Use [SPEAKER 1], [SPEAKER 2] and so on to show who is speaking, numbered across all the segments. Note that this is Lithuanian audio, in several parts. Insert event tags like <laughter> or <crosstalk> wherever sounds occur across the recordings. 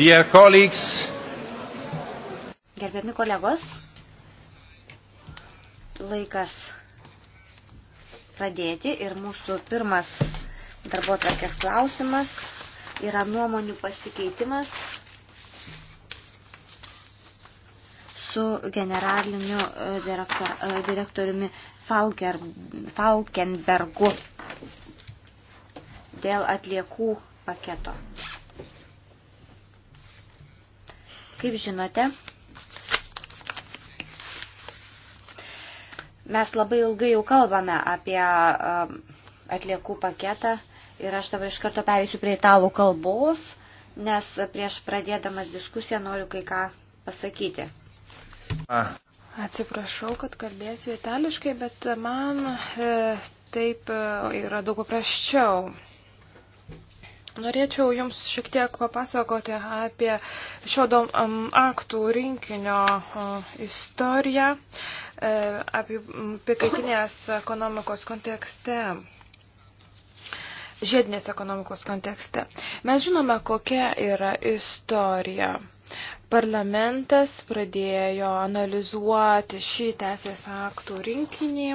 [SPEAKER 1] Dear colleagues.
[SPEAKER 2] Gerbiami kolegos, laikas pradėti ir mūsų pirmas darbo tvarkės klausimas yra nuomonių pasikeitimas su generaliniu e, direktor, e, direktoriumi Falker, Falkenbergu dėl atliekų paketo. Kaip žinote, mes labai ilgai jau kalbame apie um, atliekų paketą ir aš dabar iš karto perėsiu prie italų kalbos, nes prieš pradėdamas diskusiją noriu kai ką pasakyti. Ah. Atsiprašau, kad kalbėsiu
[SPEAKER 1] itališkai, bet man e, taip e, yra daug paprasčiau. Norėčiau Jums šiek tiek papasakoti apie šio dom, um, aktų rinkinio uh, istoriją uh, apie pikaitinės ekonomikos kontekste. Žiedinės ekonomikos kontekste. Mes žinome, kokia yra istorija. Parlamentas pradėjo analizuoti šį teisės aktų rinkinį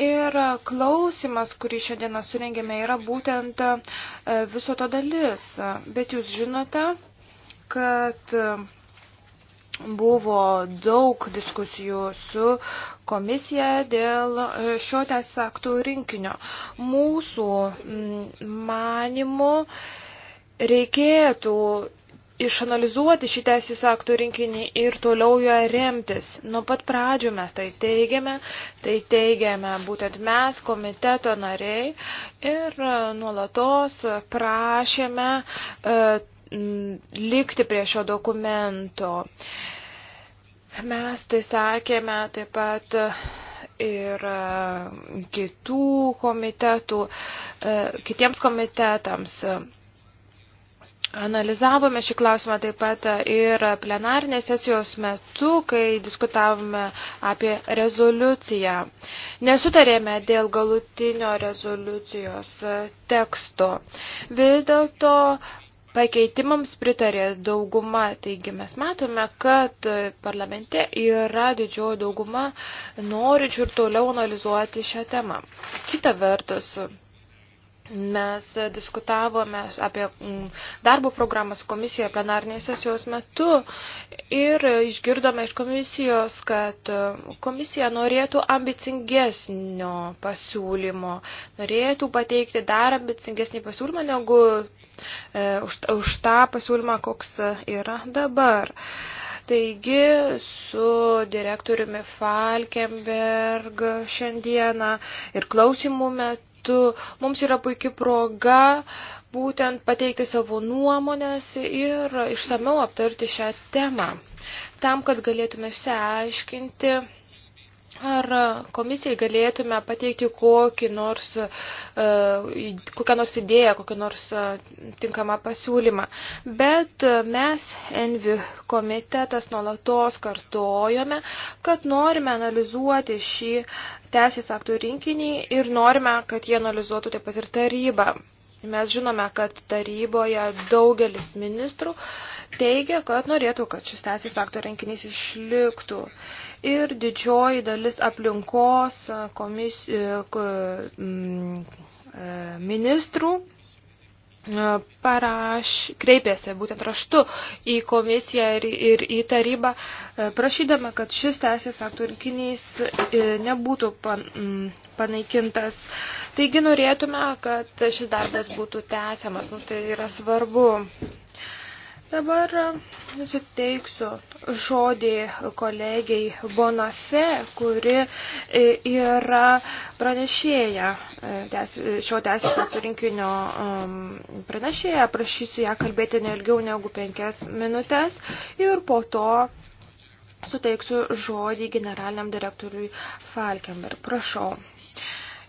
[SPEAKER 1] Ir klausimas, kurį šiandieną surengėme, yra būtent e, viso to dalis. Bet jūs žinote, kad e, buvo daug diskusijų su komisija dėl e, šio teisės aktų rinkinio. Mūsų manimu reikėtų išanalizuoti šį teisės aktų rinkinį ir toliau juo remtis. Nuo pat pradžių mes tai teigiame, tai teigiame būtent mes, komiteto nariai, ir e, nuolatos prašėme e, likti prie šio dokumento. Mes tai sakėme taip pat e, ir e, kitų komitetų, e, kitiems komitetams. E, Analizavome šį klausimą taip pat ir plenarinės sesijos metu, kai diskutavome apie rezoliuciją. Nesutarėme dėl galutinio rezoliucijos teksto. Vis dėlto Pakeitimams pritarė dauguma, taigi mes matome, kad parlamente yra didžioji dauguma norinčių ir toliau analizuoti šią temą. Kita vertus, Mes diskutavome apie mm, darbo programas komisijoje plenarnės sesijos metu ir išgirdome iš komisijos, kad mm, komisija norėtų ambicingesnio pasiūlymo, norėtų pateikti dar ambicingesnį pasiūlymą negu e, už, už tą pasiūlymą, koks yra dabar. Taigi su direktoriumi Falkenberg šiandieną ir klausimų metu metu mums yra puikia proga būtent pateikti savo nuomonės ir išsameu aptarti šią temą, tam, kad galėtume išsiaiškinti Ar komisijai galėtume pateikti kokį nors, e, kokią nors idėją, kokią nors e, tinkamą pasiūlymą. Bet e, mes, Envi komitetas, nuolatos kartojome, kad norime analizuoti šį teisės aktų rinkinį ir norime, kad jie analizuotų taip pat ir tarybą. Mes žinome, kad taryboje daugelis ministrų teigia, kad norėtų, kad šis teisės akto renkinys išliktų. Ir didžioji dalis aplinkos komis, e, e, ministrų paraš, kreipėsi būtent raštu į komisiją ir, ir į tarybą, e, prašydama, kad šis teisės aktų rinkinys e, nebūtų pan, panaikintas. Taigi norėtume, kad šis darbas būtų tęsiamas, nu, tai yra svarbu. Dabar suteiksiu žodį kolegiai Bonafe, kuri yra pranešėja e, šio teisės aktų rinkinio um, pranešėja. Prašysiu ją kalbėti nelgiau negu penkias minutės ir po to suteiksiu žodį generaliniam direktoriui Falkenberg. Prašau.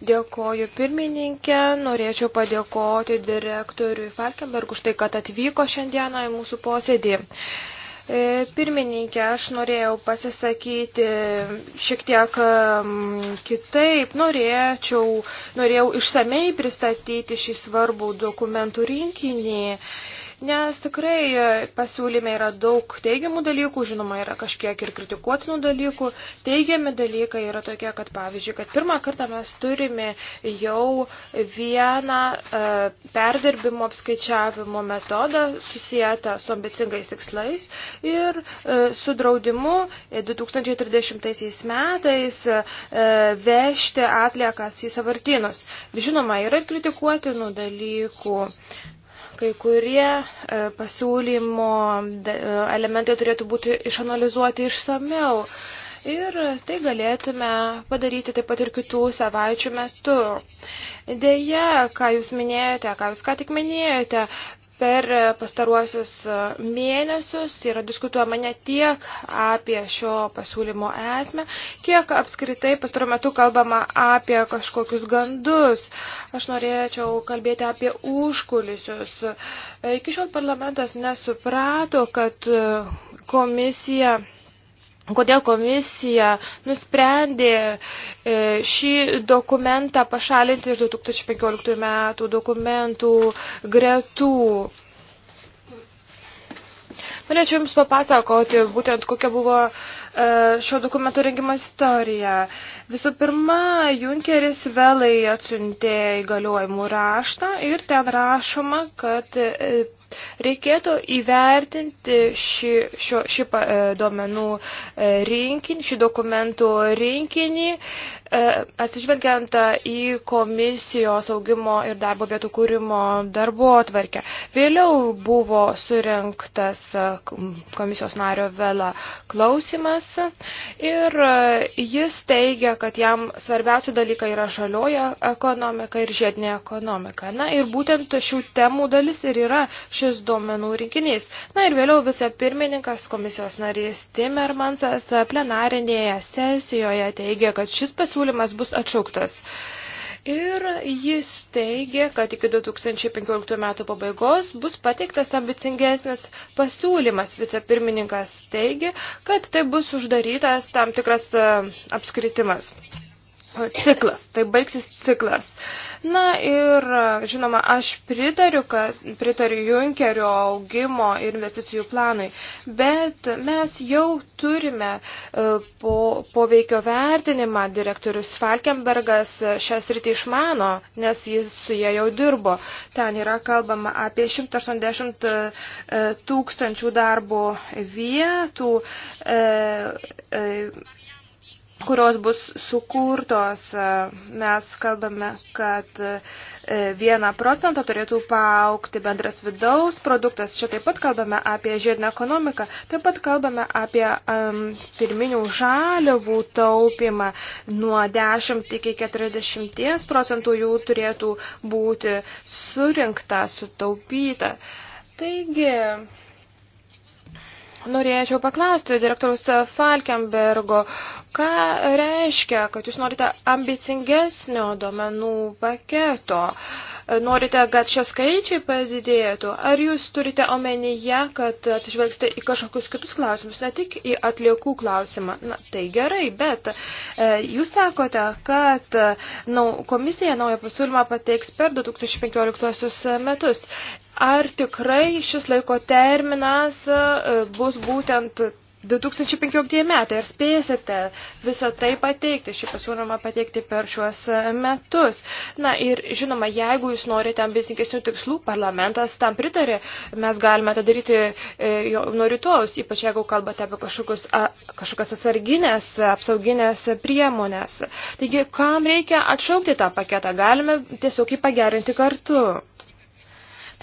[SPEAKER 1] Dėkoju pirmininkė, norėčiau padėkoti direktoriui Falkenberg už tai, kad atvyko šiandieną į mūsų posėdį. E, pirmininkė, aš norėjau pasisakyti šiek tiek kitaip, norėčiau, norėjau išsamei pristatyti šį svarbų dokumentų rinkinį. Nes tikrai e, pasiūlyme yra daug teigiamų dalykų, žinoma, yra kažkiek ir kritikuotinų dalykų. Teigiami dalykai yra tokie, kad pavyzdžiui, kad pirmą kartą mes turime jau vieną e, perdirbimo apskaičiavimo metodą susijęta su ambicingais tikslais ir e, su draudimu 2030 e, metais e, vežti atliekas į savartinus. Žinoma, yra kritikuotinų dalykų kai kurie e, pasiūlymo e, elementai turėtų būti išanalizuoti išsameu. Ir tai galėtume padaryti taip pat ir kitų savaičių metu. Deja, ką jūs minėjote, ką jūs ką tik minėjote, Per pastaruosius e, mėnesius yra diskutuojama ne tiek apie šio pasiūlymo esmę, kiek apskritai pastaruoju metu kalbama apie kažkokius gandus. Aš norėčiau kalbėti apie užkulisius. E, iki šiol parlamentas nesuprato, kad e, komisija kodėl komisija nusprendė e, šį dokumentą pašalinti iš 2015 metų dokumentų gretų. Norėčiau Jums papasakoti būtent kokia buvo e, šio dokumento rengimo istorija. Visų pirma, Junkeris vėlai atsiuntė įgaliojimų raštą ir ten rašoma, kad e, Reikėtų įvertinti šį, šio, šį e, duomenų e, rinkinį, šį dokumentų rinkinį E, atsižvelgiant e, į komisijos augimo ir darbo vietų kūrimo darbo atvarkę. Vėliau buvo surinktas e, komisijos nario Vela klausimas ir jis teigia, kad jam svarbiausia dalykai yra žalioja ekonomika ir žiedinė ekonomika. Na ir būtent šių temų dalis ir yra šis duomenų rinkinys. Na ir vėliau visa pirmininkas komisijos narys Timmermansas plenarinėje sesijoje teigia, kad šis pasiūlymas pasiūlymas bus atšauktas. Ir jis teigia, kad iki 2015 metų pabaigos bus pateiktas ambicingesnis pasiūlymas. Vicepirmininkas teigia, kad tai bus uždarytas tam tikras e, apskritimas ciklas, tai baigsis ciklas. Na ir, žinoma, aš pritariu, kad pritariu Junkerio augimo ir investicijų planui, bet mes jau turime e, po, poveikio vertinimą, direktorius Falkenbergas šią sritį išmano, nes jis su jie jau dirbo. Ten yra kalbama apie 180 e, tūkstančių darbo vietų. E, e, kurios bus sukurtos. Mes kalbame, kad e, vieną procentą turėtų paaukti bendras vidaus produktas. Čia taip pat kalbame apie žiedinę ekonomiką, taip pat kalbame apie um, pirminių žaliavų taupimą. Nuo 10 iki 40 procentų jų turėtų būti surinkta, sutaupyta. Taigi, Norėčiau paklausti direktoriaus Falkenbergo, ką reiškia, kad jūs norite ambicingesnio domenų paketo? Norite, kad šie skaičiai padidėtų? Ar jūs turite omenyje, kad atsižvelgsite į kažkokius kitus klausimus, ne tik į atliekų klausimą? Na, tai gerai, bet e, jūs sakote, kad e, nau, komisija naują pasiūlymą pateiks per 2015 metus ar tikrai šis laiko terminas e, bus būtent 2015 metai, ar spėsite visą tai pateikti, šį pasiūlymą pateikti per šiuos metus. Na ir žinoma, jeigu jūs norite ambicingesnių tikslų, parlamentas tam pritarė, mes galime tą daryti e, nuo rytojus, ypač jeigu kalbate apie kažkokius, a, kažkokias atsarginės, apsauginės priemonės. Taigi, kam reikia atšaukti tą paketą, galime tiesiog jį pagerinti kartu.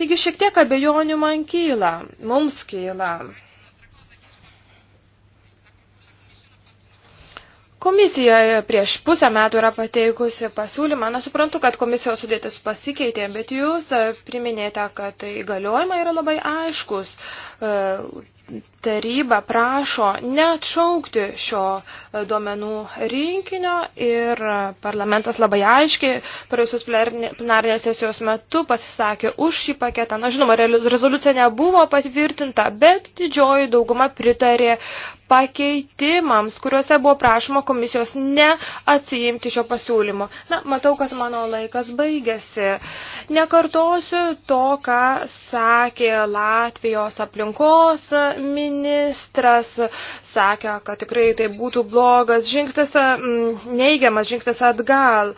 [SPEAKER 1] Taigi šiek tiek abejonių man kyla, mums kyla. Komisija prieš pusę metų yra pateikusi pasiūlymą. Na, suprantu, kad komisijos sudėtis pasikeitė, bet jūs priminėte, kad įgaliojimai yra labai aiškus taryba prašo neatšaukti šio e, duomenų rinkinio ir e, parlamentas labai aiškiai praėjusios plenarinės sesijos metu pasisakė už šį paketą. Na, žinoma, rezoliucija nebuvo patvirtinta, bet didžioji dauguma pritarė pakeitimams, kuriuose buvo prašoma komisijos neatsijimti šio pasiūlymo. Na, matau, kad mano laikas baigėsi. Nekartosiu to, ką sakė Latvijos aplinkos ministras ministras sakė, kad tikrai tai būtų blogas žingsnis, mm, neigiamas žingsnis atgal.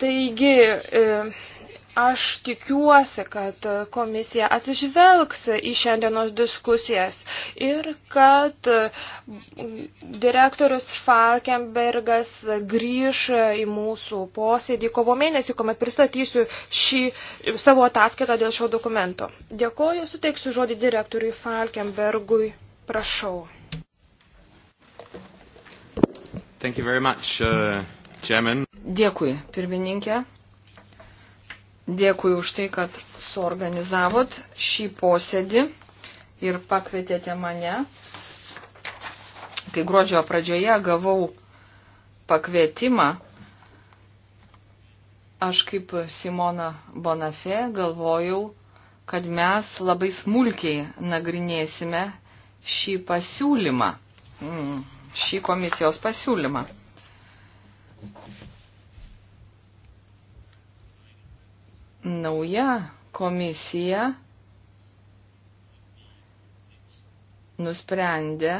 [SPEAKER 1] Taigi, e, Aš tikiuosi, kad komisija atsižvelgs į šiandienos diskusijas ir kad direktorius Falkenbergas grįž į mūsų posėdį kovo mėnesį, kuomet pristatysiu šį savo ataskaitą dėl šio dokumento. Dėkoju, suteiksiu žodį direktoriui Falkenbergui. Prašau.
[SPEAKER 2] Thank you very much, uh, Chairman.
[SPEAKER 3] Dėkui, pirmininkė. Dėkui už tai, kad suorganizavot šį posėdį ir pakvietėte mane. Kai gruodžio pradžioje gavau pakvietimą, aš kaip Simona Bonafė galvojau, kad mes labai smulkiai nagrinėsime šį pasiūlymą, mm, šį komisijos pasiūlymą. Nauja komisija nusprendė,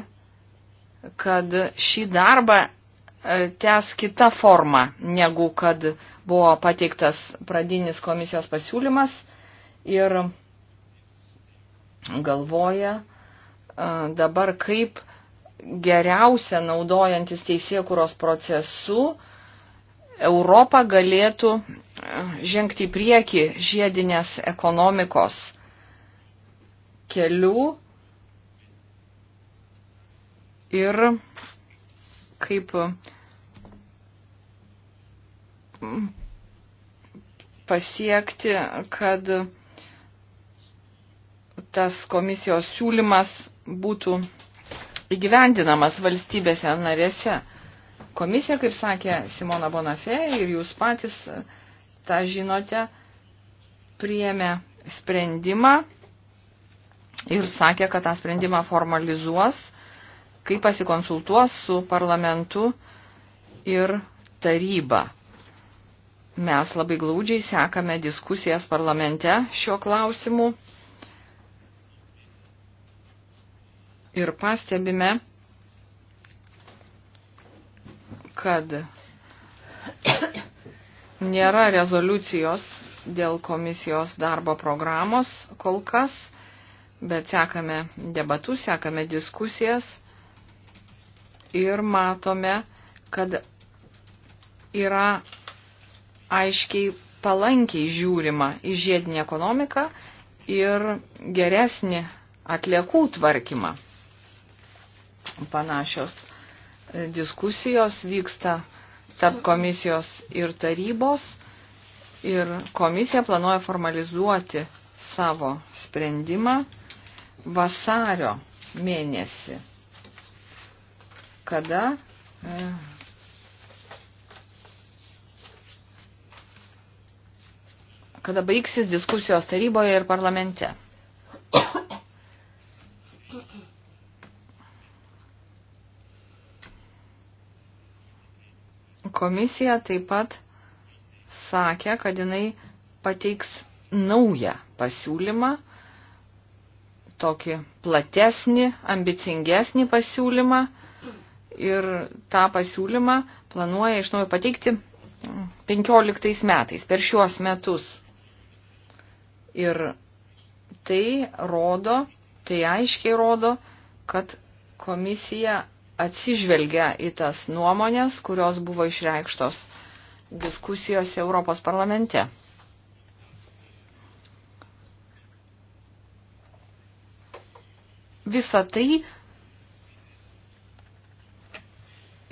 [SPEAKER 3] kad šį darbą e, tęs kita forma, negu kad buvo pateiktas pradinis komisijos pasiūlymas ir galvoja e, dabar, kaip geriausia naudojantis teisėkuros procesu Europa galėtų e, žengti į priekį žiedinės ekonomikos kelių ir kaip pasiekti, kad tas komisijos siūlymas būtų įgyvendinamas valstybėse narėse. Komisija, kaip sakė Simona Bonafė ir jūs patys e, tą žinote, priėmė sprendimą ir sakė, kad tą sprendimą formalizuos, kai pasikonsultuos su parlamentu ir taryba. Mes labai glaudžiai sekame diskusijas parlamente šiuo klausimu ir pastebime, kad nėra rezoliucijos dėl komisijos darbo programos kol kas, bet sekame debatus, sekame diskusijas ir matome, kad yra aiškiai palankiai žiūrima į žiedinį ekonomiką ir geresnį atliekų tvarkymą. Panašios diskusijos vyksta tarp komisijos ir tarybos ir komisija planuoja formalizuoti savo sprendimą vasario mėnesį, kada e, kada baigsis diskusijos taryboje ir parlamente. <coughs> Komisija taip pat sakė, kad jinai pateiks naują pasiūlymą, tokį platesnį, ambicingesnį pasiūlymą ir tą pasiūlymą planuoja iš naujo pateikti 15 metais, per šiuos metus. Ir tai rodo, tai aiškiai rodo, kad komisija atsižvelgia į tas nuomonės, kurios buvo išreikštos diskusijose Europos parlamente. Visa tai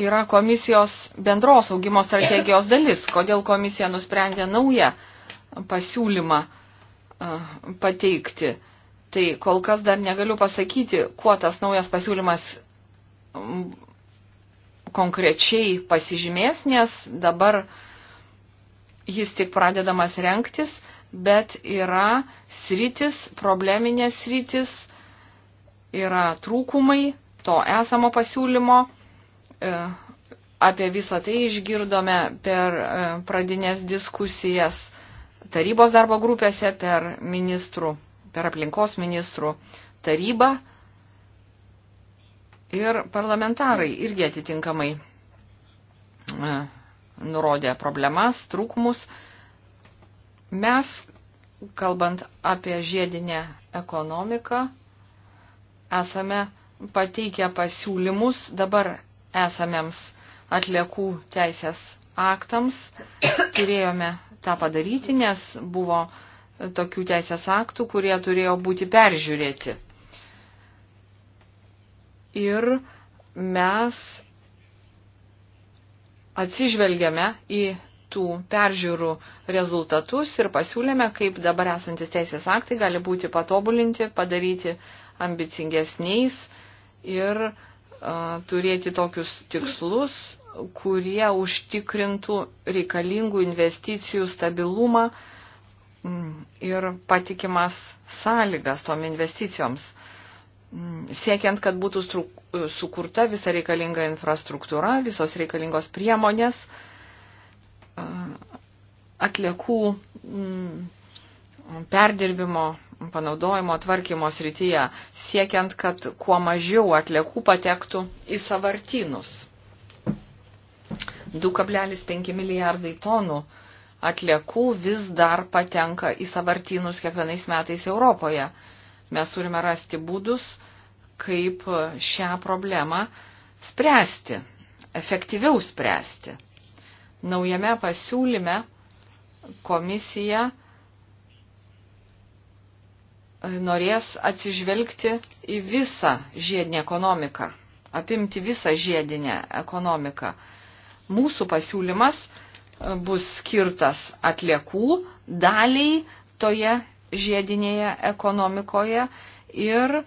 [SPEAKER 3] yra komisijos bendros augimo strategijos dalis, kodėl komisija nusprendė naują pasiūlymą pateikti. Tai kol kas dar negaliu pasakyti, kuo tas naujas pasiūlymas konkrečiai pasižymės, nes dabar jis tik pradedamas renktis, bet yra sritis, probleminės sritis, yra trūkumai to esamo pasiūlymo. E, apie visą tai išgirdome per e, pradinės diskusijas tarybos darbo grupėse, per ministrų, per aplinkos ministrų tarybą Ir parlamentarai irgi atitinkamai e, nurodė problemas, trūkumus. Mes, kalbant apie žiedinę ekonomiką, esame pateikę pasiūlymus dabar esamiems atliekų teisės aktams. Turėjome tą padaryti, nes buvo tokių teisės aktų, kurie turėjo būti peržiūrėti ir mes atsižvelgiame į tų peržiūrų rezultatus ir pasiūlėme, kaip dabar esantis teisės aktai gali būti patobulinti, padaryti ambicingesniais ir uh, turėti tokius tikslus, kurie užtikrintų reikalingų investicijų stabilumą mm, ir patikimas sąlygas tom investicijoms. Uh, Mm, siekiant, kad būtų struk, sukurta visa reikalinga infrastruktūra, visos reikalingos priemonės, atliekų mm, perdirbimo, panaudojimo, tvarkymo srityje, siekiant, kad kuo mažiau atliekų patektų į savartynus. 2,5 milijardai tonų atliekų vis dar patenka į savartynus kiekvienais metais Europoje. Mes turime rasti būdus, kaip šią problemą spręsti, efektyviau spręsti. Naujame pasiūlyme komisija e, norės atsižvelgti į visą žiedinę ekonomiką, apimti visą žiedinę ekonomiką. Mūsų pasiūlymas e, bus skirtas atliekų daliai toje žiedinėje ekonomikoje ir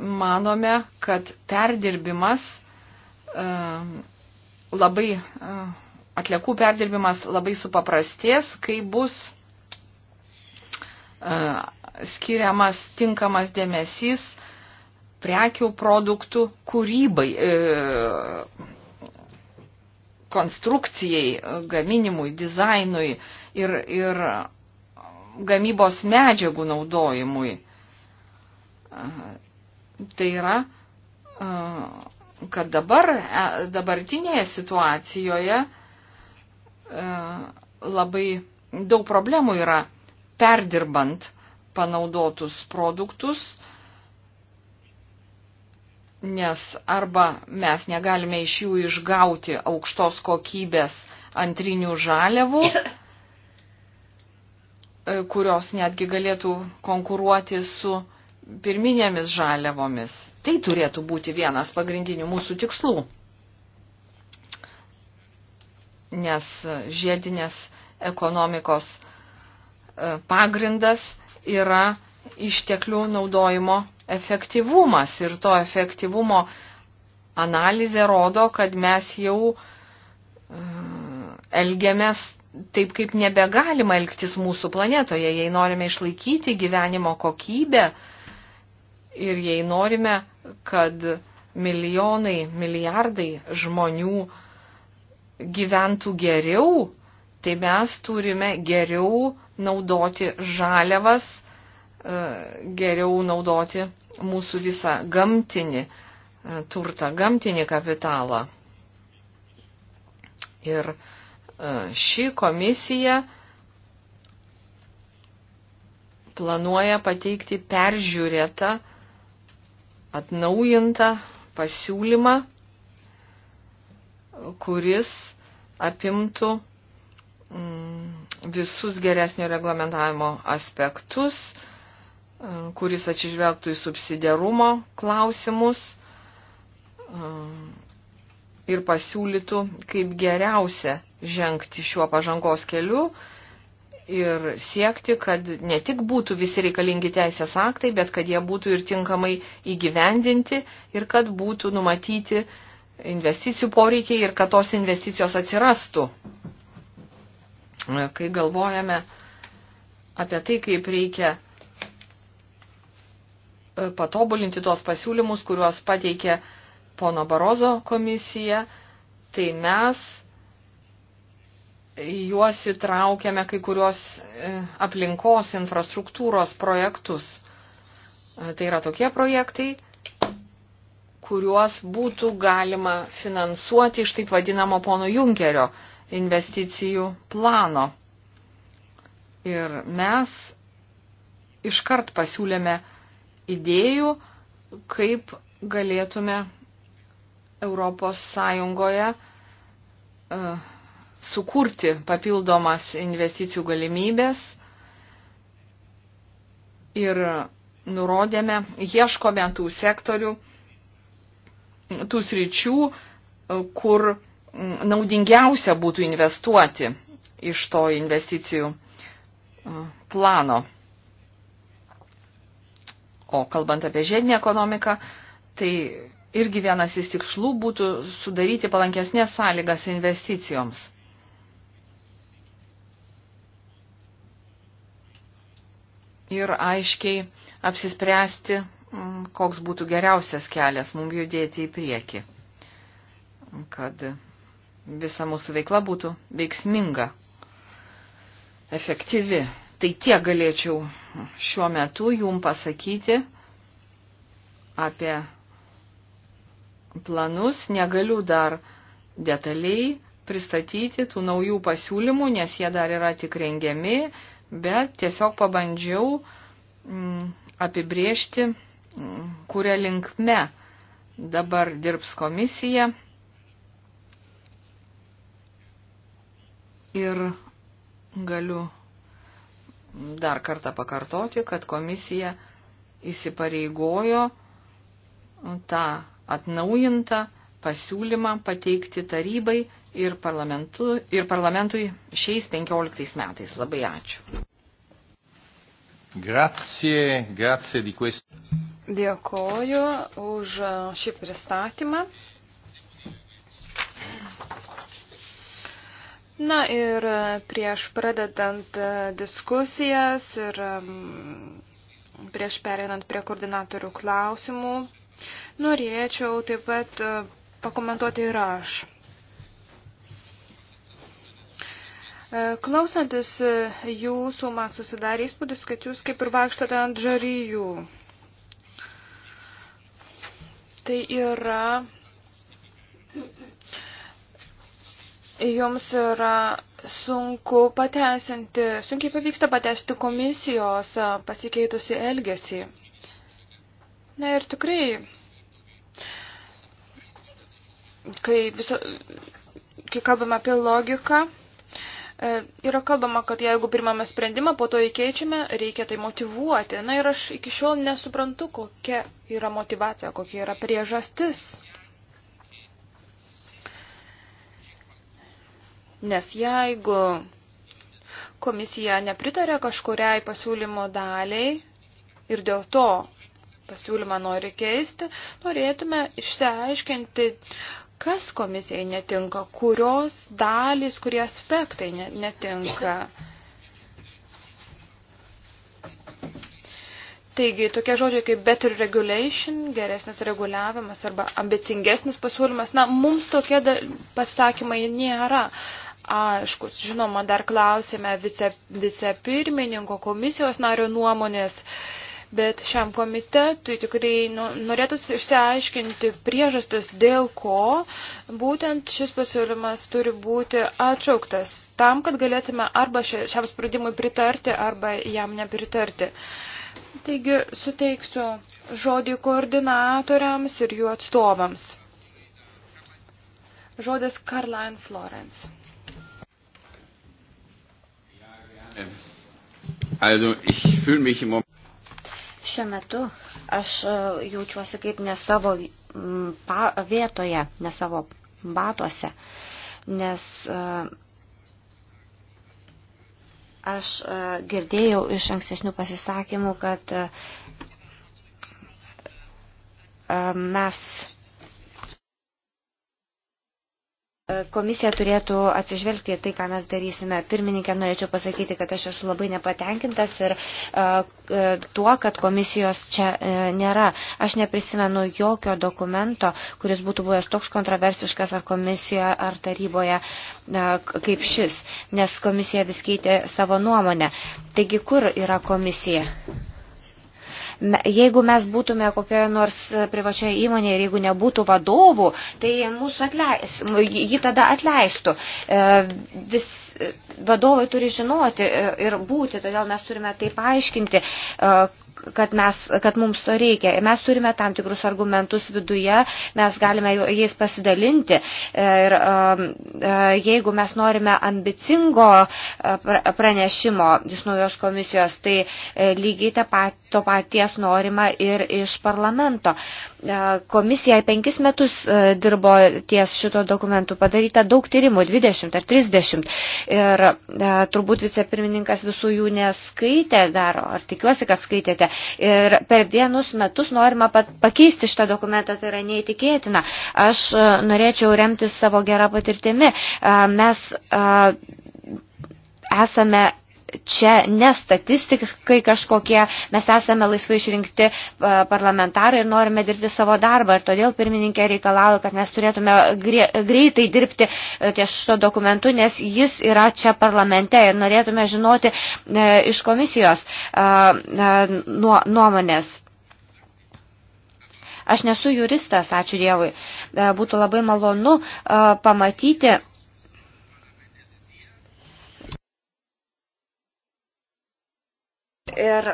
[SPEAKER 3] manome, kad perdirbimas e, labai, e, atliekų perdirbimas labai supaprastės, kai bus e, skiriamas tinkamas dėmesys prekių produktų kūrybai, konstrukcijai, gaminimui, dizainui ir, ir gamybos medžiagų naudojimui Tai yra, kad dabar, e, dabartinėje situacijoje labai daug problemų yra perdirbant panaudotus produktus, nes arba mes negalime iš jų išgauti aukštos kokybės antrinių žaliavų, <coughs> e, kurios netgi galėtų konkuruoti su uh, pirminėmis žaliavomis. Tai turėtų būti vienas pagrindinių mūsų tikslų. Nes žiedinės ekonomikos e, pagrindas yra išteklių naudojimo efektyvumas. Ir to efektyvumo analizė rodo, kad mes jau e, elgiamės taip, kaip nebegalima elgtis mūsų planetoje, jei norime išlaikyti gyvenimo kokybę, uh, Ir jei norime, kad milijonai, milijardai žmonių gyventų geriau, tai mes turime geriau naudoti žaliavas, e, geriau naudoti mūsų visą gamtinį e, turtą, gamtinį kapitalą. Ir e, ši komisija planuoja pateikti peržiūrėtą atnaujintą pasiūlymą, kuris apimtų mm, visus geresnio reglamentavimo aspektus, mm, kuris atsižvelgtų į subsidiarumo klausimus mm, ir pasiūlytų, kaip geriausia žengti šiuo pažangos keliu, ir siekti, kad ne tik būtų visi reikalingi teisės aktai, bet kad jie būtų ir tinkamai įgyvendinti ir kad būtų numatyti investicijų poreikiai ir kad tos investicijos atsirastų. Kai galvojame apie tai, kaip reikia e, patobulinti tos pasiūlymus, kuriuos pateikė pono Barozo komisija, tai mes juos įtraukiame kai kurios e, aplinkos infrastruktūros projektus. E, tai yra tokie projektai, kuriuos būtų galima finansuoti iš taip vadinamo pono Junkerio investicijų plano. Ir mes iškart pasiūlėme idėjų, kaip galėtume Europos Sąjungoje uh, sukurti papildomas investicijų galimybės ir nurodėme, ieškome tų sektorių, tų sričių, kur naudingiausia būtų investuoti iš to investicijų plano. O kalbant apie žiedinį ekonomiką, tai irgi vienas iš tikslų būtų sudaryti palankesnės sąlygas investicijoms. ir aiškiai apsispręsti, mm, koks būtų geriausias kelias mums judėti į priekį, kad visa mūsų veikla būtų veiksminga, efektyvi. Tai tiek galėčiau šiuo metu jum pasakyti apie planus. Negaliu dar detaliai pristatyti tų naujų pasiūlymų, nes jie dar yra tik rengiami bet tiesiog pabandžiau mm, apibriežti, mm, kuria linkme dabar dirbs komisija. Ir galiu dar kartą pakartoti, kad komisija įsipareigojo tą atnaujintą pasiūlymą pateikti tarybai ir, ir parlamentui šiais 15 metais. Labai ačiū. Grazie, grazie di questo. Dėkoju
[SPEAKER 1] už šį pristatymą. Na ir prieš pradedant diskusijas ir prieš pereinant prie koordinatorių klausimų, norėčiau taip pat pakomentuoti ir aš. E, klausantis jūsų, man susidarė įspūdis, kad jūs kaip ir vaikštate ant žaryjų. Tai yra, jums yra sunku pateisinti, sunkiai pavyksta pateisinti komisijos pasikeitusi elgesį. Na ir tikrai kai, viso, kai kalbame apie logiką, e, yra kalbama, kad jeigu pirmame sprendimą, po to jį keičiame, reikia tai motivuoti. Na ir aš iki šiol nesuprantu, kokia yra motivacija, kokia yra priežastis. Nes jeigu komisija nepritarė kažkuriai pasiūlymo daliai ir dėl to pasiūlymą nori keisti, norėtume išsiaiškinti, kas komisijai netinka, kurios dalys, kurie aspektai netinka. Taigi, tokie žodžiai kaip better regulation, geresnis reguliavimas arba ambicingesnis pasiūlymas, na, mums tokie pasakymai nėra aiškus. Žinoma, dar klausėme vicepirmininko vice, vice komisijos nario nuomonės. Uh, bet šiam komitetui tikrai nu, norėtųsi išsiaiškinti priežastis, dėl ko būtent šis pasiūlymas turi būti atšauktas, tam, kad galėtume arba šiam sprendimui pritarti, arba jam nepritarti. Taigi suteiksiu žodį koordinatoriams ir jų atstovams. Žodis Caroline
[SPEAKER 3] Florence. Also ich fühle mich im Moment
[SPEAKER 2] Šiuo metu aš e, jaučiuosi kaip ne savo vietoje, ne savo batose, nes e, aš e, girdėjau iš ankstesnių pasisakymų, kad mes Komisija turėtų atsižvelgti į tai, ką mes darysime. Pirmininkė, norėčiau pasakyti, kad aš esu labai nepatenkintas ir e, e, tuo, kad komisijos čia e, nėra. Aš neprisimenu jokio dokumento, kuris būtų buvęs toks kontroversiškas ar komisijoje, ar taryboje kaip šis, nes komisija vis keitė savo nuomonę. Taigi, kur yra komisija? Jeigu mes būtume kokioje nors privačioje įmonėje ir jeigu nebūtų vadovų, tai mūsų atleis, jį tada atleistų. E, vis, vadovai turi žinoti e, ir būti, todėl mes turime taip aiškinti, e, kad, mes, kad mums to reikia. Mes turime tam tikrus argumentus viduje, mes galime jais pasidalinti. E, ir um, e, jeigu mes norime ambicingo e, pranešimo iš naujos komisijos, tai lygiai pat, to paties norima ir iš parlamento. Komisija penkis metus dirbo ties šito dokumentu, padaryta daug tyrimų, 20 ar 30. Ir turbūt vicepirmininkas visų jų neskaitė dar, ar tikiuosi, kad skaitėte dokumente. Ir per vienus metus norima pakeisti šitą dokumentą, tai yra neįtikėtina. Aš e, norėčiau remtis savo gerą patirtimi. E, mes e, esame čia ne statistikai kažkokie, mes esame laisvai išrinkti e, parlamentarai ir norime dirbti savo darbą. Ir todėl pirmininkė reikalauja, kad mes turėtume greitai dirbti e, ties šito dokumentu, nes jis yra čia parlamente ir norėtume žinoti e, iš komisijos nuomonės. Aš nesu juristas, ačiū Dievui. Būtų labai malonu pamatyti Ir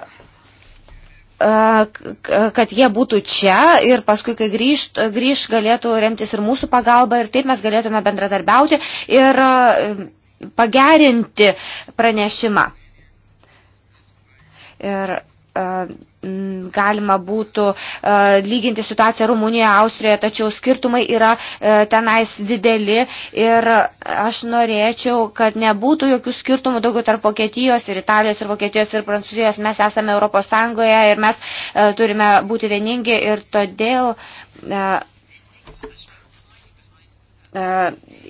[SPEAKER 2] e, kad jie būtų čia ir paskui, kai grįž, grįž galėtų remtis ir mūsų pagalba ir taip mes galėtume bendradarbiauti ir e, pagerinti pranešimą. Ir E, galima būtų e, lyginti situaciją Rumunijoje, Austrijoje, tačiau skirtumai yra e, tenais dideli ir aš norėčiau, kad nebūtų jokių skirtumų daugiau tarp Vokietijos ir Italijos ir Vokietijos ir Prancūzijos. Mes esame Europos Sąjungoje ir mes turime būti vieningi ir todėl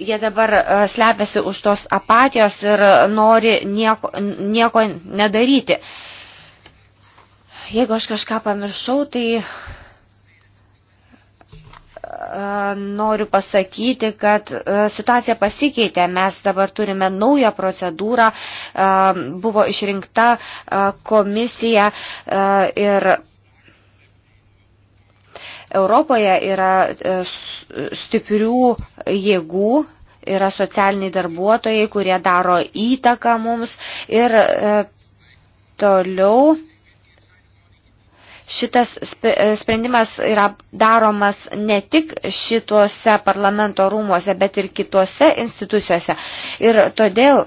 [SPEAKER 2] jie dabar slepiasi už tos apatijos ir nori nieko, nieko nedaryti. Uh, Jeigu aš kažką pamiršau, tai e, noriu pasakyti, kad e, situacija pasikeitė. Mes dabar turime naują procedūrą. E, buvo išrinkta komisija ir Europoje yra stiprių jėgų. Yra socialiniai darbuotojai, kurie daro įtaką mums ir toliau Šitas e, sprendimas yra daromas ne tik šituose parlamento rūmuose, bet ir kitose institucijose. Ir todėl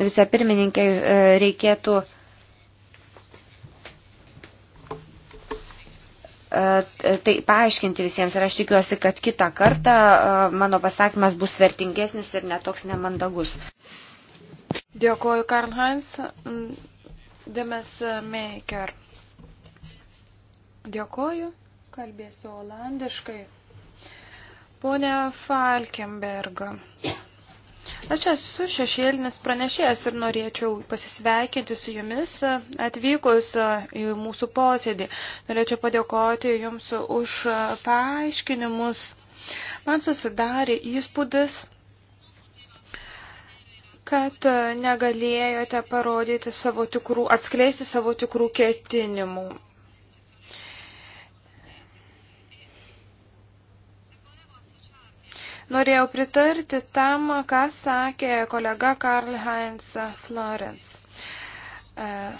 [SPEAKER 2] visą pirmininkai e, reikėtų e, tai paaiškinti visiems ir aš tikiuosi, kad kitą kartą mano pasakymas bus vertingesnis ir netoks nemandagus. Dėkuoju, Karl Heinz.
[SPEAKER 1] Dėmes Meiker. Dėkoju, kalbėsiu olandiškai. Pone Falkenberga, aš esu šešėlinis pranešėjas ir norėčiau pasisveikinti su jumis atvykus į mūsų posėdį. Norėčiau padėkoti jums už paaiškinimus. Man susidarė įspūdis, kad negalėjote parodyti savo tikrų, atskleisti savo tikrų ketinimų. Norėjau pritarti tam, ką sakė kolega Karl Heinz Florence.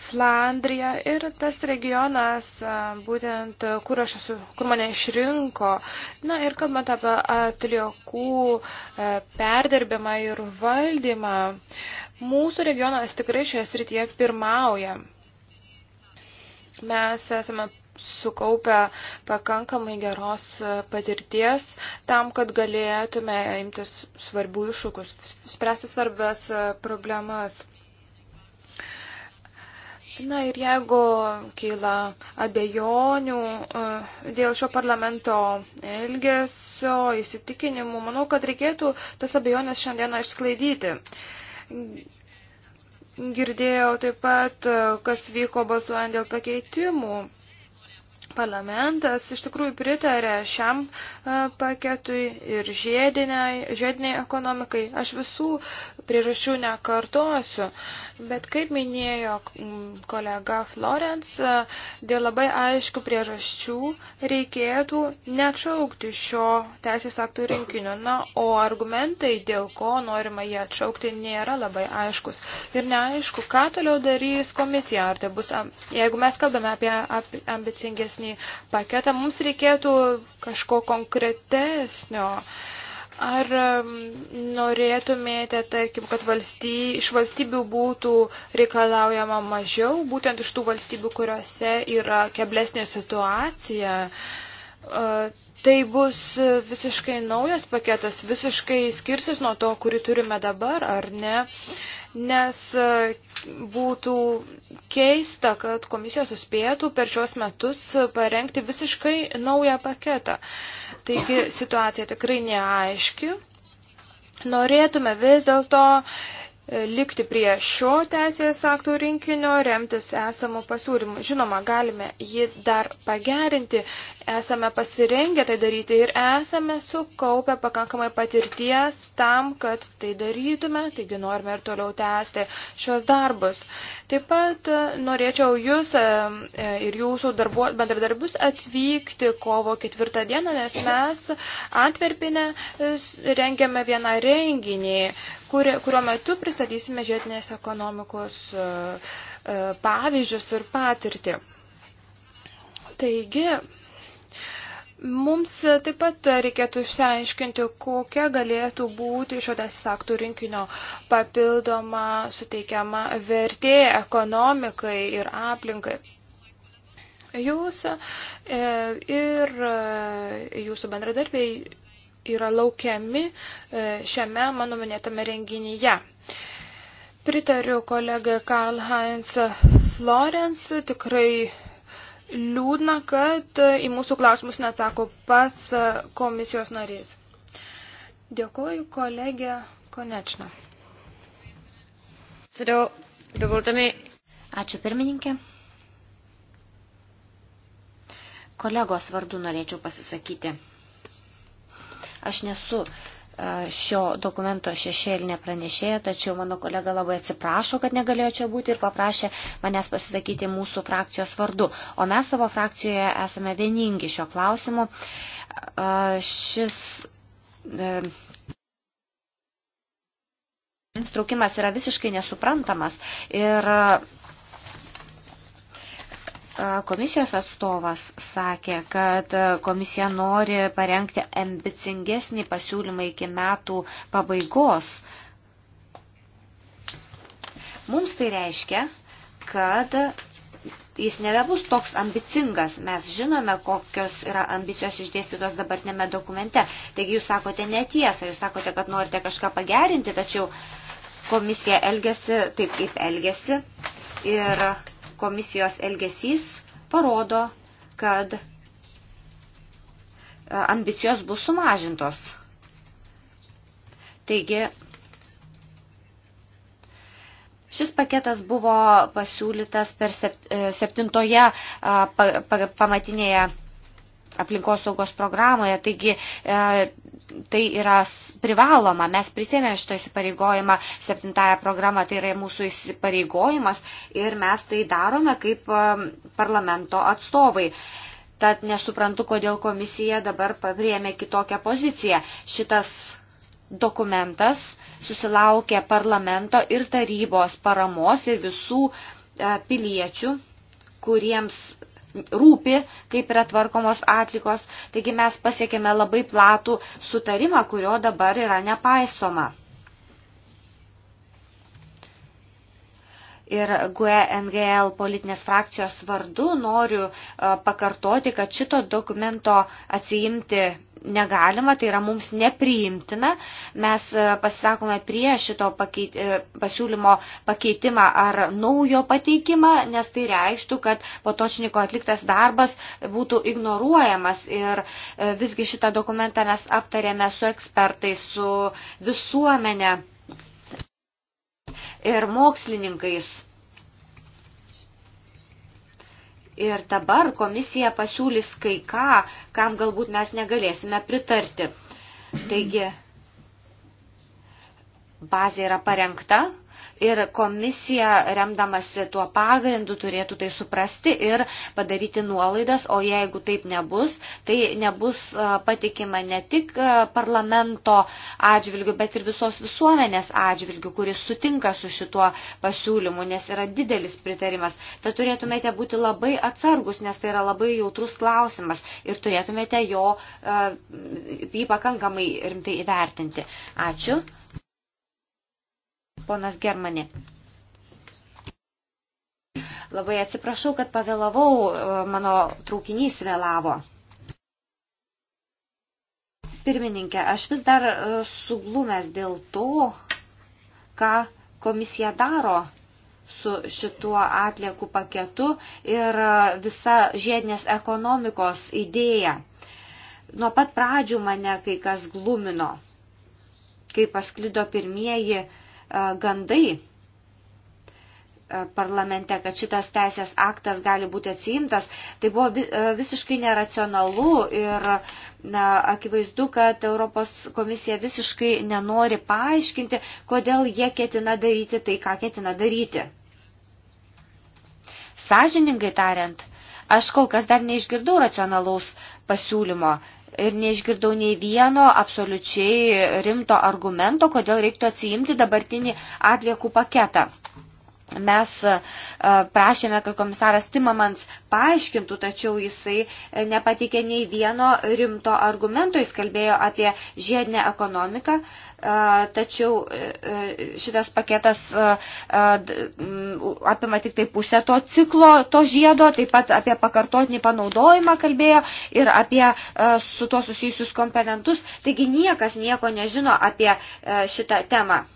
[SPEAKER 1] Flandrija ir tas regionas, e, būtent kur aš esu, kur mane išrinko. Na ir kalbant apie atliekų e, perdirbimą ir valdymą, mūsų regionas tikrai šioje srityje pirmauja. Mes esame sukaupę pakankamai geros patirties tam, kad galėtume imtis svarbių iššūkius, spręsti svarbias e, problemas. Na ir jeigu kyla abejonių e, dėl šio parlamento elgesio, įsitikinimų, manau, kad reikėtų tas abejonės šiandieną išsklaidyti. Girdėjau taip pat, e, kas vyko balsuojant dėl pakeitimų Parlamentas iš tikrųjų pritarė šiam e, paketui ir žiediniai, žiediniai ekonomikai. Aš visų priežasčių nekartosiu, Bet kaip minėjo kolega Florence, dėl labai aiškių priežasčių reikėtų neatšaukti šio teisės aktų rinkinio. Na, o argumentai, dėl ko norima jį atšaukti, nėra labai aiškus. Ir neaišku, ką toliau darys komisija. Ar tai bus, jeigu mes kalbame apie, apie ambicingesnį paketą, mums reikėtų kažko konkretesnio. Uh, Ar norėtumėte, tarkim, kad valsty, iš valstybių būtų reikalaujama mažiau, būtent iš tų valstybių, kuriuose yra keblesnė situacija? E, tai bus visiškai naujas paketas, visiškai skirsis nuo to, kurį turime dabar, ar ne? nes e, būtų keista, kad komisija suspėtų per šios metus parengti visiškai naują paketą. Taigi situacija tikrai neaiški. Norėtume vis dėlto likti prie šio teisės aktų rinkinio, remtis esamų pasiūlymų. Žinoma, galime jį dar pagerinti, esame pasirengę tai daryti ir esame sukaupę pakankamai patirties tam, kad tai darytume, taigi norime ir toliau tęsti šios darbus. Taip pat e, norėčiau jūs e, e, ir jūsų darbu, bendradarbius atvykti kovo ketvirtą dieną, nes mes Antverpinę rengiame vieną renginį, kur, kurio metu pristatysime žiedinės ekonomikos e, e, pavyzdžius ir patirtį. Taigi, Mums taip pat reikėtų išsiaiškinti, kokia galėtų būti šio teisės aktų rinkinio papildoma suteikiama vertė ekonomikai ir aplinkai. Jūs e, ir jūsų bendradarbiai yra laukiami e, šiame mano minėtame renginyje. Pritariu kolegai Karl Heinz Florence, tikrai liūdna, kad į mūsų klausimus neatsako pats komisijos narys. Dėkuoju kolegė
[SPEAKER 2] Konečna. Ačiū pirmininkė. Kolegos vardu norėčiau pasisakyti. Aš nesu šio dokumento šešėlinė pranešėja, tačiau mano kolega labai atsiprašo, kad negalėjo čia būti ir paprašė manęs pasisakyti mūsų frakcijos vardu. O mes savo frakcijoje esame vieningi šio klausimu. Šis e, instrukimas yra visiškai nesuprantamas ir Komisijos atstovas sakė, kad komisija nori parengti ambicingesnį pasiūlymą iki metų pabaigos. Mums tai reiškia, kad jis nebebus toks ambicingas. Mes žinome, kokios yra ambicijos išdėstytos dabartinėme dokumente. Taigi jūs sakote netiesą, jūs sakote, kad norite kažką pagerinti, tačiau komisija elgesi taip, kaip elgesi. Ir komisijos elgesys parodo, kad e, ambicijos bus sumažintos. Taigi, šis paketas buvo pasiūlytas per e, septintoje pamatinėje aplinkosaugos programoje, taigi e, tai yra privaloma. Mes prisėmėme šito įsipareigojimą septintąją programą, tai yra mūsų įsipareigojimas ir mes tai darome kaip parlamento atstovai. Tad nesuprantu, kodėl komisija dabar pavrėmė kitokią poziciją. Šitas dokumentas susilaukė parlamento ir tarybos paramos ir visų piliečių, kuriems rūpi, kaip yra tvarkomos atlikos, taigi mes pasiekėme labai platų sutarimą, kurio dabar yra nepaisoma. ir GUE-NGL politinės frakcijos vardu noriu e, pakartoti, kad šito dokumento atsiimti negalima, tai yra mums nepriimtina. Mes e, pasisakome prie šito pakeit, e, pasiūlymo pakeitimą ar naujo pateikimą, nes tai reikštų, kad potočniko atliktas darbas būtų ignoruojamas. Ir visgi šitą dokumentą mes aptarėme su ekspertais, su visuomenė ir mokslininkais. Ir dabar komisija pasiūlys kai ką, kam galbūt mes negalėsime pritarti. Taigi, bazė yra parengta, ir komisija, remdamasi tuo pagrindu, turėtų tai suprasti ir padaryti nuolaidas, o jeigu taip nebus, tai nebus patikima ne tik parlamento atžvilgių, bet ir visos visuomenės atžvilgių, kuris sutinka su šituo pasiūlymu, nes yra didelis pritarimas. Tad turėtumėte būti labai atsargus, nes tai yra labai jautrus klausimas ir turėtumėte jo jį pakankamai rimtai įvertinti. Ačiū. Ponas Germani. Labai atsiprašau, kad pavėlavau, e, mano traukinys vėlavo. Pirmininkė, aš vis dar e, suglumęs dėl to, ką komisija daro su šituo atliekų paketu ir e, visa žiedinės ekonomikos idėja. Nuo pat pradžių mane kai kas glumino, kai pasklido pirmieji uh, gandai parlamente, kad šitas teisės aktas gali būti atsiimtas, tai buvo visiškai neracionalu ir na, akivaizdu, kad Europos komisija visiškai nenori paaiškinti, kodėl jie ketina daryti tai, ką ketina daryti. Sažiningai tariant, aš kol kas dar neišgirdau racionalaus pasiūlymo ir neišgirdau nei vieno absoliučiai rimto argumento, kodėl reiktų atsiimti dabartinį atliekų paketą. Mes e, e, prašėme, kad komisaras Timamans paaiškintų, tačiau jisai e, nepatikė nei vieno rimto argumento. Jis kalbėjo apie žiedinę ekonomiką, tačiau šitas paketas apima tik tai pusę to ciklo, to žiedo, taip pat apie pakartotinį panaudojimą kalbėjo ir apie su to susijusius komponentus. Taigi niekas nieko nežino apie šitą temą.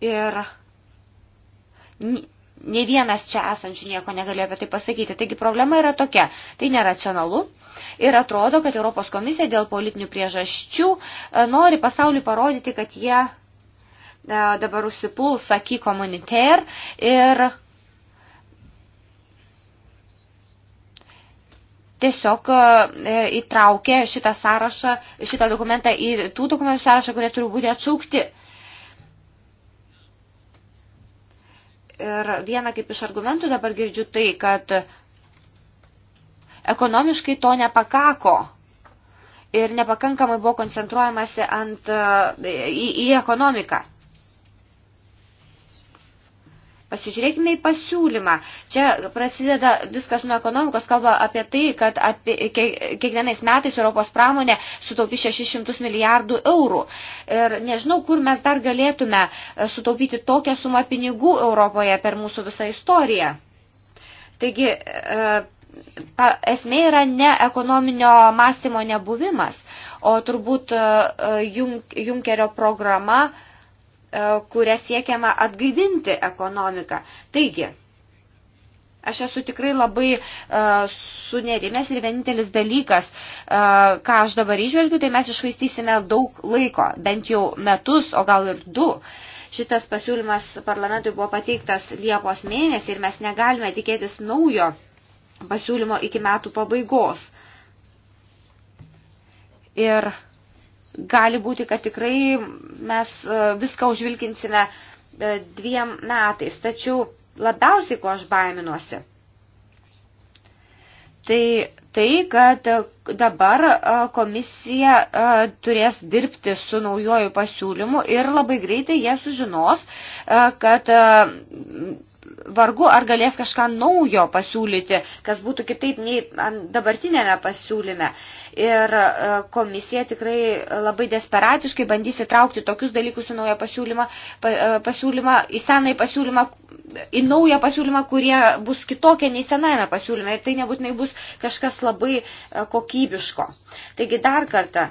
[SPEAKER 2] Ir ne vienas čia esančių nieko negalėjo apie tai pasakyti. Taigi problema yra tokia. Tai neracionalu. Ir atrodo, kad Europos komisija dėl politinių priežasčių e, nori pasauliu parodyti, kad jie e, dabar užsipuls, saky, komuniter ir tiesiog e, įtraukė šitą sąrašą, šitą dokumentą į tų dokumentų sąrašą, kurie turi būti atšaukti. Ir viena kaip iš argumentų dabar girdžiu tai, kad ekonomiškai to nepakako. Ir nepakankamai buvo koncentruojamasi ant, e, į, į ekonomiką. Pasižiūrėkime į pasiūlymą. Čia prasideda viskas nuo ekonomikos, kalba apie tai, kad apie, kiekvienais metais Europos pramonė sutaupys 600 milijardų eurų. Ir nežinau, kur mes dar galėtume e, sutaupyti tokią sumą pinigų Europoje per mūsų visą istoriją. Taigi, e, esmė yra ne ekonominio mąstymo nebuvimas, o turbūt e, Junkerio programa E, kuria siekiama atgaivinti ekonomiką. Taigi, aš esu tikrai labai uh, sunerimęs ir vienintelis dalykas, uh, ką aš dabar išvelgiu, tai mes išvaistysime daug laiko, bent jau metus, o gal ir du. Šitas pasiūlymas parlamentui buvo pateiktas Liepos mėnesį ir mes negalime tikėtis naujo pasiūlymo iki metų pabaigos. Ir uh, gali būti, kad tikrai mes e, viską užvilkinsime e, dviem metais. Tačiau labiausiai, ko aš baiminuosi, tai tai, kad dabar e, komisija turės dirbti su naujoju pasiūlymu ir labai greitai jie sužinos, kad vargu ar galės kažką naujo pasiūlyti, kas būtų kitaip nei dabartinėme pasiūlyme. Ir e, komisija tikrai labai desperatiškai bandys įtraukti tokius dalykus į naują pasiūlymą, e, pasiūlymą į senąjį pasiūlymą, į naują pasiūlymą, kurie bus kitokie nei senajame pasiūlyme. Ir tai nebūtinai bus kažkas labai e, kokybiško. Taigi dar kartą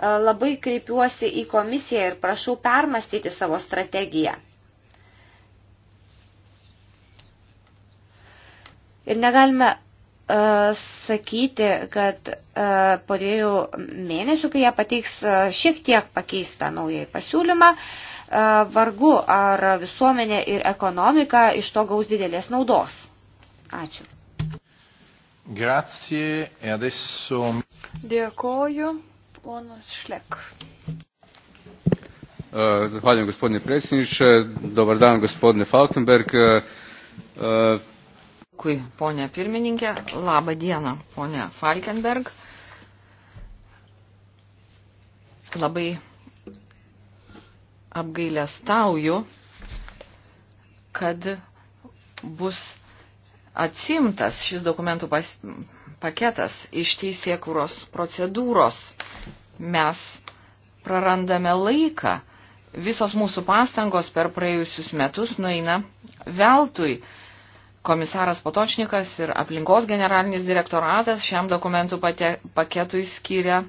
[SPEAKER 2] labai kreipiuosi į komisiją ir prašau permastyti savo strategiją. Ir negalime e, sakyti, kad e, po dviejų mėnesių, kai jie pateiks e, šiek tiek pakeistą naują pasiūlymą, vargu ar visuomenė ir ekonomika iš to gaus didelės naudos. Ačiū.
[SPEAKER 3] Grazie
[SPEAKER 2] e adesso... Dėkoju, ponas Šlek. Zahvaljujem gospodine predsjedniče, dobar dan gospodine Falkenberg.
[SPEAKER 3] Dėkui, ponė pirmininkė. Labą dieną, ponė Falkenberg. Labai apgailę stauju, kad bus atsimtas šis dokumentų pas, paketas iš teisėkūros procedūros. Mes prarandame laiką. Visos mūsų pastangos per praėjusius metus nueina veltui. Komisaras Potočnikas ir aplinkos generalinis direktoratas šiam dokumentų pate, paketui skiria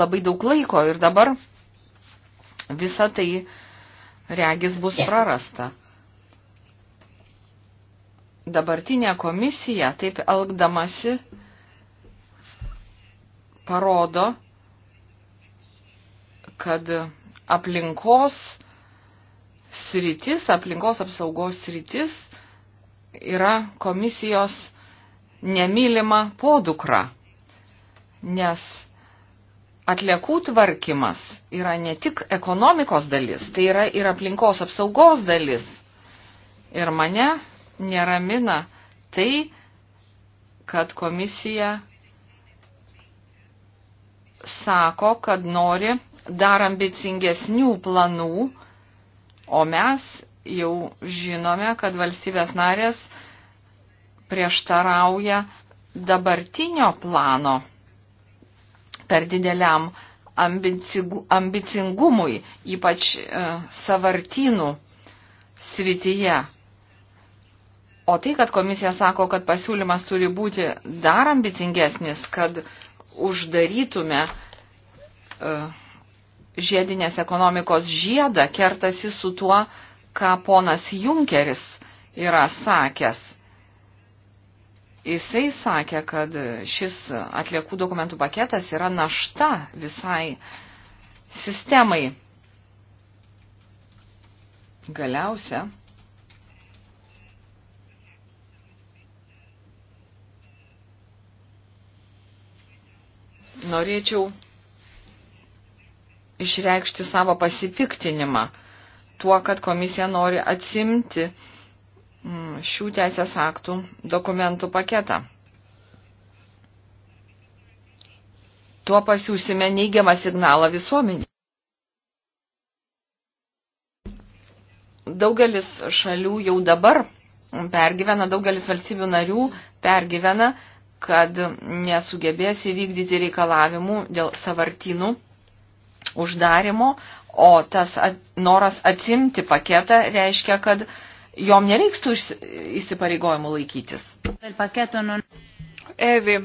[SPEAKER 3] labai daug laiko ir dabar visa tai regis bus prarasta. Dabartinė komisija taip elgdamasi parodo, kad aplinkos sritis, aplinkos apsaugos sritis yra komisijos nemylima podukra, nes atliekų tvarkymas yra ne tik ekonomikos dalis, tai yra ir aplinkos apsaugos dalis. Ir mane neramina tai, kad komisija sako, kad nori dar ambicingesnių planų, o mes jau žinome, kad valstybės narės prieštarauja dabartinio plano per dideliam ambicingumui, ypač e, savartinų srityje. O tai, kad komisija sako, kad pasiūlymas turi būti dar ambicingesnis, kad uždarytume e, žiedinės ekonomikos žiedą, kertasi su tuo, ką ponas Junkeris yra sakęs. Jisai sakė, kad šis atliekų dokumentų paketas yra našta visai sistemai. Galiausia, norėčiau išreikšti savo pasipiktinimą tuo, kad komisija nori atsimti mm, šių teisės aktų dokumentų paketą. Tuo pasiūsime neigiamą signalą visuomenį. Daugelis šalių jau dabar pergyvena, daugelis valstybių narių pergyvena, kad nesugebės įvykdyti reikalavimų dėl savartinų uždarimo, o tas noras atsimti paketą reiškia, kad jom nereikstų įsipareigojimų laikytis.
[SPEAKER 1] Evi,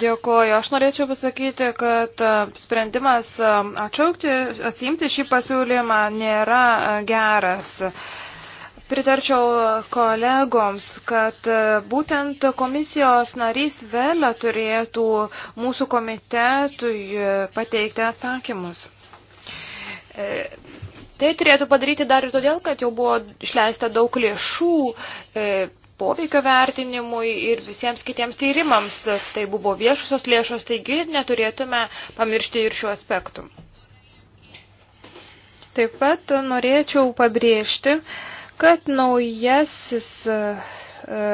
[SPEAKER 1] dėkoju. Aš norėčiau pasakyti, kad e, sprendimas e, atšaukti, atsimti šį pasiūlymą nėra e, geras. Pritarčiau kolegoms, kad e, būtent komisijos narys Vela turėtų mūsų komitetui e, pateikti atsakymus. E, tai turėtų padaryti dar ir todėl, kad jau buvo išleista daug lėšų poveikio vertinimui ir visiems kitiems tyrimams. Tai buvo viešusios lėšos, taigi neturėtume pamiršti ir šių aspektų. Taip pat norėčiau pabrėžti, kad naujasis e, e,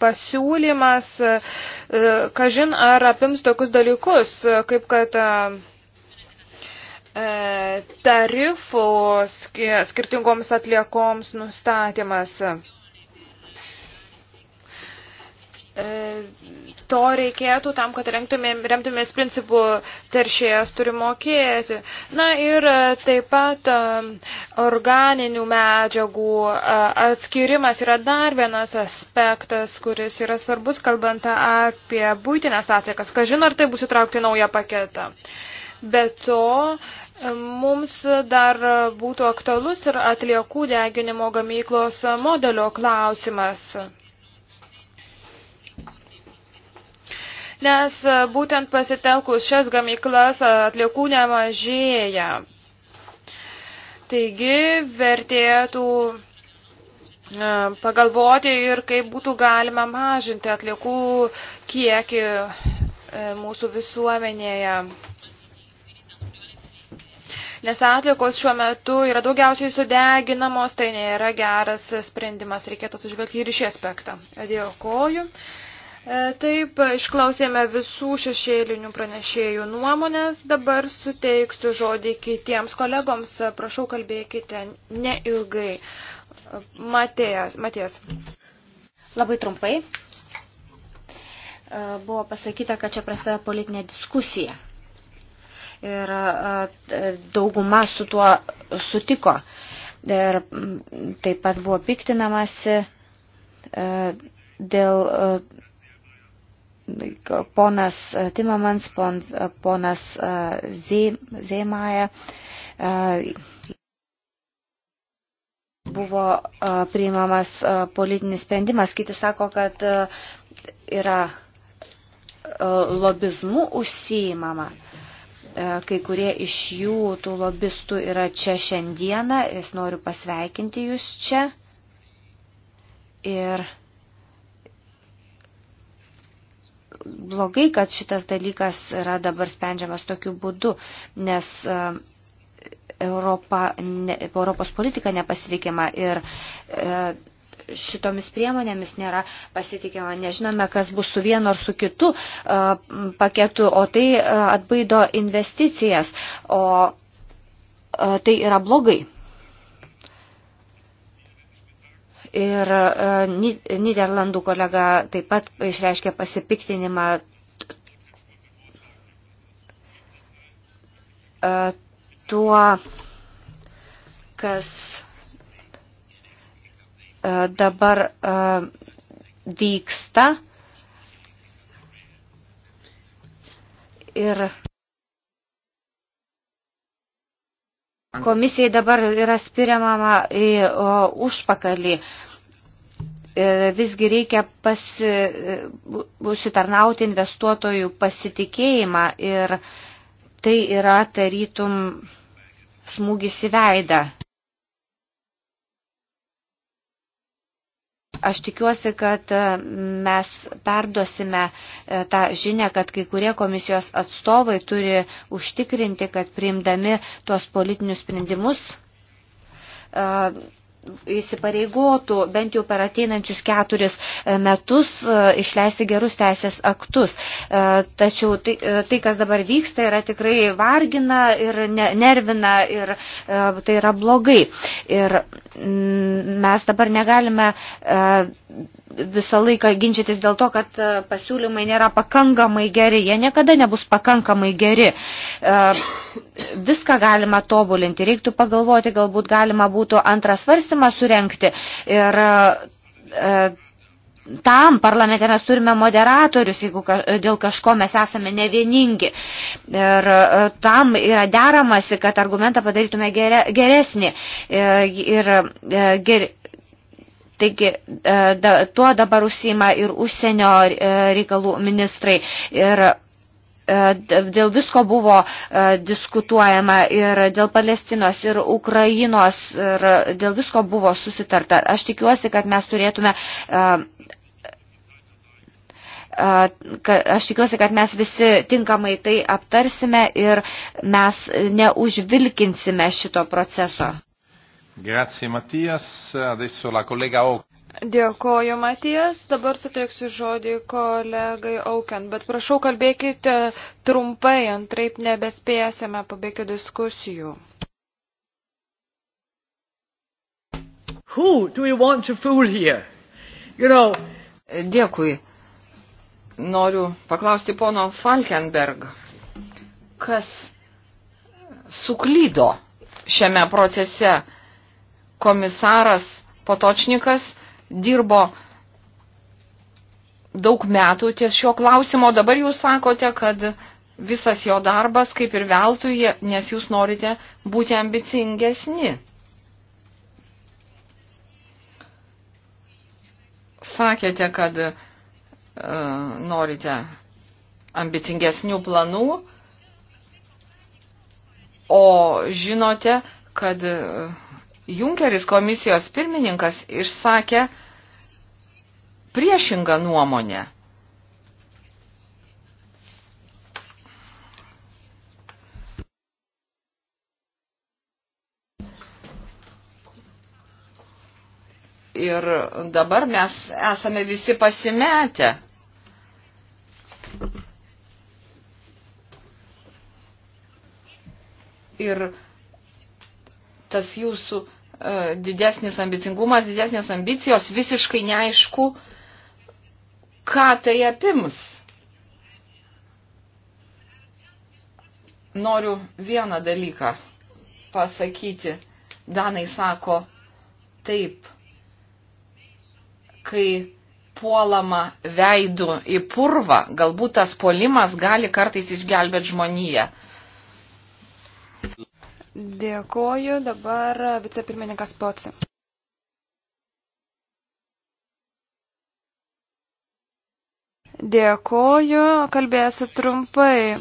[SPEAKER 1] pasiūlymas, e, kažin ar apims tokius dalykus, kaip kad tarifų skirtingoms atliekoms nustatymas. E, to reikėtų tam, kad remtumės principų teršėjas turi mokėti. Na ir e, taip pat e, organinių medžiagų atskirimas yra dar vienas aspektas, kuris yra svarbus, kalbant apie būtinės atliekas. Kažin ar tai bus įtraukti naują paketą. Be to, Mums dar būtų aktualus ir atliekų deginimo gamyklos modelio klausimas. nes e, būtent pasitelkus šias gamyklas atliekų nemažėja. Taigi vertėtų e, pagalvoti ir kaip būtų galima mažinti atliekų kiekį e, mūsų visuomenėje. Nes atliekos šiuo metu yra daugiausiai sudeginamos, tai nėra geras sprendimas, reikėtų atsižvelgti ir šį aspektą. Dėkoju. E, taip, išklausėme visų šešėlinių pranešėjų nuomonės. Dabar suteiksiu žodį kitiems kolegoms. Prašau, kalbėkite neilgai. Matėjas. Matėjas.
[SPEAKER 2] Labai trumpai. E, buvo pasakyta, kad čia prasideda politinė diskusija. Ir e, dauguma su tuo sutiko. Ir taip pat buvo piktinamasi dėl ponas e, Timamans, e, ponas e, Zeimaja buvo priimamas politinis sprendimas. Kiti sako, kad yra lobizmu užsiimama kai kurie iš jų, tų lobistų, yra čia šiandieną. Jis noriu pasveikinti jūs čia. Ir blogai, kad šitas dalykas yra dabar sprendžiamas tokiu būdu, nes e, Europa, ne, Europos politika nepasitikima ir e, šitomis priemonėmis nėra pasitikima. Nežinome, kas bus su vienu ar su kitu e, paketu, o tai e, atbaido investicijas, o e, tai yra blogai. Ir e, Niderlandų kolega taip pat išreiškė pasipiktinimą e, tuo, kas e, dabar vyksta. Ir Komisijai dabar yra spiriamama į o, užpakalį. E, visgi reikia pasi, užsitarnauti investuotojų pasitikėjimą ir tai yra tarytum smūgis į veidą. Aš tikiuosi, kad e, mes perduosime e, tą žinę, kad kai kurie komisijos atstovai turi užtikrinti, kad priimdami tuos politinius sprendimus e, įsipareigotų bent jau per ateinančius keturis e, metus e, išleisti gerus teisės aktus. E, tačiau tai, tai kas dabar vyksta, yra tikrai vargina ir nervina ir tai yra blogai. Ir mm, mes dabar negalime visą laiką ginčytis dėl to, kad pasiūlymai nėra pakankamai geri, jie niekada nebus pakankamai geri. Viską galima tobulinti, reiktų pagalvoti, galbūt galima būtų antras svarstymas klausimą surenkti. Ir e, tam parlamente mes turime moderatorius, jeigu ka, dėl kažko mes esame nevieningi. Ir e, tam yra deramasi, kad argumentą padarytume gere, geresnį. E, ir, ir e, ger, Taigi da, tuo dabar užsima ir užsienio reikalų ministrai. Ir E, dėl visko buvo e, diskutuojama ir dėl Palestinos, ir Ukrainos, ir dėl visko buvo susitarta. Aš tikiuosi, kad mes turėtume e, aš tikiuosi, kad mes visi tinkamai tai aptarsime ir mes neužvilkinsime šito proceso.
[SPEAKER 3] Grazie Matijas, adesso la collega Oken.
[SPEAKER 2] Dėkoju,
[SPEAKER 1] Matijas. Dabar suteiksiu žodį kolegai Aukiant, bet prašau kalbėkite trumpai, antraip nebespėsime pabaigti diskusijų.
[SPEAKER 3] Who do we want to fool here? You know... Dėkui. Noriu paklausti pono Falkenberg, kas suklydo šiame procese komisaras Potočnikas dirbo daug metų ties šio klausimo, dabar jūs sakote, kad visas jo darbas kaip ir veltui, nes jūs norite būti ambicingesni. Sakėte, kad e, norite ambicingesnių planų, o žinote, kad e, Junkeris komisijos pirmininkas išsakė priešingą nuomonę. ir dabar mes esame visi pasimetę. Ir tas jūsų E, didesnis ambicingumas, didesnės ambicijos, visiškai neaišku, ką tai apims. Noriu vieną dalyką pasakyti. Danai sako taip, kai puolama veidų į purvą, galbūt tas polimas gali kartais išgelbėti žmoniją.
[SPEAKER 1] Dėkoju. Dabar vicepirmininkas Poci. Dėkoju, kalbėsiu trumpai.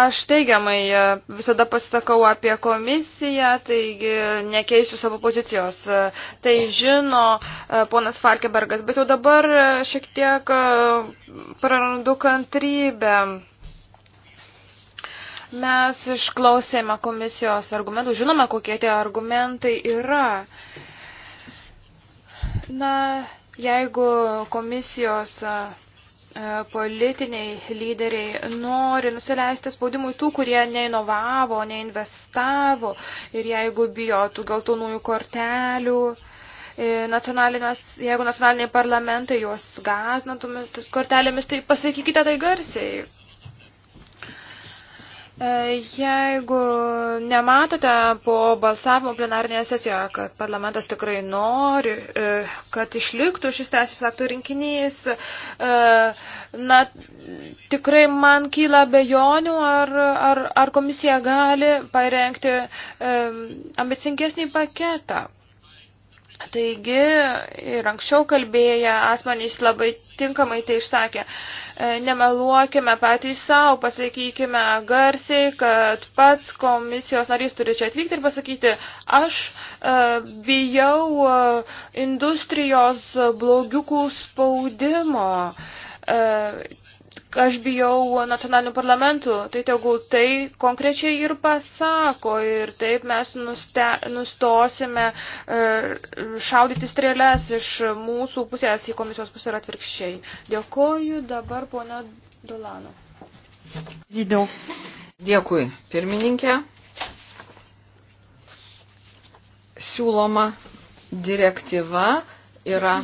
[SPEAKER 1] Aš teigiamai e, visada pasisakau apie komisiją, taigi nekeisiu savo pozicijos. E, tai žino e, ponas Falkebergas, bet jau dabar šiek tiek prarandu kantrybę. Mes išklausėme komisijos argumentų, žinome, kokie tie argumentai yra. Na, jeigu komisijos politiniai lyderiai nori nusileisti spaudimui tų, kurie neinovavo, neinvestavo ir jeigu bijotų geltonųjų kortelių, e, jeigu nacionaliniai parlamentai juos gazinatumis kortelėmis, tai pasakykite tai garsiai. E, jeigu nematote po balsavimo plenarinėje sesijoje, kad parlamentas tikrai nori, e, kad išliktų šis teisės aktų rinkinys, e, na, tikrai man kyla bejonių, ar, ar, ar komisija gali parengti ambicingesnį paketą. Taigi ir anksčiau kalbėję asmenys labai tinkamai tai išsakė. E, nemeluokime patys savo, pasakykime garsiai, kad pats komisijos narys turi čia atvykti ir pasakyti, aš e, bijau e, industrijos blogiukų spaudimo aš bijau nacionalinių parlamentų, tai tegul tai konkrečiai ir pasako ir taip mes nuste, nustosime e, šaudyti strėlės iš mūsų pusės į komisijos pusę ir atvirkščiai. Dėkoju dabar pono Dolano.
[SPEAKER 3] Žydau. Dėkui, pirmininkė. Siūloma direktyva yra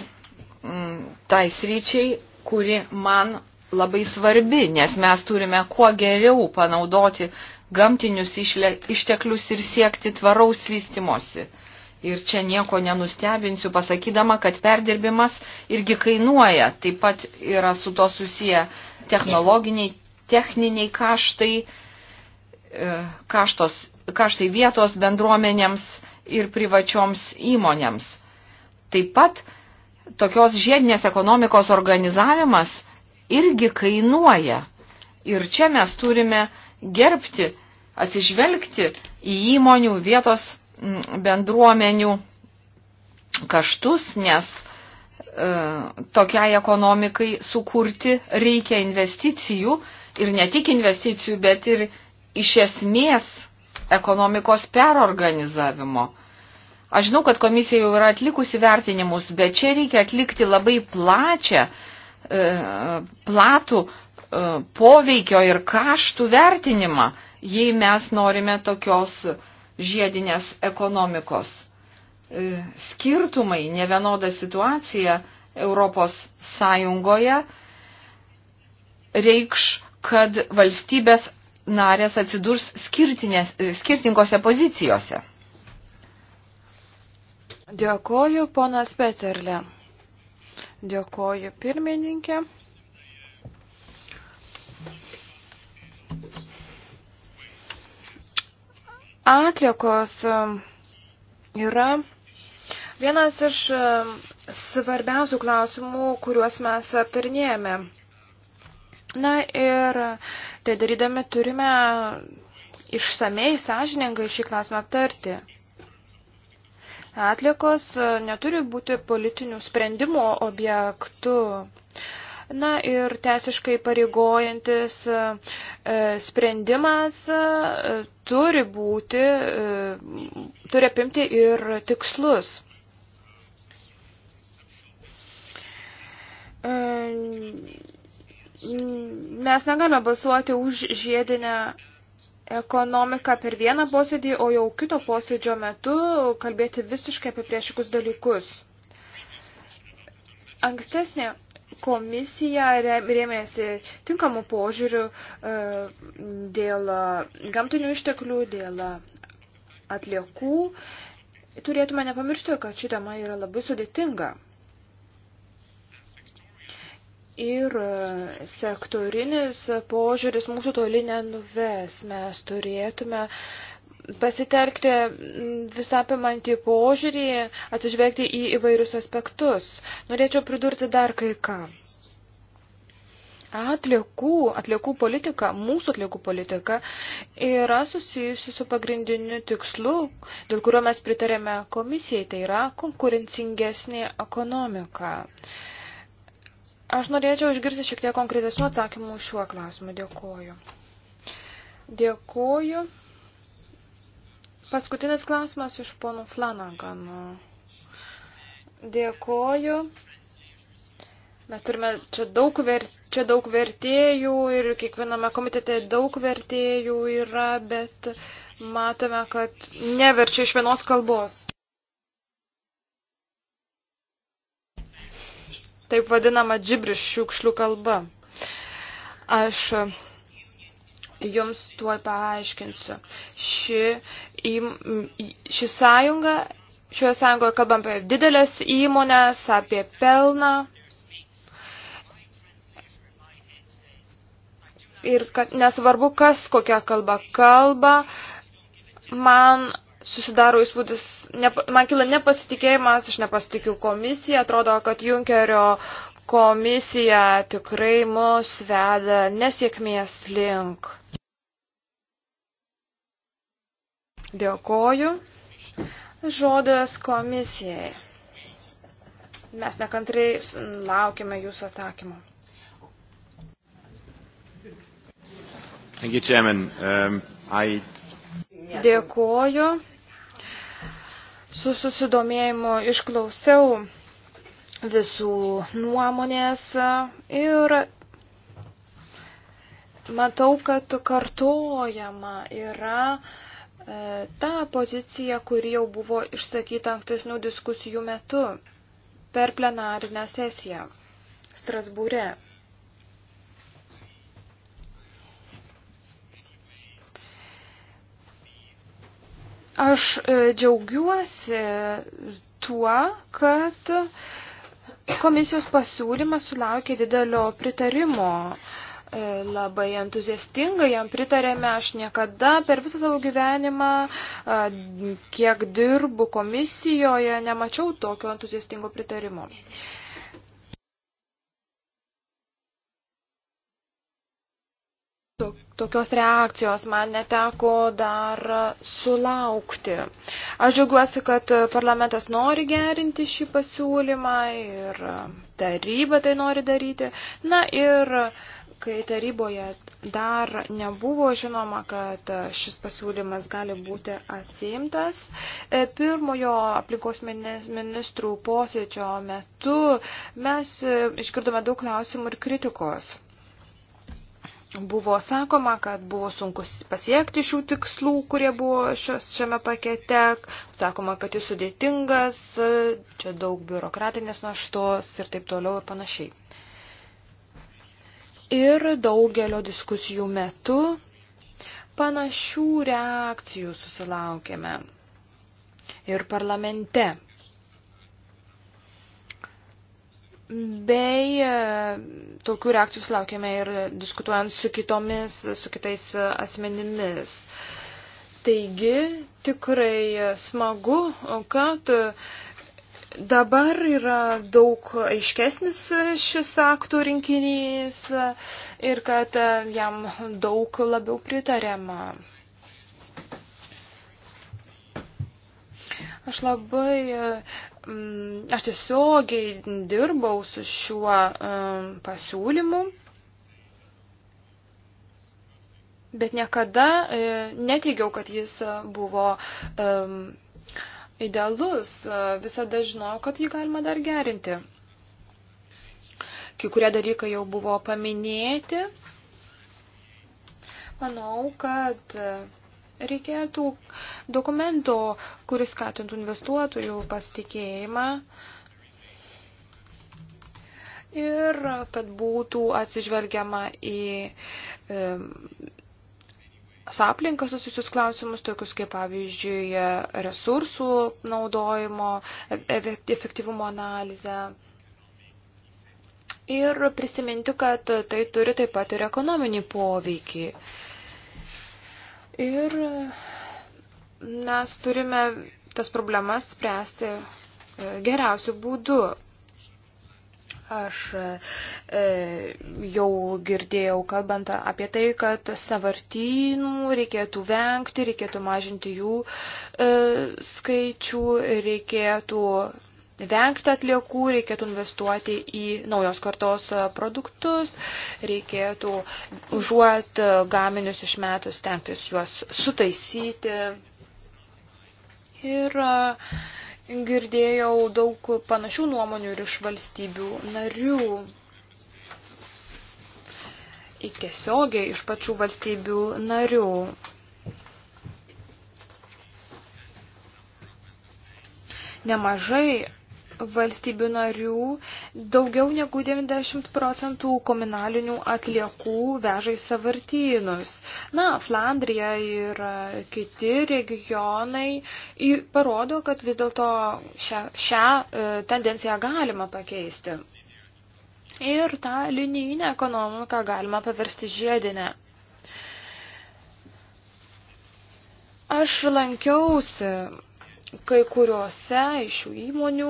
[SPEAKER 3] mm, tais ryčiai, kuri man labai svarbi, nes mes turime kuo geriau panaudoti gamtinius išteklius ir siekti tvaraus vystimosi. Ir čia nieko nenustebinsiu, pasakydama, kad perdirbimas irgi kainuoja. Taip pat yra su to susiję technologiniai, techniniai kaštai, e, kaštos, kaštai vietos bendruomenėms ir privačioms įmonėms. Taip pat tokios žiedinės ekonomikos organizavimas irgi kainuoja. Ir čia mes turime gerbti, atsižvelgti į įmonių vietos bendruomenių kaštus, nes e, tokiai ekonomikai sukurti reikia investicijų ir ne tik investicijų, bet ir iš esmės ekonomikos perorganizavimo. Aš žinau, kad komisija jau yra atlikusi vertinimus, bet čia reikia atlikti labai plačią E, platų e, poveikio ir kaštų vertinimą, jei mes norime tokios žiedinės ekonomikos. E, skirtumai, nevienoda situacija Europos Sąjungoje reikš, kad valstybės narės atsidurs skirtingose pozicijose. Dėkoju, ponas Peterle. Dėkoju pirmininkė.
[SPEAKER 1] Atliekos um, yra vienas iš um, svarbiausių klausimų, kuriuos mes aptarinėjame. Na ir tai darydami turime išsamei, sąžiningai šį klausimą aptarti atlikos e, neturi būti politinių sprendimų objektu. Na ir teisiškai pareigojantis e, e, sprendimas turi būti, turi apimti ir tikslus. Mes negalime balsuoti už žiedinę ekonomiką per vieną posėdį, o jau kito posėdžio metu kalbėti visiškai apie priešikus dalykus. Ankstesnė komisija rėmėsi tinkamų požiūrių e, dėl gamtinių išteklių, dėl atliekų. Turėtume nepamiršti, kad ši tema yra labai sudėtinga ir e, sektorinis požiūris mūsų toli nenuves. Mes turėtume pasitelkti visapimantį požiūrį, atsižvelgti į įvairius aspektus. Norėčiau pridurti dar kai ką. Atliekų, atliekų politika, mūsų atliekų politika yra susijusi su pagrindiniu tikslu, dėl kurio mes pritarėme komisijai, tai yra konkurencingesnė ekonomika. Uh, Aš norėčiau išgirsti šiek tiek konkretesnių atsakymų šiuo klausimu. Dėkoju. Dėkoju. Paskutinis klausimas iš ponų Flanagano. Dėkoju. Mes turime čia daug, ver, čia daug vertėjų ir kiekviename komitete daug vertėjų yra, bet matome, kad neverčia iš vienos kalbos. taip vadinama džibriš šiukšlių kalba. Aš jums tuoj paaiškinsiu. Ši, į, ši sąjunga, šioje sąjungoje kalbam apie didelės įmonės, apie pelną. Ir kad nesvarbu, kas kokią kalbą kalba, man susidaro įspūdis, ne, man kila nepasitikėjimas, aš nepasitikiu komisiją, atrodo, kad Junkerio komisija tikrai mus veda nesėkmės link. Dėkoju. Žodis komisijai. Mes nekantriai laukime jūsų atsakymų.
[SPEAKER 2] Thank you, Chairman. Um, I
[SPEAKER 1] Dėkoju su susidomėjimu išklausiau visų nuomonės ir matau, kad kartojama yra e, ta pozicija, kuri jau buvo išsakyta ankstesnių diskusijų metu per plenarinę sesiją Strasbūre. Aš e, džiaugiuosi tuo, kad komisijos pasiūlymas sulaukė didelio pritarimo. E, labai entuziastingai jam pritarėme, aš niekada per visą savo gyvenimą, e, kiek dirbu komisijoje, nemačiau tokio entuziastingo pritarimo. to, tokios reakcijos man neteko dar sulaukti. Aš džiaugiuosi, kad parlamentas nori gerinti šį pasiūlymą ir taryba tai nori daryti. Na ir kai taryboje dar nebuvo žinoma, kad šis pasiūlymas gali būti atsimtas, e, pirmojo aplinkos ministrų posėdžio metu mes e, išgirdome daug klausimų ir kritikos buvo sakoma, kad buvo sunku pasiekti šių tikslų, kurie buvo šios, šiame pakete. Sakoma, kad jis sudėtingas, čia daug biurokratinės naštos ir taip toliau ir panašiai. Ir daugelio diskusijų metu panašių reakcijų susilaukėme. Ir parlamente. Bei e, tokių reakcijų sulaukėme ir diskutuojant su kitomis, su kitais e, asmenimis. Taigi, tikrai smagu, kad dabar yra daug aiškesnis šis aktų rinkinys ir kad jam daug labiau pritariama. Aš labai Mm, aš tiesiogiai dirbau su šiuo pasiūlymu, bet niekada e, neteigiau, kad jis buvo idealus. E, visada žinojau, kad jį galima dar gerinti. Kai kurie dalykai jau buvo paminėti. Manau, kad Reikėtų dokumento, kuris skatintų investuotojų pasitikėjimą ir kad būtų atsižvelgiama į e, su aplinka susijusius klausimus, tokius kaip pavyzdžiui resursų naudojimo, e, efektyvumo analizę. Ir prisiminti, kad tai turi taip pat ir ekonominį poveikį. E, Ir e, mes turime tas problemas spręsti e, geriausių būdų. Aš e, jau girdėjau kalbant apie tai, kad savartynų reikėtų vengti, reikėtų mažinti jų e, skaičių, reikėtų vengti atliekų, reikėtų investuoti į naujos kartos e, produktus, reikėtų užuot e, gaminius iš metų stengtis juos sutaisyti. Ir e, girdėjau daug panašių nuomonių ir iš valstybių narių į tiesiogiai iš pačių valstybių narių. Nemažai valstybių narių daugiau negu 90 procentų komunalinių atliekų veža į savartynus. Na, Flandrija ir kiti regionai parodo, kad vis dėlto šią, šią e, tendenciją galima pakeisti. Ir tą linijinę ekonomiką galima paversti žiedinę. Aš lankiausi kai kuriuose iš šių įmonių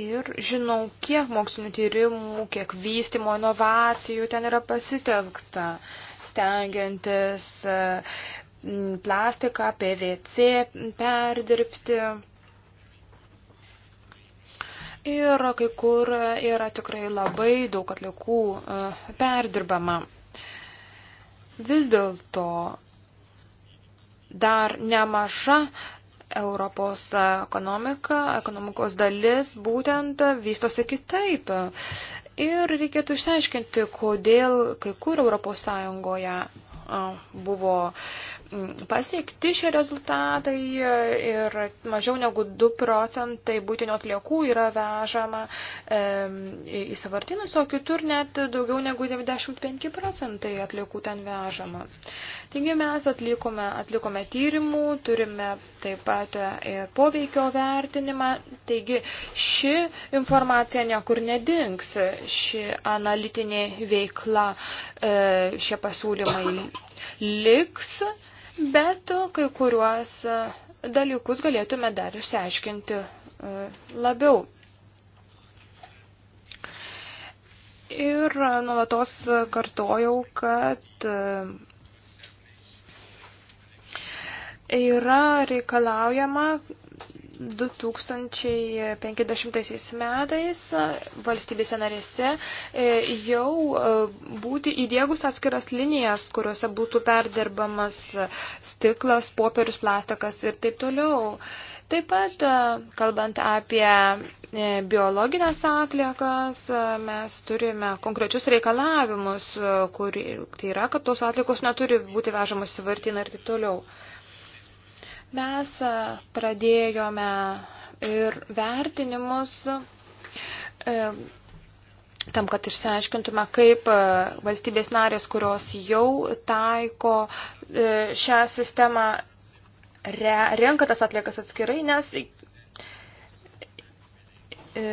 [SPEAKER 1] ir žinau, kiek mokslinių tyrimų, kiek vystimo inovacijų ten yra pasitelkta, stengiantis e, plastiką, PVC perdirbti. Ir kai kur yra tikrai labai daug atlikų e, perdirbama. Vis dėlto dar nemaža Europos ekonomika, ekonomikos dalis būtent vystosi kitaip. Ir reikėtų išsiaiškinti, kodėl kai kur Europos Sąjungoje buvo pasiekti šie rezultatai ir mažiau negu 2 procentai būtinių atliekų yra vežama į savartinus, o kitur net daugiau negu 95 procentai atliekų ten vežama. Taigi mes atlikome, atlikome tyrimų, turime taip pat ir e, poveikio vertinimą. Taigi ši informacija niekur nedings, ši analitinė veikla, e, šie pasiūlymai liks, bet kai kuriuos e, dalykus galėtume dar išsiaiškinti labiau. Ir nuolatos kartojau, kad yra reikalaujama 2050 metais e, valstybėse narėse e, jau e, būti įdėgus atskiras linijas, kuriuose būtų perdirbamas stiklas, popierius, plastikas ir taip toliau. Taip pat, kalbant apie biologinės atliekas, mes turime konkrečius reikalavimus, kur, tai yra, kad tos atliekos neturi būti vežamos į vartyną ir taip toliau. Mes pradėjome ir vertinimus e, tam, kad išsiaiškintume, kaip valstybės narės, kurios jau taiko e, šią sistemą, re, renka tas atliekas atskirai, nes e,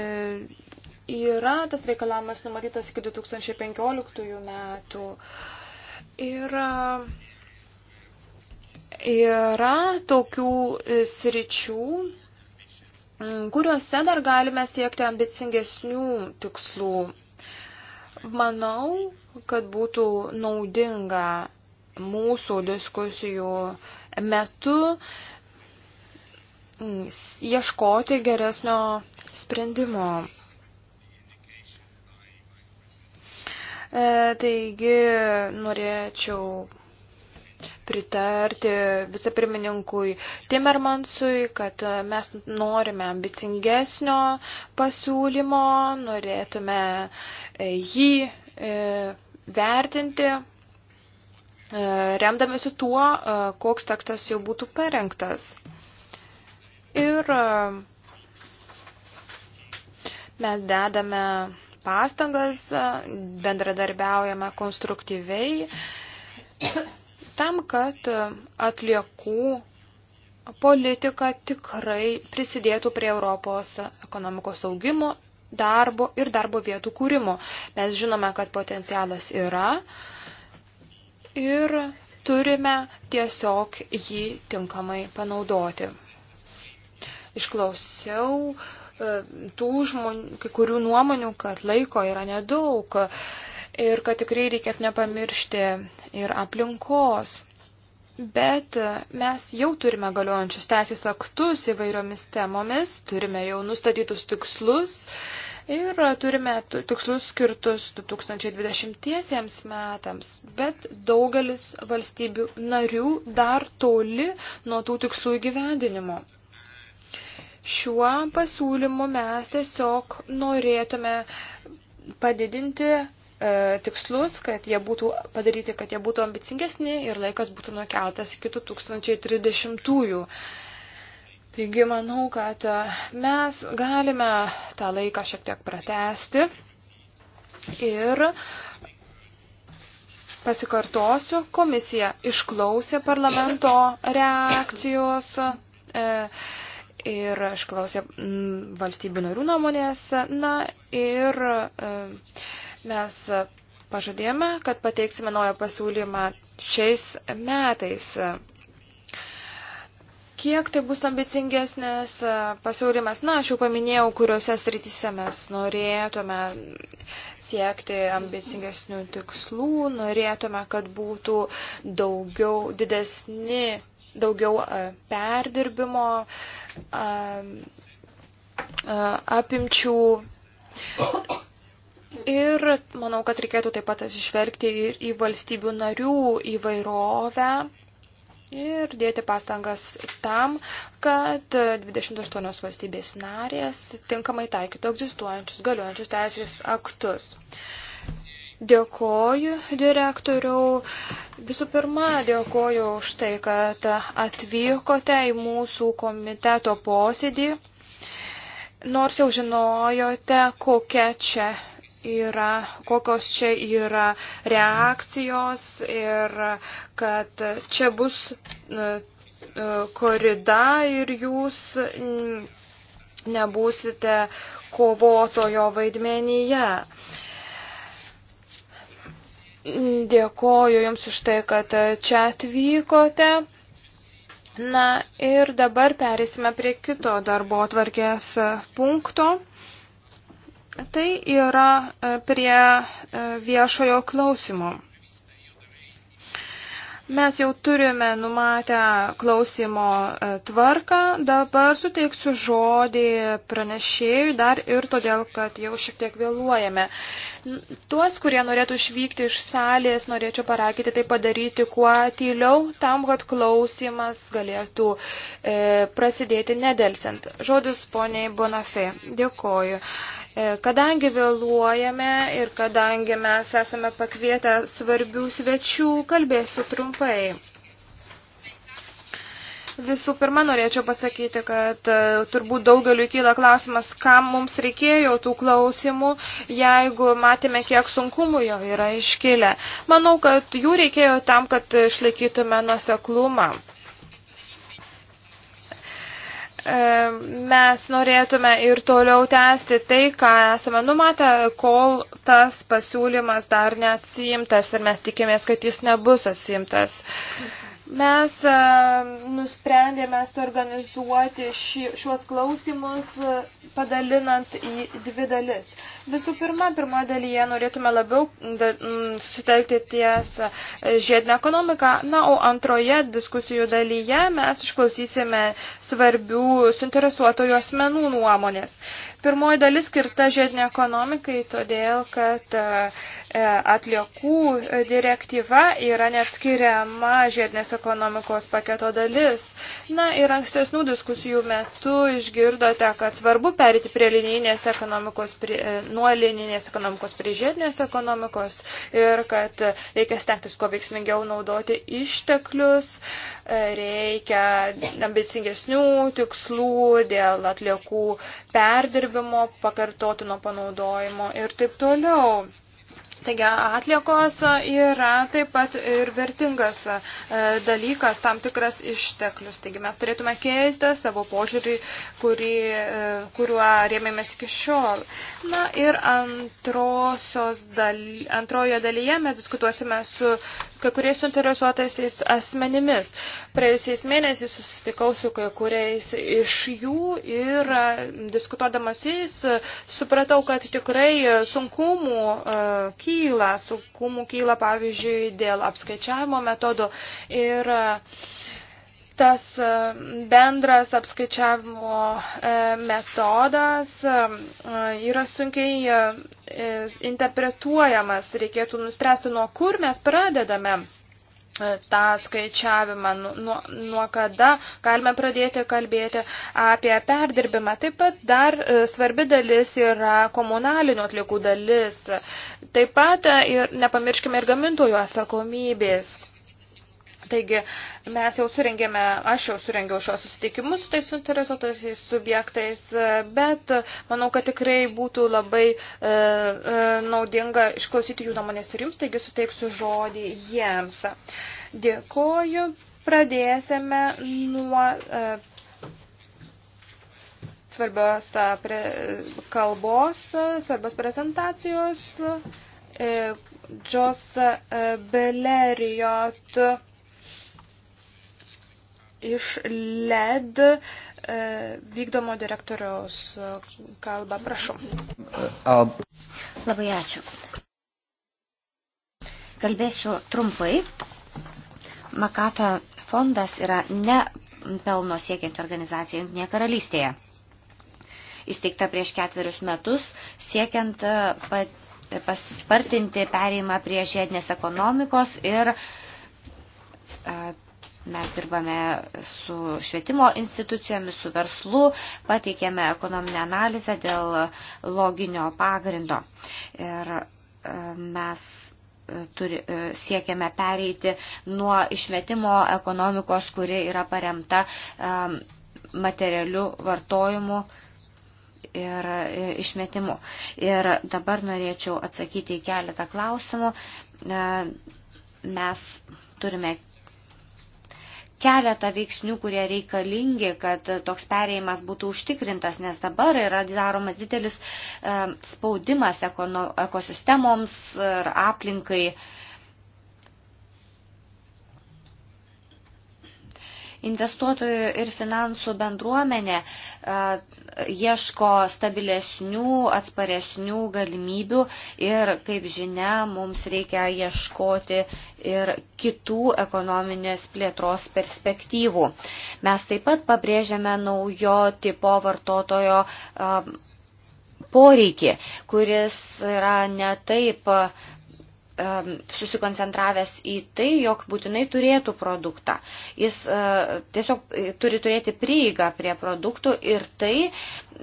[SPEAKER 1] yra tas reikalavimas numatytas iki 2015 metų. Ir Yra tokių e, sričių, kuriuose dar galime siekti ambicingesnių tikslų. Manau, kad būtų naudinga mūsų diskusijų metu ieškoti geresnio sprendimo. E, taigi norėčiau pritarti vicepirmininkui Timmermansui, kad mes norime ambicingesnio pasiūlymo, norėtume e, jį e, vertinti, e, remdamėsi tuo, koks tekstas jau būtų parengtas. Ir mes dedame pastangas, bendradarbiaujame konstruktyviai tam, kad atliekų politika tikrai prisidėtų prie Europos ekonomikos augimo, darbo ir darbo vietų kūrimo. Mes žinome, kad potencialas yra ir turime tiesiog jį tinkamai panaudoti. Išklausiau e, tų žmonių, kai kurių nuomonių, kad laiko yra nedaug ir kad tikrai reikėtų nepamiršti ir aplinkos. Bet mes jau turime galiojančius teisės aktus įvairiomis temomis, turime jau nustatytus tikslus ir turime tikslus skirtus 2020 metams, bet daugelis valstybių narių dar toli nuo tų tikslų įgyvendinimo. Šiuo pasiūlymu mes tiesiog norėtume padidinti E, tikslus, kad jie būtų padaryti, kad jie būtų ambicingesni ir laikas būtų nukeltas iki 2030-ųjų. Taigi manau, kad e, mes galime tą laiką šiek tiek pratesti ir pasikartosiu, komisija išklausė parlamento reakcijos. E, ir išklausė valstybių narių nuomonės, na ir e, Mes pažadėjome, kad pateiksime naują pasiūlymą šiais metais. Kiek tai bus ambicingesnis e, pasiūlymas? Na, aš jau paminėjau, kuriuose srityse mes norėtume siekti ambicingesnių tikslų, norėtume, kad būtų daugiau didesni, daugiau e, perdirbimo e, apimčių Ir manau, kad reikėtų taip pat atsižvelgti ir į valstybių narių įvairovę ir dėti pastangas tam, kad 28 valstybės narės tinkamai taikytų egzistuojančius galiojančius teisės aktus. Dėkoju direktoriau. Visų pirma, dėkoju už tai, kad atvykote į mūsų komiteto posėdį. Nors jau žinojote, kokia čia yra, kokios čia yra reakcijos ir kad čia bus korida ir jūs nebūsite kovotojo vaidmenyje. Dėkoju Jums už tai, kad čia atvykote. Na ir dabar perėsime prie kito darbo atvarkės punkto. Tai yra e, prie e, viešojo klausimo. Mes jau turime numatę klausimo e, tvarką, dabar suteiksiu žodį pranešėjui dar ir todėl, kad jau šiek tiek vėluojame. Tuos, kurie norėtų išvykti iš salės, norėčiau parakyti tai padaryti kuo tyliau, tam, kad klausimas galėtų e, prasidėti nedelsiant. Žodis poniai Bonafė. Dėkoju. E, kadangi vėluojame ir kadangi mes esame pakvietę svarbių svečių, kalbėsiu trumpai. Visų pirma, norėčiau pasakyti, kad e, turbūt daugeliu kyla klausimas, kam mums reikėjo tų klausimų, jeigu matėme, kiek sunkumų jo yra iškilę. Manau, kad jų reikėjo tam, kad išlaikytume nuoseklumą. E, mes norėtume ir toliau tęsti tai, ką esame numatę, kol tas pasiūlymas dar neatsijimtas ir mes tikimės, kad jis nebus atsimtas. Mhm. Mes e, nusprendėme suorganizuoti ši, šiuos klausimus e, padalinant į dvi dalis. Visų pirma, pirmoje dalyje norėtume labiau da, m, susitelkti ties e, žiedinę ekonomiką, na, o antroje diskusijų dalyje mes išklausysime svarbių suinteresuotojų asmenų nuomonės. Pirmoji dalis skirta žiedinė ekonomikai, todėl kad e, e, atliekų direktyva yra neatskiriama žiedinės ekonomikos paketo dalis. Na ir ankstesnių diskusijų metu išgirdote, kad svarbu perėti prie linijinės ekonomikos, prie, e, nuo linijinės ekonomikos prie žiedinės ekonomikos ir kad reikia stengtis kuo veiksmingiau naudoti išteklius. E, reikia ambicingesnių tikslų dėl atliekų perdirbimo, pakartotino panaudojimo ir taip toliau. Taigi atliekos yra taip pat ir vertingas e, dalykas, tam tikras išteklius. Taigi mes turėtume keisti savo požiūrį, kurį, e, kuriuo rėmėmės iki šiol. Na ir antrosios daly, antrojo dalyje mes diskutuosime su kai kuriais suinteresuotaisiais asmenimis. Praėjusiais mėnesiais susitikau su kai kuriais iš jų ir e, diskutuodamas jais supratau, kad tikrai sunkumų kyla kyla, sunkumų kyla, pavyzdžiui, dėl apskaičiavimo metodų ir e, tas e, bendras apskaičiavimo e, metodas yra sunkiai interpretuojamas, reikėtų nuspręsti, nuo kur mes pradedame. E, tą skaičiavimą, nu, nuo, nuo kada galime pradėti kalbėti apie perdirbimą. Taip pat dar e, svarbi dalis yra komunalinių atlikų dalis. Taip pat e, ir nepamirškime ir gamintojų atsakomybės. Taigi mes jau surengėme, aš jau surengiau šios susitikimus su tais suinteresuotais subjektais, bet manau, kad tikrai būtų labai e, e, naudinga išklausyti jų nuomonės ir jums, taigi suteiksiu žodį jiems. Dėkoju, pradėsime nuo. E, svarbios e, pre, kalbos, e, svarbios prezentacijos. Džos e, Beleriot iš LED e, vykdomo direktoriaus kalbą. Prašau.
[SPEAKER 2] Labai ačiū. Kalbėsiu trumpai. Makafe fondas yra ne pelno siekianti organizacija Junktinėje karalystėje. Įsteigta prieš ketverius metus, siekiant e, paspartinti pereimą prie žiedinės ekonomikos ir e, Mes dirbame su švietimo institucijomis, su verslu, pateikėme ekonominę analizę dėl loginio pagrindo. Ir e, mes e, turi, e, siekiame pereiti nuo išmetimo ekonomikos, kuri yra paremta materialiu vartojimu ir išmetimu. Ir dabar norėčiau atsakyti į keletą klausimų. Mes turime keletą veiksnių, kurie reikalingi, kad toks perėjimas būtų užtikrintas, nes dabar yra daromas didelis spaudimas ekosistemoms ir aplinkai. Investuotojų ir finansų bendruomenė e, ieško stabilesnių, atsparesnių galimybių ir, kaip žinia, mums reikia ieškoti ir kitų ekonominės plėtros perspektyvų. Mes taip pat pabrėžiame naujo tipo vartotojo e, poreikį, kuris yra ne taip susikoncentravęs į tai, jog būtinai turėtų produktą. Jis e, tiesiog e, turi turėti prieigą prie produktų ir tai e,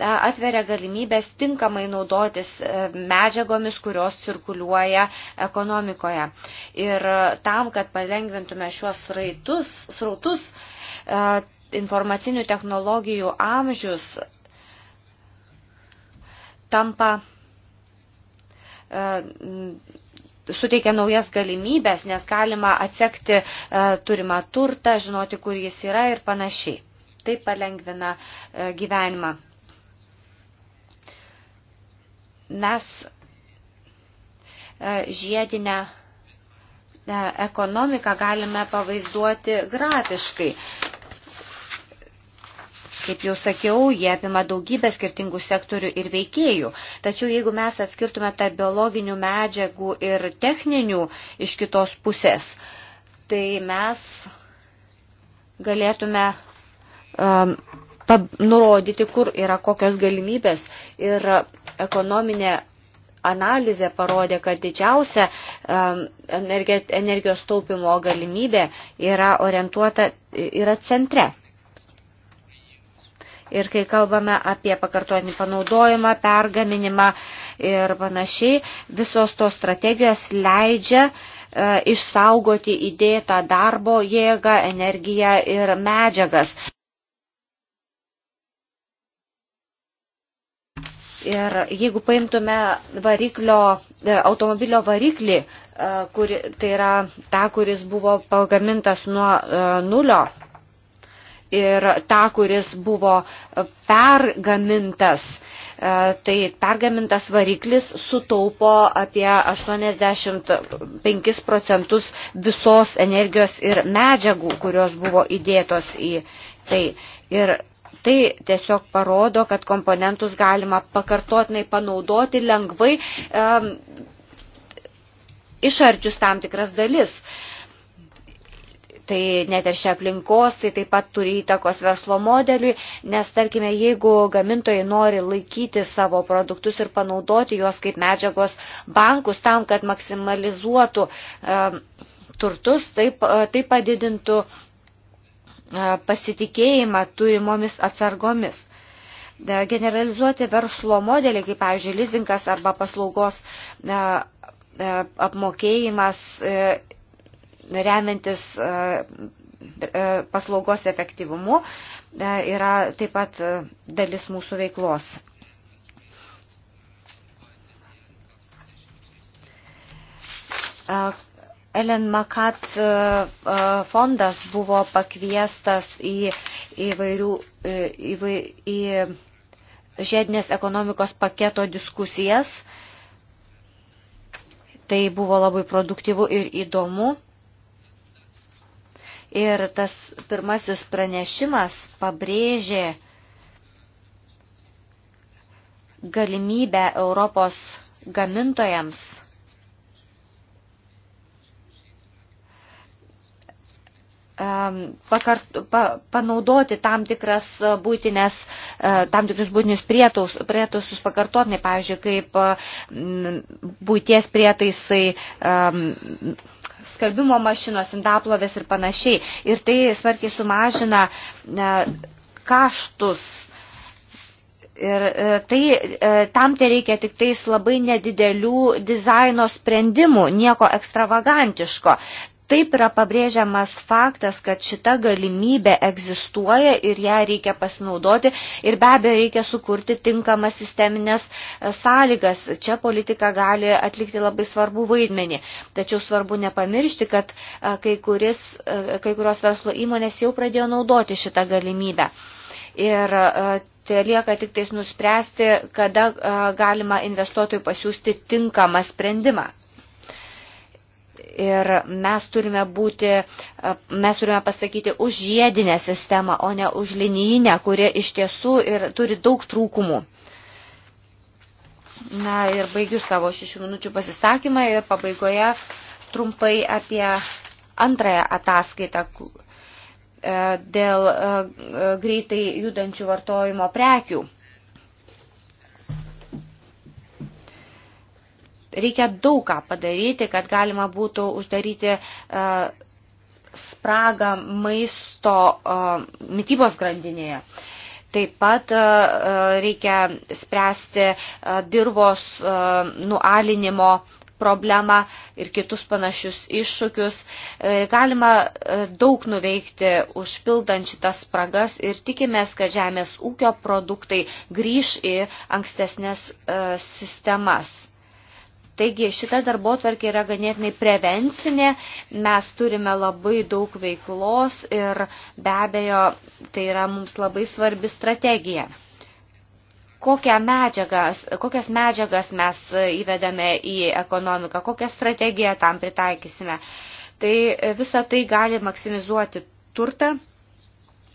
[SPEAKER 2] atveria galimybės tinkamai naudotis medžiagomis, kurios cirkuliuoja ekonomikoje. Ir tam, kad palengvintume šiuos raitus, srautus, informacinių technologijų amžius tampa suteikia naujas galimybės, nes galima atsekti e, turimą turtą, žinoti, kur jis yra ir panašiai. Tai palengvina e, gyvenimą. Mes e, žiedinę e, ekonomiką galime pavaizduoti grafiškai. Kaip jau sakiau, jie apima daugybę skirtingų sektorių ir veikėjų. Tačiau jeigu mes atskirtume tarp biologinių medžiagų ir techninių iš kitos pusės, tai mes galėtume um, pab, nurodyti, kur yra kokios galimybės. Ir ekonominė analizė parodė, kad didžiausia um, energijos taupimo galimybė yra orientuota, yra centre. Ir kai kalbame apie pakartotinį panaudojimą, pergaminimą ir panašiai, visos tos strategijos leidžia e, išsaugoti įdėtą darbo jėgą, energiją ir medžiagas. Ir jeigu paimtume variklio, e, automobilio variklį, e, kuri, tai yra ta, kuris buvo pagamintas nuo e, nulio, ir tą, kuris buvo pergamintas. E, tai pergamintas variklis sutaupo apie 85 procentus visos energijos ir medžiagų, kurios buvo įdėtos į tai. Ir Tai tiesiog parodo, kad komponentus galima pakartotinai panaudoti lengvai, um, išardžius tam tikras dalis. Uh, tai neteršia aplinkos, tai taip pat turi įtakos verslo modeliui, nes tarkime, jeigu gamintojai nori laikyti savo produktus ir panaudoti juos kaip medžiagos bankus tam, kad maksimalizuotų e, turtus, taip, e, uh, taip padidintų uh, pasitikėjimą turimomis atsargomis. Generalizuoti verslo modelį, kaip, pavyzdžiui, lizinkas arba paslaugos uh, apmokėjimas remiantis e, e, paslaugos efektyvumu e, yra taip pat dalis mūsų veiklos. Ellen Makat fondas buvo pakviestas į įvairių į, į, į žiedinės ekonomikos paketo diskusijas. Tai buvo labai produktyvu ir įdomu. Ir tas pirmasis pranešimas pabrėžė galimybę Europos gamintojams pakart, pa, panaudoti tam, tikras būtinės, e, tam tikrus būtinius prietus, prietaisus pakartotinai, pavyzdžiui, kaip būties prietaisai skalbimo mašinos, indaplovės ir panašiai. Ir tai smarkiai sumažina e, kaštus Ir e, tai, tam tai reikia tik tais labai nedidelių dizaino sprendimų, nieko ekstravagantiško taip yra pabrėžiamas faktas, kad šita galimybė egzistuoja ir ją reikia pasinaudoti ir be abejo reikia sukurti tinkamas sisteminės e, sąlygas. Čia politika gali atlikti labai svarbų vaidmenį. Tačiau svarbu nepamiršti, kad e, kai, kuris, e, kai kurios verslo įmonės jau pradėjo naudoti šitą galimybę. Ir tai lieka tik tais nuspręsti, kada galima investuotojui pasiūsti tinkamą sprendimą. Ir mes turime, būti, mes turime pasakyti už žiedinę sistemą, o ne už linijinę, kuri iš tiesų ir turi daug trūkumų. Na ir baigiu savo šešių minučių pasisakymą ir pabaigoje trumpai apie antrąją ataskaitą e, dėl e, e, greitai judančių vartojimo prekių. Reikia daug ką padaryti, kad galima būtų uždaryti e, spragą maisto e, mytybos grandinėje. Taip pat e, reikia spręsti dirvos nualinimo problemą ir kitus panašius iššūkius. Galima daug nuveikti užpildant šitas spragas ir tikimės, kad žemės ūkio produktai grįž į ankstesnės sistemas. Taigi šita darbo tvarkė yra ganėtinai prevencinė, mes turime labai daug veiklos ir be abejo tai yra mums labai svarbi strategija. Kokią medžiagas, kokias medžiagas mes įvedame į ekonomiką, kokią strategiją tam pritaikysime. Tai visa tai gali maksimizuoti turtą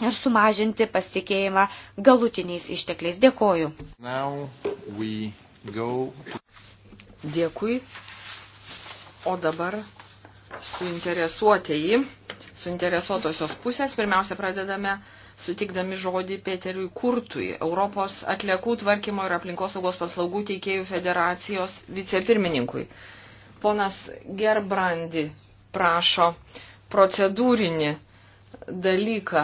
[SPEAKER 2] ir sumažinti pasitikėjimą galutiniais ištekliais. Dėkoju.
[SPEAKER 3] Dėkui. O dabar suinteresuotieji, suinteresuotosios pusės, pirmiausia pradedame sutikdami žodį Peteriui Kurtui, Europos atliekų tvarkymo ir aplinkosaugos paslaugų teikėjų federacijos vicepirmininkui. Ponas Gerbrandi prašo procedūrinį dalyką,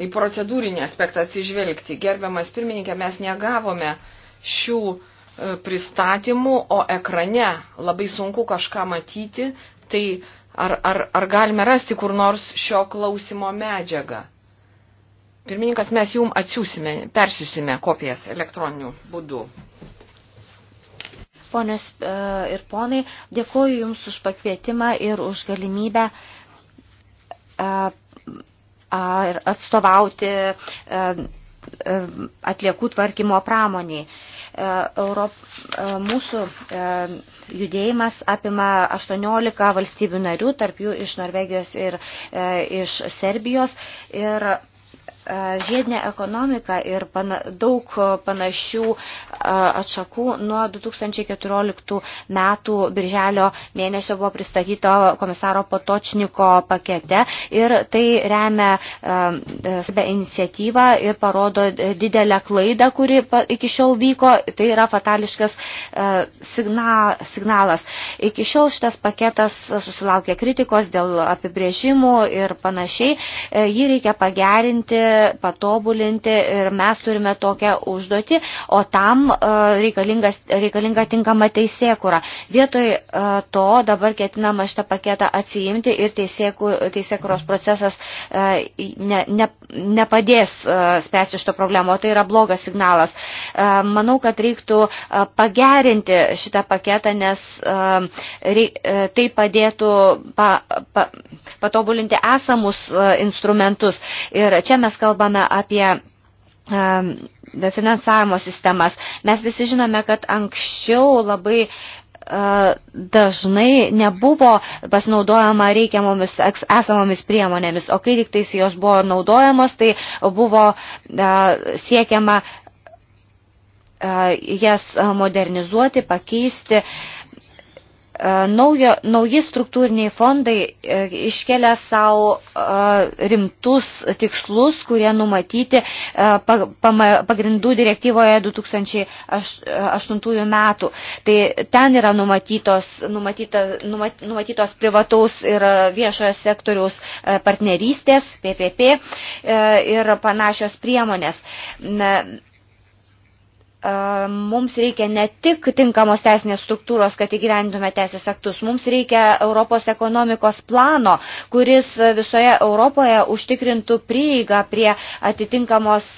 [SPEAKER 3] į procedūrinį aspektą atsižvelgti. Gerbiamas pirmininkė, mes negavome šių pristatymų, o ekrane labai sunku kažką matyti, tai ar, ar, ar galime rasti kur nors šio klausimo medžiagą? Pirmininkas, mes jum atsiūsime, persiūsime kopijas elektroniniu būdu.
[SPEAKER 2] Ponės e, ir ponai, dėkuoju Jums už pakvietimą ir už galimybę e, atstovauti e, atliekų tvarkymo pramoniai. E, Europ, e, mūsų e, judėjimas apima 18 valstybių narių, tarp jų iš Norvegijos ir iš Serbijos. Ir žiedinė ekonomika ir pana, daug panašių atšakų nuo 2014 metų birželio mėnesio buvo pristatyto komisaro Potočniko pakete ir tai remia be iniciatyvą ir parodo didelę klaidą, kuri iki šiol vyko, tai yra fatališkas signalas. Iki šiol šitas paketas susilaukė kritikos dėl apibrėžimų ir panašiai. E, jį reikia pagerinti patobulinti ir mes turime tokią užduotį, o tam e, reikalinga tinkama teisėkura. Vietoj e, to dabar ketinama šitą paketą atsiimti ir teisėkuros procesas e, ne, ne, nepadės spręsti šito problemo. Tai yra blogas signalas. Manau, kad reiktų pagerinti šitą paketą, nes tai padėtų pa, pa, patobulinti esamus instrumentus. Ir čia mes kalbame apie um, finansavimo sistemas. Mes visi žinome, kad anksčiau labai uh, dažnai nebuvo pasinaudojama reikiamomis esamomis priemonėmis, o kai tik tais jos buvo naudojamos, tai buvo uh, siekiama uh, jas modernizuoti, pakeisti. Uh, E, naujo, nauji struktūriniai fondai e, iškelia savo e, rimtus tikslus, kurie numatyti pagrindų direktyvoje 2008 metų. Tai ten yra numatytos, numatyta, numatytos privataus ir viešojo sektoriaus partnerystės, PPP ir panašios priemonės mums reikia ne tik tinkamos teisinės struktūros, kad įgyvendintume teisės aktus, mums reikia Europos ekonomikos plano, kuris visoje Europoje užtikrintų prieigą prie atitinkamos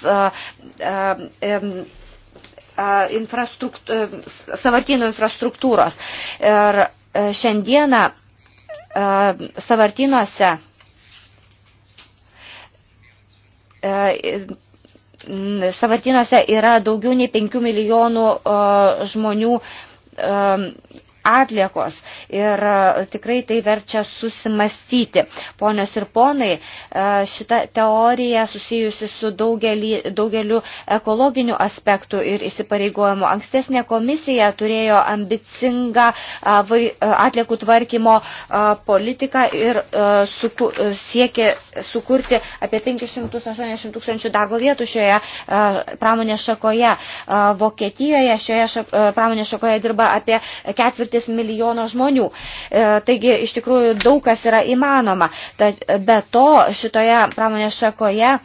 [SPEAKER 2] infrastruktūr, savartynų infrastruktūros. Ir e, šiandieną savartynuose e, savartinuose yra daugiau nei 5 milijonų uh, žmonių um, atliekos ir e, tikrai tai verčia susimastyti. Ponios ir ponai, e, šita teorija susijusi su daugelį, daugeliu ekologinių aspektų ir įsipareigojimų. Ankstesnė komisija turėjo ambicingą e, atliekų tvarkymo politiką ir suku, siekė sukurti apie 580 tūkstančių darbo vietų šioje pramonės šakoje. Vokietijoje šioje pramonės šakoje dirba apie ketvirtį pusrytis milijono žmonių. E, taigi iš tikrųjų daug kas yra įmanoma. Be to šitoje pramonės šakoje e,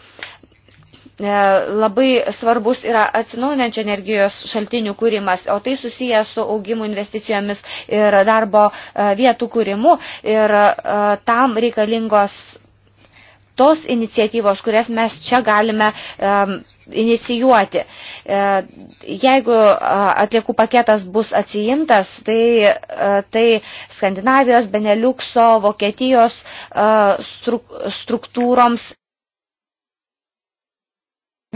[SPEAKER 2] labai svarbus yra atsinaujinančio energijos šaltinių kūrimas, o tai susiję su augimu investicijomis ir darbo e, vietų kūrimu ir tam reikalingos tos iniciatyvos, kurias mes čia galime um, inicijuoti. E, jeigu e, atliekų paketas bus atsijimtas, tai, e, tai Skandinavijos, Beneliukso, Vokietijos struktūroms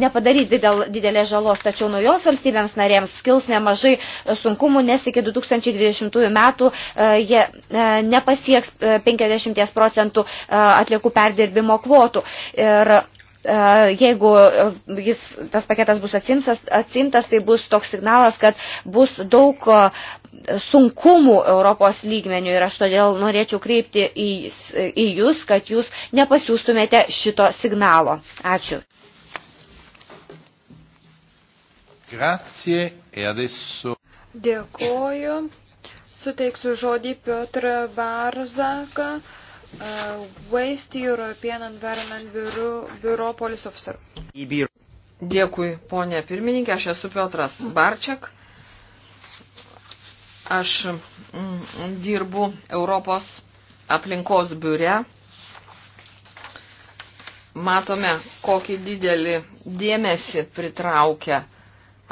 [SPEAKER 2] nepadarys didel, didelės žalos, tačiau naujos valstybėms narėms skils nemažai e, sunkumų, nes iki 2020 metų e, jie e, nepasieks 50 procentų atliekų perdirbimo kvotų. Ir jeigu jis, tas paketas bus atsimtas, atsimtas, tai bus toks signalas, kad bus daug sunkumų Europos lygmenių ir aš todėl norėčiau kreipti į, į jūs, kad jūs nepasiūstumėte šito signalo. Ačiū.
[SPEAKER 3] Grazie e adesso.
[SPEAKER 1] Dėkoju. Suteiksiu žodį Piotr Barzaką, uh, e, Waste European Environment Bureau, Bureau Police Officer.
[SPEAKER 3] Dėkui, ponė pirmininkė, aš esu Piotras Barčiak. Aš mm, dirbu Europos aplinkos biure. Matome, kokį didelį dėmesį pritraukia uh,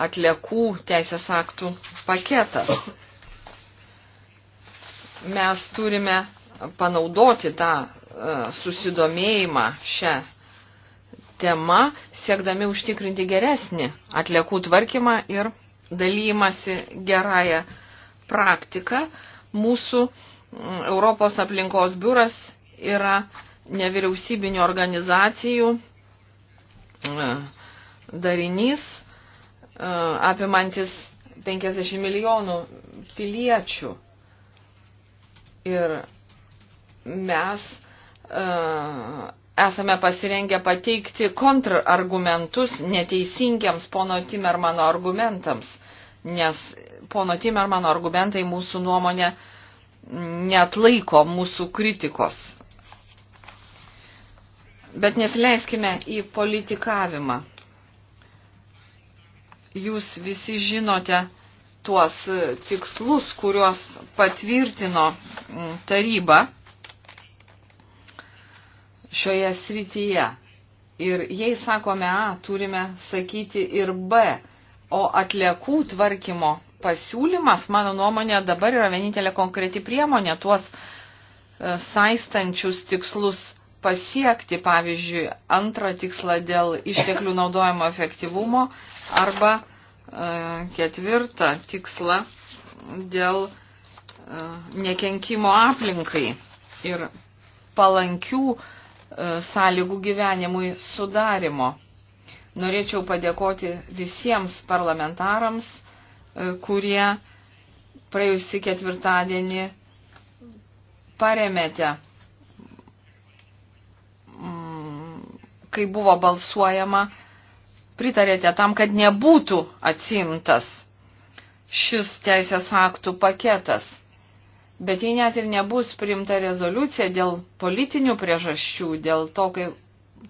[SPEAKER 3] atliekų teisės aktų paketas. Mes turime panaudoti tą e, susidomėjimą šią temą, siekdami užtikrinti geresnį atliekų tvarkymą ir dalymasi gerąją praktiką. Mūsų mm, Europos aplinkos biuras yra nevyriausybinio organizacijų e, darinys, Uh, apimantis 50 milijonų piliečių. Ir mes uh, esame pasirengę pateikti kontrargumentus neteisingiams pono Timermano argumentams, nes pono Timermano argumentai mūsų nuomonė net laiko mūsų kritikos. Bet nesileiskime į politikavimą. Jūs visi žinote tuos tikslus, kuriuos patvirtino mm, taryba šioje srityje. Ir jei sakome A, turime sakyti ir B, o atliekų tvarkymo pasiūlymas, mano nuomonė, dabar yra vienintelė konkreti priemonė tuos e, saistančius tikslus pasiekti, pavyzdžiui, antrą tikslą dėl išteklių naudojimo efektyvumo arba e, ketvirtą tikslą dėl e, nekenkimo aplinkai ir palankių e, sąlygų gyvenimui sudarimo. Norėčiau padėkoti visiems parlamentarams, e, kurie praėjusį ketvirtadienį paremėte kai buvo balsuojama, pritarėte tam, kad nebūtų atsimtas šis teisės aktų paketas. Bet jei net ir nebus priimta rezoliucija dėl politinių priežasčių, dėl to, kaip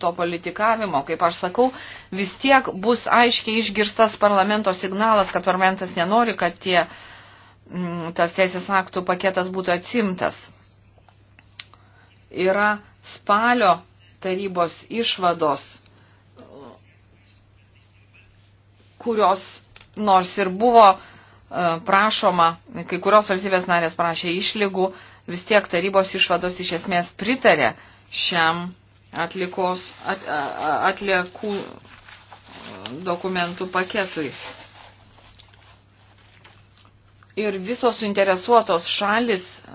[SPEAKER 3] to politikavimo, kaip aš sakau, vis tiek bus aiškiai išgirstas parlamento signalas, kad parlamentas nenori, kad tie, mm, tas teisės aktų paketas būtų atsimtas. Yra spalio tarybos išvados, kurios nors ir buvo e, prašoma, kai kurios valstybės narės prašė išlygų, vis tiek tarybos išvados iš esmės pritarė šiam atlikos, at, atliekų dokumentų paketui. Ir visos suinteresuotos šalis e,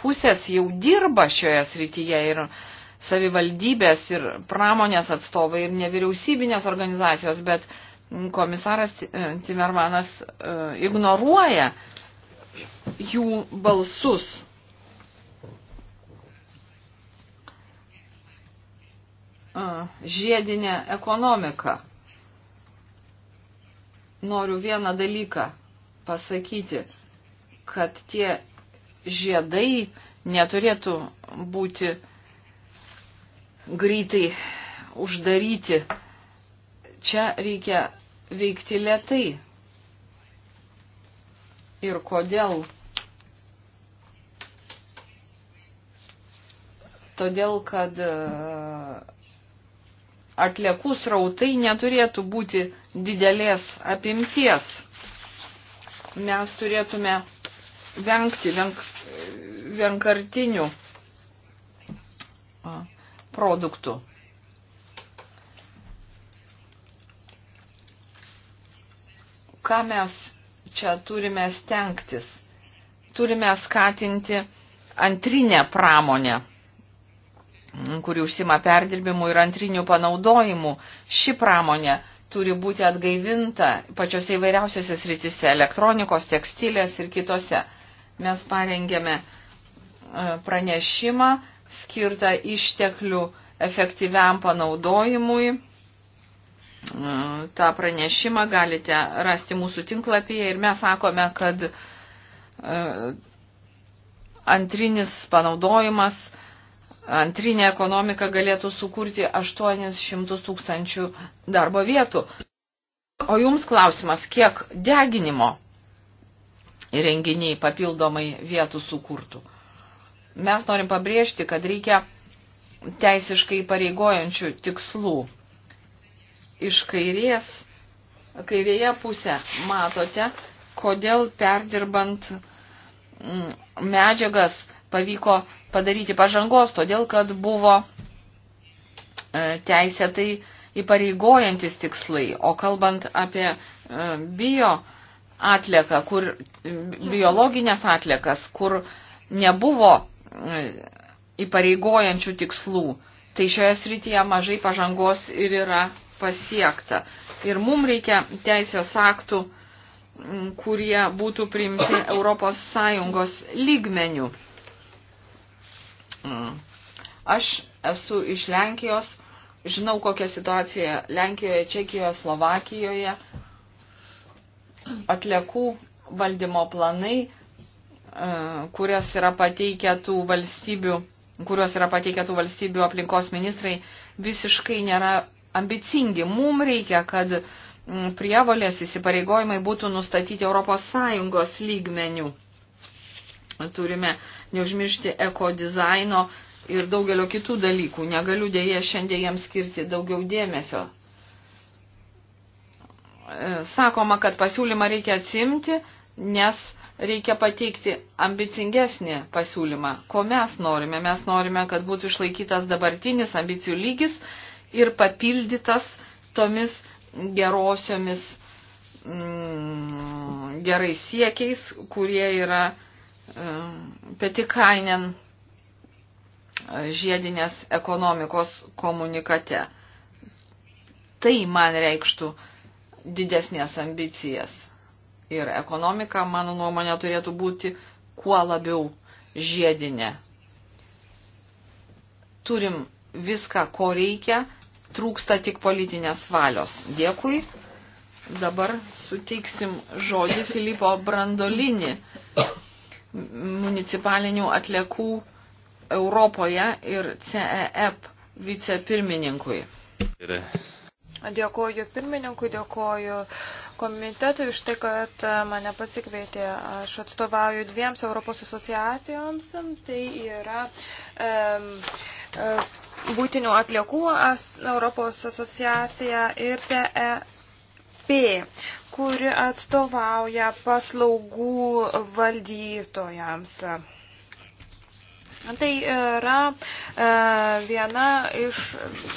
[SPEAKER 3] pusės jau dirba šioje srityje ir uh, savivaldybės ir pramonės atstovai ir nevyriausybinės organizacijos, bet komisaras e, Timermanas e, ignoruoja jų balsus. E, žiedinė ekonomika. Noriu vieną dalyką pasakyti, kad tie žiedai neturėtų būti uh, greitai uždaryti. Čia reikia veikti lietai. Ir kodėl? Todėl, kad e, atliekų srautai neturėtų būti didelės apimties. Mes turėtume vengti venk, vienkartinių produktų. Ką mes čia turime stengtis? Turime skatinti antrinę pramonę, kuri užsima perdirbimu ir antrinių panaudojimu. Ši pramonė turi būti atgaivinta pačiose įvairiausiose sritise - elektronikos, tekstilės ir kitose. Mes parengėme e, pranešimą skirta išteklių efektyviam panaudojimui. Ta pranešimą galite rasti mūsų tinklapyje ir mes sakome, kad e, antrinis panaudojimas, antrinė ekonomika galėtų sukurti 800 tūkstančių darbo vietų. O jums klausimas, kiek deginimo įrenginiai papildomai vietų sukurtų? Mes norim pabrėžti, kad reikia teisiškai pareigojančių tikslų. Iš kairės, kairėje pusė matote, kodėl perdirbant mm, medžiagas pavyko padaryti pažangos, todėl kad buvo e, teisėtai įpareigojantis tikslai. O kalbant apie e, bio atlieką, kur biologinės atliekas, kur nebuvo E, įpareigojančių tikslų. Tai šioje srityje mažai pažangos ir yra pasiekta. Ir mums reikia teisės aktų, kurie būtų priimti ES lygmenių. Mm. Aš esu iš Lenkijos, žinau kokią situaciją Lenkijoje, Čekijoje, Slovakijoje. Atliekų valdymo planai E, kurios yra pateikę tų valstybių, kurios yra pateikę tų valstybių aplinkos ministrai, visiškai nėra ambicingi. Mums reikia, kad prievolės įsipareigojimai būtų nustatyti ES lygmenių. Turime neužmiršti ekodizaino ir daugelio kitų dalykų. Negaliu dėje šiandien jiems skirti daugiau dėmesio. E, sakoma, kad pasiūlymą reikia atsimti, nes reikia pateikti ambicingesnį pasiūlymą. Ko mes norime? Mes norime, kad būtų išlaikytas dabartinis ambicijų lygis ir papildytas tomis gerosiomis mm, gerai siekiais, kurie yra mm, petikainen e, žiedinės ekonomikos komunikate. Tai man reikštų didesnės ambicijas ir ekonomika, mano nuomonė, turėtų būti kuo labiau žiedinė. Turim viską, ko reikia, trūksta tik politinės valios. Dėkui. Dabar suteiksim žodį Filipo Brandolinį municipalinių atliekų Europoje ir CEF vicepirmininkui.
[SPEAKER 1] Dėkoju pirmininkui, dėkoju komitetui už tai, kad e, mane pasikvietė. Aš atstovauju dviems Europos asociacijoms. Tai yra e, e, būtinių atliekų as, Europos asociacija ir TEP e kuri atstovauja paslaugų valdytojams. Tai yra e, viena iš,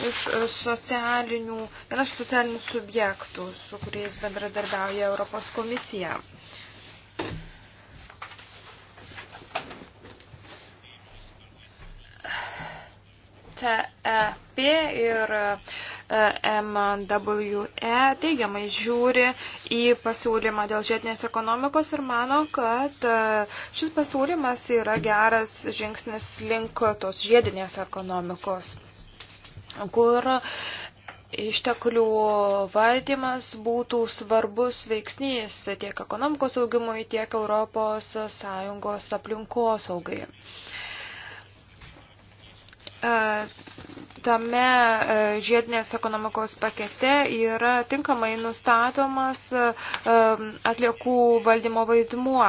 [SPEAKER 1] iš socialinių, viena iš socialinių subjektų, su kuriais bendradarbiauja Europos komisija. TEP ir uh, MWE e teigiamai žiūri į pasiūlymą dėl žiedinės ekonomikos ir mano, kad e, šis pasiūlymas yra geras žingsnis link tos žiedinės ekonomikos, kur išteklių valdymas būtų svarbus veiksnys tiek ekonomikos augimui, tiek Europos Sąjungos aplinkosaugai. E, tame e, žiedinės ekonomikos pakete yra tinkamai nustatomas e, e, atliekų valdymo vaidmuo.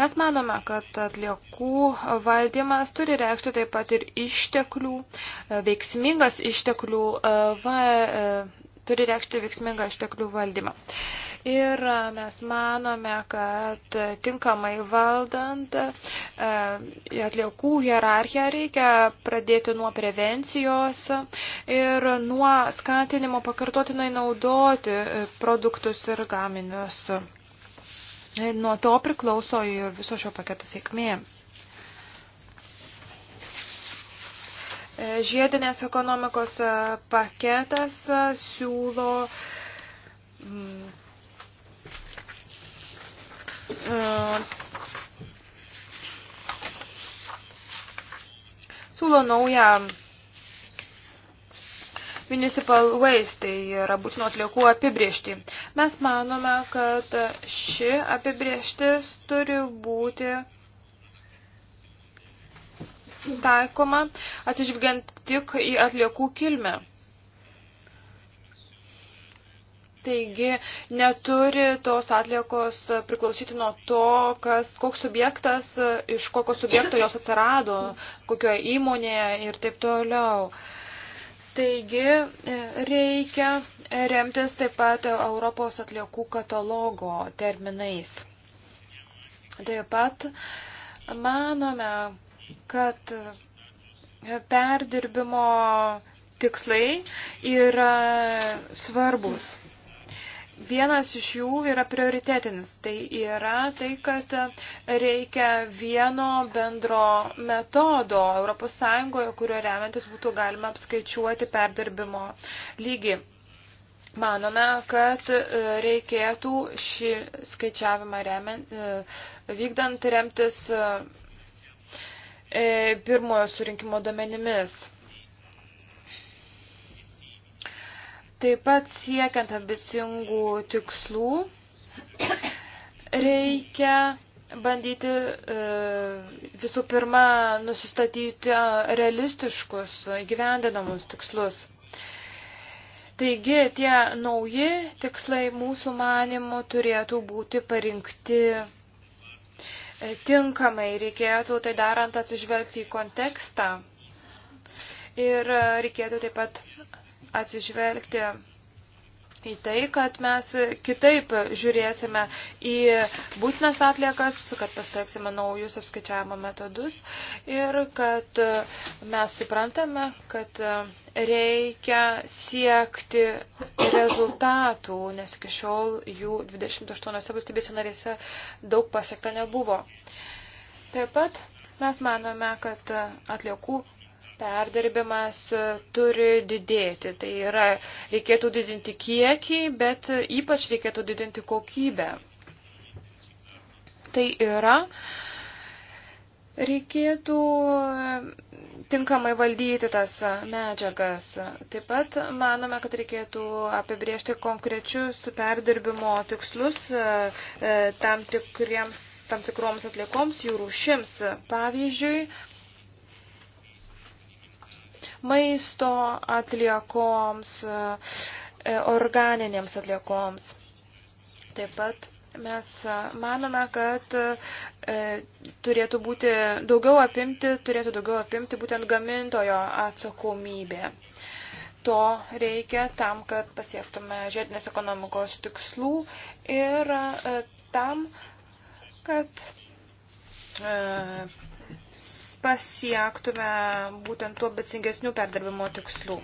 [SPEAKER 1] Mes manome, kad atliekų valdymas turi reikšti taip pat ir išteklių, veiksmingas išteklių va, turi reikšti veiksmingą išteklių valdymą. Ir e, mes manome, kad tinkamai valdant e, atliekų hierarchiją reikia pradėti nuo prevencijos ir nuo skatinimo pakartotinai naudoti e, produktus ir gaminius. Nuo to priklauso ir viso šio paketo sėkmė. E, žiedinės ekonomikos e, paketas e, siūlo mm, siūlo naują municipal waste, tai yra būtino atliekų apibriežti. Mes manome, kad ši apibrieštis turi būti taikoma atsižvelgiant tik į atliekų kilmę. Taigi neturi tos atliekos priklausyti nuo to, kas, koks subjektas, iš kokio subjekto jos atsirado, kokioje įmonėje ir taip toliau. Taigi reikia remtis taip pat Europos atliekų katalogo terminais. Taip pat manome, kad perdirbimo tikslai yra svarbus. Vienas iš jų yra prioritetinis. Tai yra tai, kad reikia vieno bendro metodo ES, kurio remiantis būtų galima apskaičiuoti perdirbimo lygį. Manome, kad e, reikėtų šį skaičiavimą remiant, e, vykdant remtis e, E, pirmojo surinkimo domenimis. Taip pat siekiant ambicingų tikslų reikia bandyti e, visų pirma nusistatyti realistiškus gyvendinamus tikslus. Taigi tie nauji tikslai mūsų manimų turėtų būti parinkti tinkamai, reikėtų tai darant atsižvelgti į kontekstą ir reikėtų taip pat atsižvelgti į tai, kad mes kitaip žiūrėsime į būtinas atliekas, kad pasitelksime naujus apskaičiavimo metodus ir kad mes suprantame, kad reikia siekti rezultatų, nes iki šiol jų 28 valstybėse narėse daug pasiekta nebuvo. Taip pat mes manome, kad atliekų perdirbimas e, turi didėti. Tai yra, reikėtų didinti kiekį, bet ypač reikėtų didinti kokybę. Tai yra, reikėtų e, tinkamai valdyti tas medžiagas. Taip pat manome, kad reikėtų apibriežti konkrečius perdirbimo tikslus e, tam, tikriems, tam tikroms atliekoms, jų rūšims. Pavyzdžiui, maisto atliekoms, e, organinėms atliekoms. Taip pat mes e, manome, kad e, turėtų būti daugiau apimti, turėtų daugiau apimti būtent gamintojo atsakomybė. To reikia tam, kad pasiektume žiedinės ekonomikos tikslų ir tam, kad pasiektume būtent tuo becingesnių perdarbimo tikslų.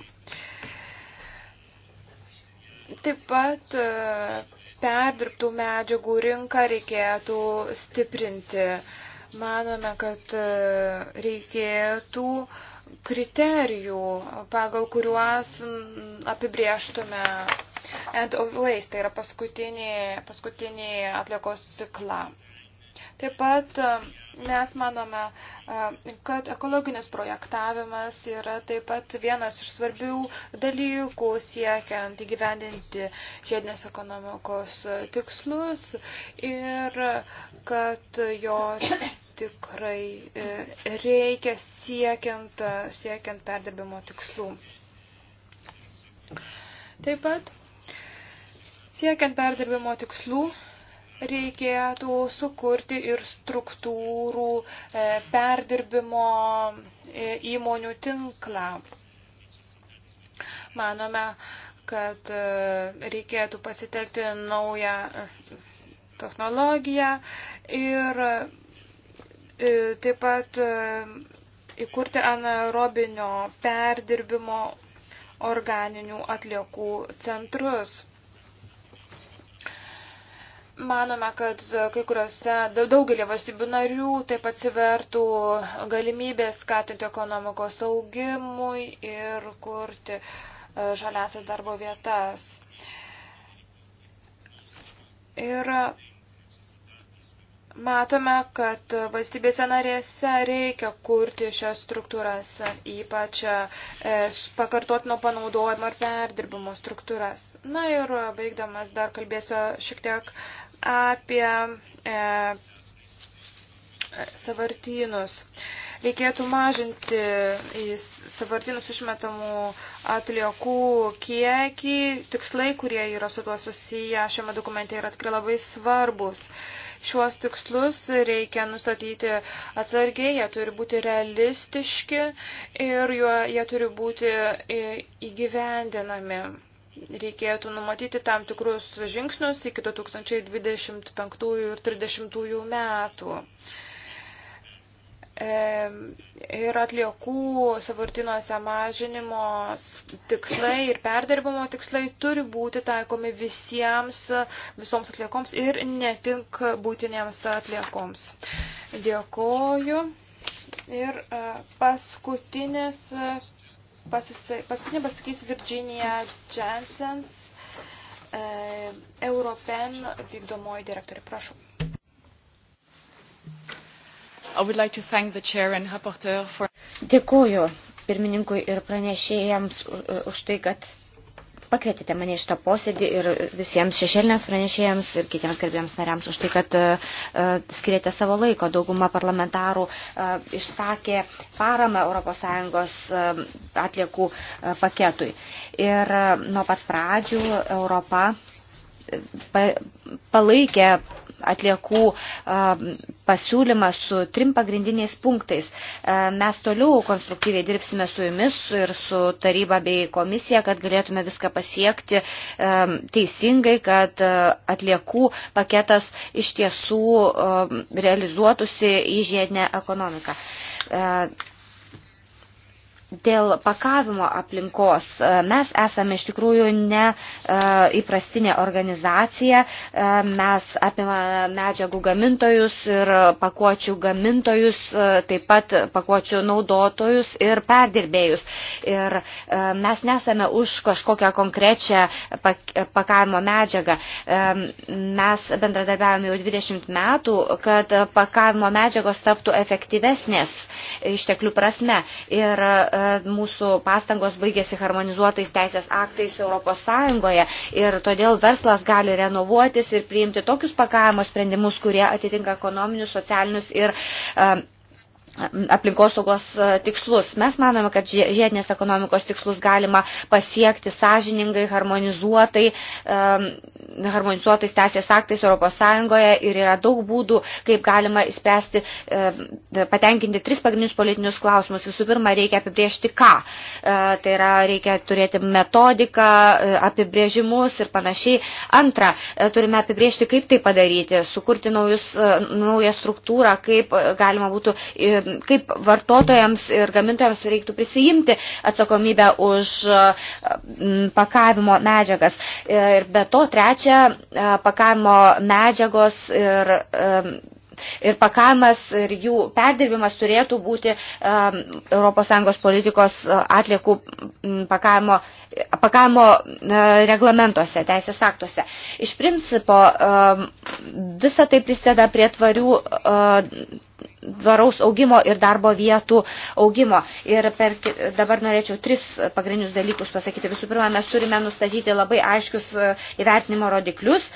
[SPEAKER 1] Taip pat e, perdirbtų medžiagų rinką reikėtų stiprinti. Manome, kad e, reikėtų kriterijų, pagal kuriuos apibrieštume end of waste, tai yra paskutinį, paskutinį atliekos ciklą. Taip pat e, mes manome, e, kad ekologinis projektavimas yra taip pat vienas iš svarbių dalykų siekiant įgyvendinti žiedinės ekonomikos tikslus ir kad jo tikrai e, reikia siekiant, siekiant perdirbimo tikslų. Taip pat siekiant perdirbimo tikslų reikėtų sukurti ir struktūrų e, perdirbimo e, įmonių tinklą. Manome, kad e, reikėtų pasitelkti naują technologiją ir taip pat įkurti anaerobinio perdirbimo organinių atliekų centrus. Manome, kad kai kuriuose, daugelį valstybių narių taip atsivertų galimybės skatinti ekonomikos augimui ir kurti e, žaliasias darbo vietas. Ir matome, kad valstybėse narėse reikia kurti šias struktūras, ypač e, pakartotino panaudojimo ir perdirbimo struktūras. Na ir baigdamas dar kalbėsiu šiek tiek apie e, savartynus. Reikėtų mažinti į savartynus išmetamų atliekų kiekį. Tikslai, kurie yra su tuo susiję šiame dokumente, yra tikrai labai svarbus. Šiuos tikslus reikia nustatyti atsargiai, jie turi būti realistiški ir juo, jie turi būti įgyvendinami reikėtų numatyti tam tikrus žingsnius iki 2025 ir 30 metų. E, ir atliekų savartinuose mažinimo tikslai ir perdirbimo tikslai turi būti taikomi visiems, visoms atliekoms ir ne tik būtinėms atliekoms. Dėkoju. Ir e, paskutinis pasisai, paskutinė pasakys Virginia Jansens, e, Europen vykdomoji direktorė. Prašau.
[SPEAKER 2] I would like to thank the chair and rapporteur for... Dėkuoju pirmininkui ir pranešėjams e, už tai, kad pakvietėte mane iš tą posėdį ir visiems šešėlinės pranešėjams ir kitiems garbėms nariams už tai, kad e, e, skirėte savo laiko. Dauguma parlamentarų e, išsakė paramą ES atliekų paketui. Ir nuo pat pradžių Europa palaikė atliekų pasiūlymą su trim pagrindiniais punktais. Mes toliau konstruktyviai dirbsime su jumis ir su taryba bei komisija, kad galėtume viską pasiekti teisingai, kad atliekų paketas iš tiesų realizuotųsi į žiedinę ekonomiką dėl pakavimo aplinkos. E, mes esame iš tikrųjų ne e, įprastinė organizacija, e, mes apima medžiagų gamintojus ir pakuočių gamintojus, taip pat pakuočių naudotojus ir perdirbėjus. Ir mes nesame už kažkokią konkrečią pakavimo medžiagą. Mes bendradarbiavame jau 20 metų, kad pakavimo medžiagos taptų efektyvesnės išteklių prasme. Ir kad mūsų pastangos baigėsi harmonizuotais teisės aktais ES ir todėl verslas gali renovuotis ir priimti tokius pakavimo sprendimus, kurie atitinka ekonominius, socialinius ir um, aplinkosaugos e, tikslus. Mes manome, kad žiedinės ekonomikos tikslus galima pasiekti sąžiningai, harmonizuotai, e, harmonizuotais teisės aktais ES ir yra daug būdų, kaip galima įspręsti, e, patenkinti tris pagrindinius politinius klausimus. Visų pirma, reikia apibriežti ką. Tai yra, reikia turėti metodiką, apibrėžimus ir panašiai. Antra, turime apibriežti, kaip tai padaryti, sukurti naujus, naują struktūrą, kaip galima būtų kaip vartotojams ir gamintojams reiktų prisijimti atsakomybę už e, pakavimo medžiagas. E, ir be to, trečia, e, pakavimo medžiagos ir ir pakavimas ir jų perdirbimas turėtų būti um, ES politikos atliekų pakavimo, pakavimo reglamentuose, teisės aktuose. Iš principo um, visa tai prisideda prie tvarių uh, tvaraus augimo ir darbo vietų augimo. Ir per, dabar norėčiau tris pagrindinius dalykus pasakyti. Visų pirma, mes turime nustatyti labai aiškius e, įvertinimo rodiklius e,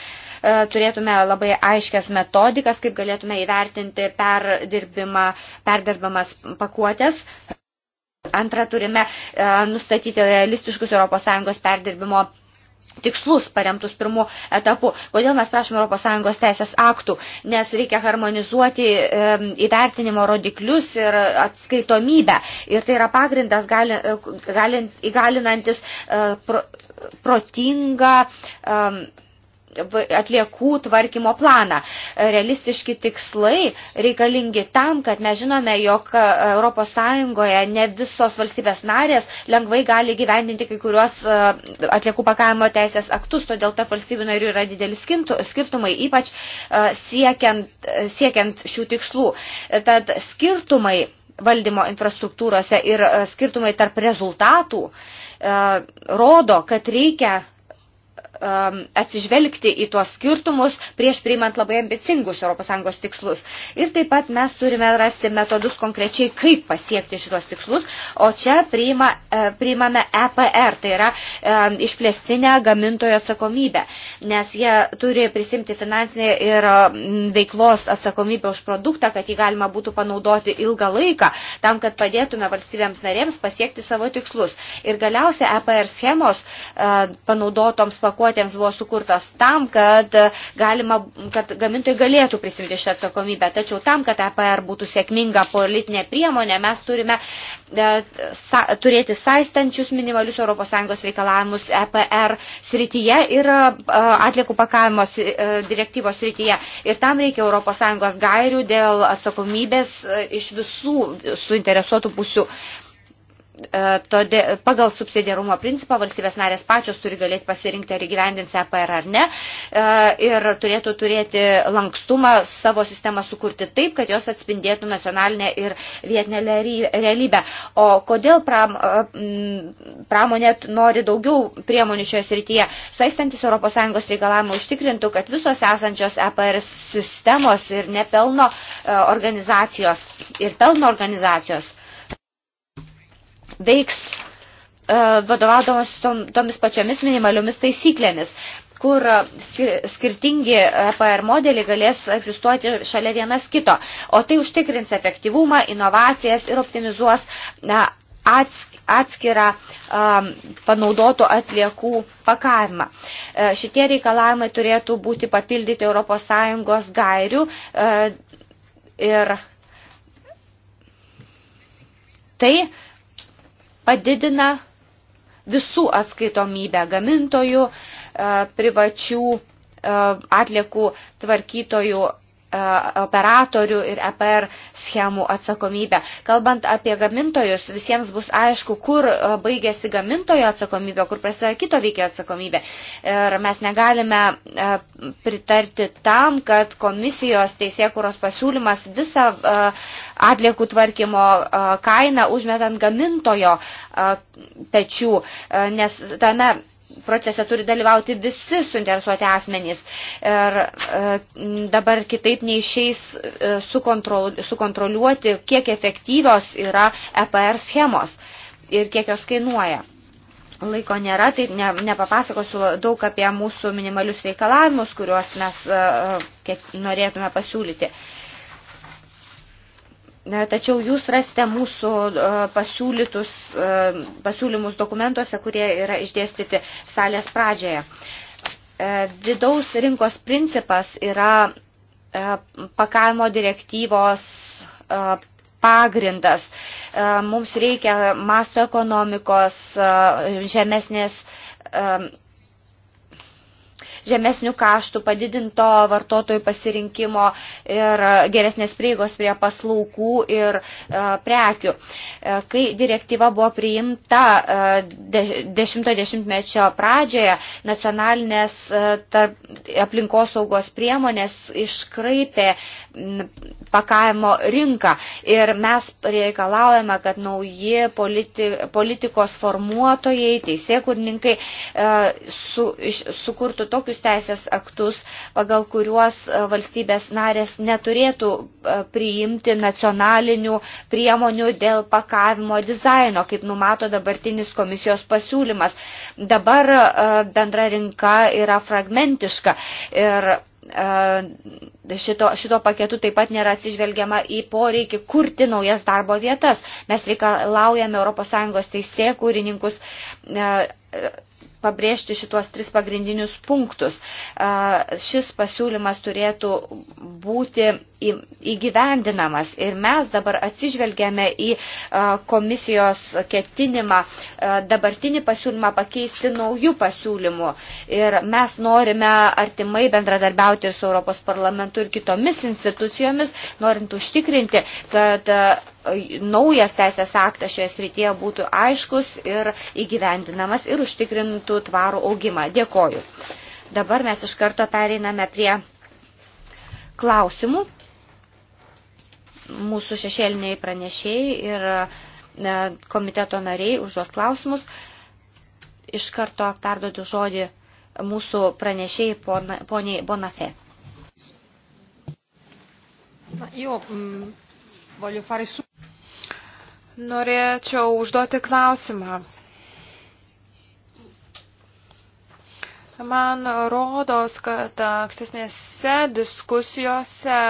[SPEAKER 2] turėtume labai aiškias metodikas, kaip galėtume įvertinti perdirbamas pakuotės. Antra, turime e, nustatyti realistiškus ES perdirbimo tikslus paremtus pirmu etapu. Kodėl mes prašome ES teisės aktų? Nes reikia harmonizuoti įvertinimo rodiklius ir atskaitomybę. Ir tai yra pagrindas gali, gali, įgalinantis e, pro, protingą atliekų tvarkymo planą. Realistiški tikslai reikalingi tam, kad mes žinome, jog ES ne visos valstybės narės lengvai gali gyvendinti kai kuriuos e, atliekų pakavimo teisės aktus, todėl tarp valstybių narių yra didelis skirtumai, ypač e, siekiant, e, siekiant šių tikslų. Tad skirtumai valdymo infrastruktūrose ir skirtumai tarp rezultatų rodo, kad reikia Um, atsižvelgti į tuos skirtumus prieš priimant labai ambicingus ES tikslus. Ir taip pat mes turime rasti metodus konkrečiai, kaip pasiekti šitos tikslus, o čia priima, e, priimame EPR, tai yra e, išplėstinę gamintojo atsakomybę, nes jie turi prisimti finansinį ir veiklos atsakomybę už produktą, kad jį galima būtų panaudoti ilgą laiką, tam, kad padėtume valstybėms narėms pasiekti savo tikslus. Ir galiausia EPR schemos e, panaudotoms pakuotėms pakuotėms buvo sukurtos tam, kad, galima, kad gamintojai galėtų prisimti šią atsakomybę. Tačiau tam, kad EPR būtų sėkminga politinė priemonė, mes turime e, sa, turėti saistančius minimalius ES reikalavimus EPR srityje ir e, atliekų pakavimo e, direktyvos srityje. Ir tam reikia ES gairių dėl atsakomybės iš visų suinteresuotų pusių. E, todė, pagal subsidiarumo principą valstybės narės pačios turi galėti pasirinkti, ar įgyvendins EPR ar ne, e, ir turėtų turėti lankstumą savo sistemą sukurti taip, kad jos atspindėtų nacionalinę ir vietinę realybę. O kodėl pram, e, pramonė nori daugiau priemonių šioje srityje? Saistantis ES reikalavimą užtikrintų, kad visos esančios EPR sistemos ir nepelno organizacijos ir pelno organizacijos veiks e, vadovaudamas tomis pačiomis minimaliomis taisyklėmis, kur e, skirtingi e PR modeliai galės egzistuoti šalia vienas kito. O tai užtikrins efektyvumą, inovacijas ir optimizuos atskirą panaudotų atliekų pakavimą. Šitie reikalavimai turėtų būti papildyti ES gairių ir tai padidina visų atskaitomybę gamintojų, e, privačių e, atliekų tvarkytojų E, operatorių ir EPR schemų atsakomybę. Kalbant apie gamintojus, visiems bus aišku, kur e, baigėsi gamintojo atsakomybė, kur prasideda kito veikėjo atsakomybė. Ir mes negalime e, pritarti tam, kad komisijos teisėkuros pasiūlymas visą atliekų tvarkymo kainą užmetant gamintojo pečių, nes tame procese turi dalyvauti visi suinteresuoti asmenys. Ir e, dabar kitaip neišeis e, sukontroliuoti, kiek efektyvios yra EPR schemos ir kiek jos kainuoja. Laiko nėra, tai ne, nepapasakosiu daug apie mūsų minimalius reikalavimus, kuriuos mes e, kiek norėtume pasiūlyti. Uh, Tačiau jūs rasite mūsų e, pasiūlytus, e, pasiūlymus dokumentuose, kurie yra išdėstyti salės pradžioje. E, vidaus rinkos principas yra pakavimo direktyvos pagrindas. Mums reikia masto ekonomikos, žemesnės žemesnių kaštų, padidinto vartotojų pasirinkimo ir e, geresnės prieigos prie paslaugų ir e, prekių. E, kai direktyva buvo priimta 10-mečio pradžioje, nacionalinės aplinkosaugos priemonės iškraipė pakavimo rinką ir mes reikalaujame, kad nauji politi, politikos formuotojai, teisėkurninkai su, iš, sukurtų tokius tokius teisės aktus, pagal kuriuos e, valstybės narės neturėtų e, priimti nacionalinių priemonių dėl pakavimo dizaino, kaip numato dabartinis komisijos pasiūlymas. Dabar e, bendra rinka yra fragmentiška ir šito, šito paketu taip pat nėra atsižvelgiama į poreikį kurti naujas darbo vietas. Mes reikalaujame ES teisė kūrininkus pabrėžti šitos tris pagrindinius punktus. Šis pasiūlymas turėtų būti įgyvendinamas ir mes dabar atsižvelgiame į komisijos ketinimą dabartinį pasiūlymą pakeisti naujų pasiūlymų. Ir mes norime artimai bendradarbiauti su Europos parlamentu ir kitomis institucijomis, norint užtikrinti, kad naujas teisės aktas šioje srityje būtų aiškus ir įgyvendinamas ir užtikrintų tvarų augimą. Dėkoju. Dabar mes iš karto pereiname prie klausimų. Mūsų šešėliniai pranešėjai ir e, komiteto nariai už juos klausimus. Iš karto perduodu žodį mūsų pranešėjai poniai Bonafė. Io mh,
[SPEAKER 1] Norėčiau užduoti klausimą. Man rodos, kad ankstesnėse diskusijose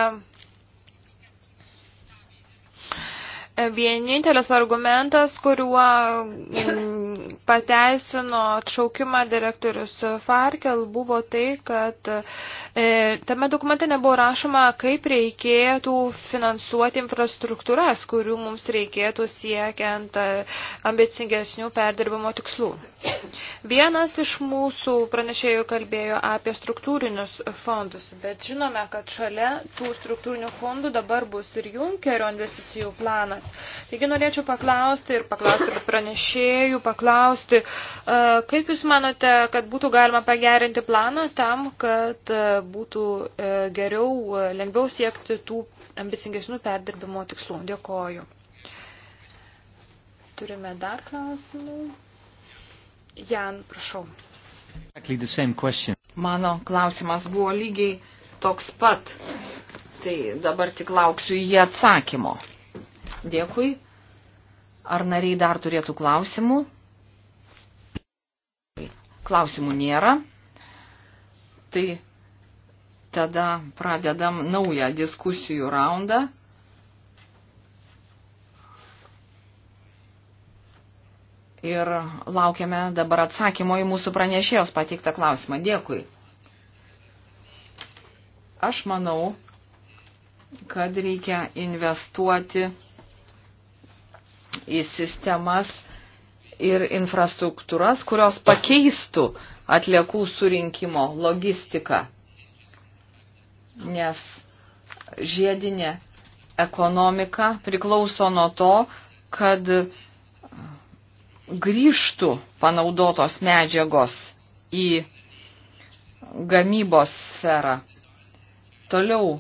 [SPEAKER 1] vienintelis argumentas, kuriuo mm, pateisino atšaukimą direktorius Farkel, buvo tai, kad E, tame dokumente nebuvo rašoma, kaip reikėtų finansuoti infrastruktūras, kurių mums reikėtų siekiant e, ambicingesnių perdirbimo tikslų. Vienas iš mūsų pranešėjų kalbėjo apie struktūrinius fondus, bet žinome, kad šalia tų struktūrinių fondų dabar bus ir Junkerio investicijų planas. Taigi norėčiau paklausti ir paklausti ir pranešėjų, paklausti, e, kaip Jūs manote, kad būtų galima pagerinti planą tam, kad būtų e, geriau, e, lengviau siekti tų ambicingesnių perdirbimo tikslų. Dėkoju. Turime dar klausimų.
[SPEAKER 3] Jan, prašau. Mano klausimas buvo lygiai toks pat. Tai dabar tik lauksiu į jį atsakymo. Dėkui. Ar nariai dar turėtų klausimų? Klausimų nėra. Tai tada pradedam naują diskusijų raundą. Ir laukiame dabar atsakymo į mūsų pranešėjos pateiktą klausimą. Dėkui. Aš manau, kad reikia investuoti į sistemas ir infrastruktūras, kurios pakeistų atliekų surinkimo logistiką nes žiedinė ekonomika priklauso nuo to, kad grįžtų panaudotos medžiagos į gamybos sferą. Toliau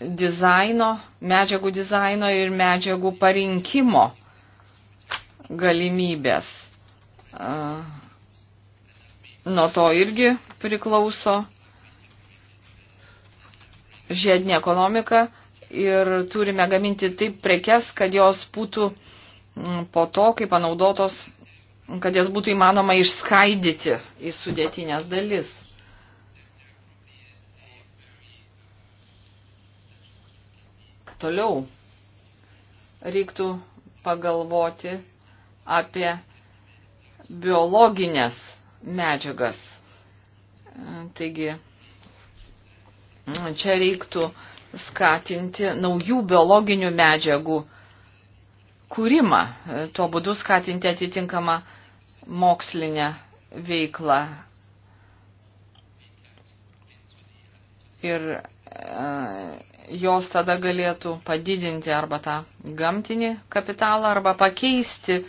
[SPEAKER 3] dizaino, medžiagų dizaino ir medžiagų parinkimo galimybės. Nuo to irgi priklauso žiedinė ekonomika ir turime gaminti taip prekes, kad jos būtų mm, po to, kai panaudotos, kad jas būtų įmanoma išskaidyti į sudėtinės dalis. Toliau reiktų pagalvoti apie biologinės medžiagas. Taigi, Čia reiktų skatinti naujų biologinių medžiagų kūrimą, e, tuo būdu skatinti atitinkamą mokslinę veiklą. Ir e, jos tada galėtų padidinti arba tą gamtinį kapitalą, arba pakeisti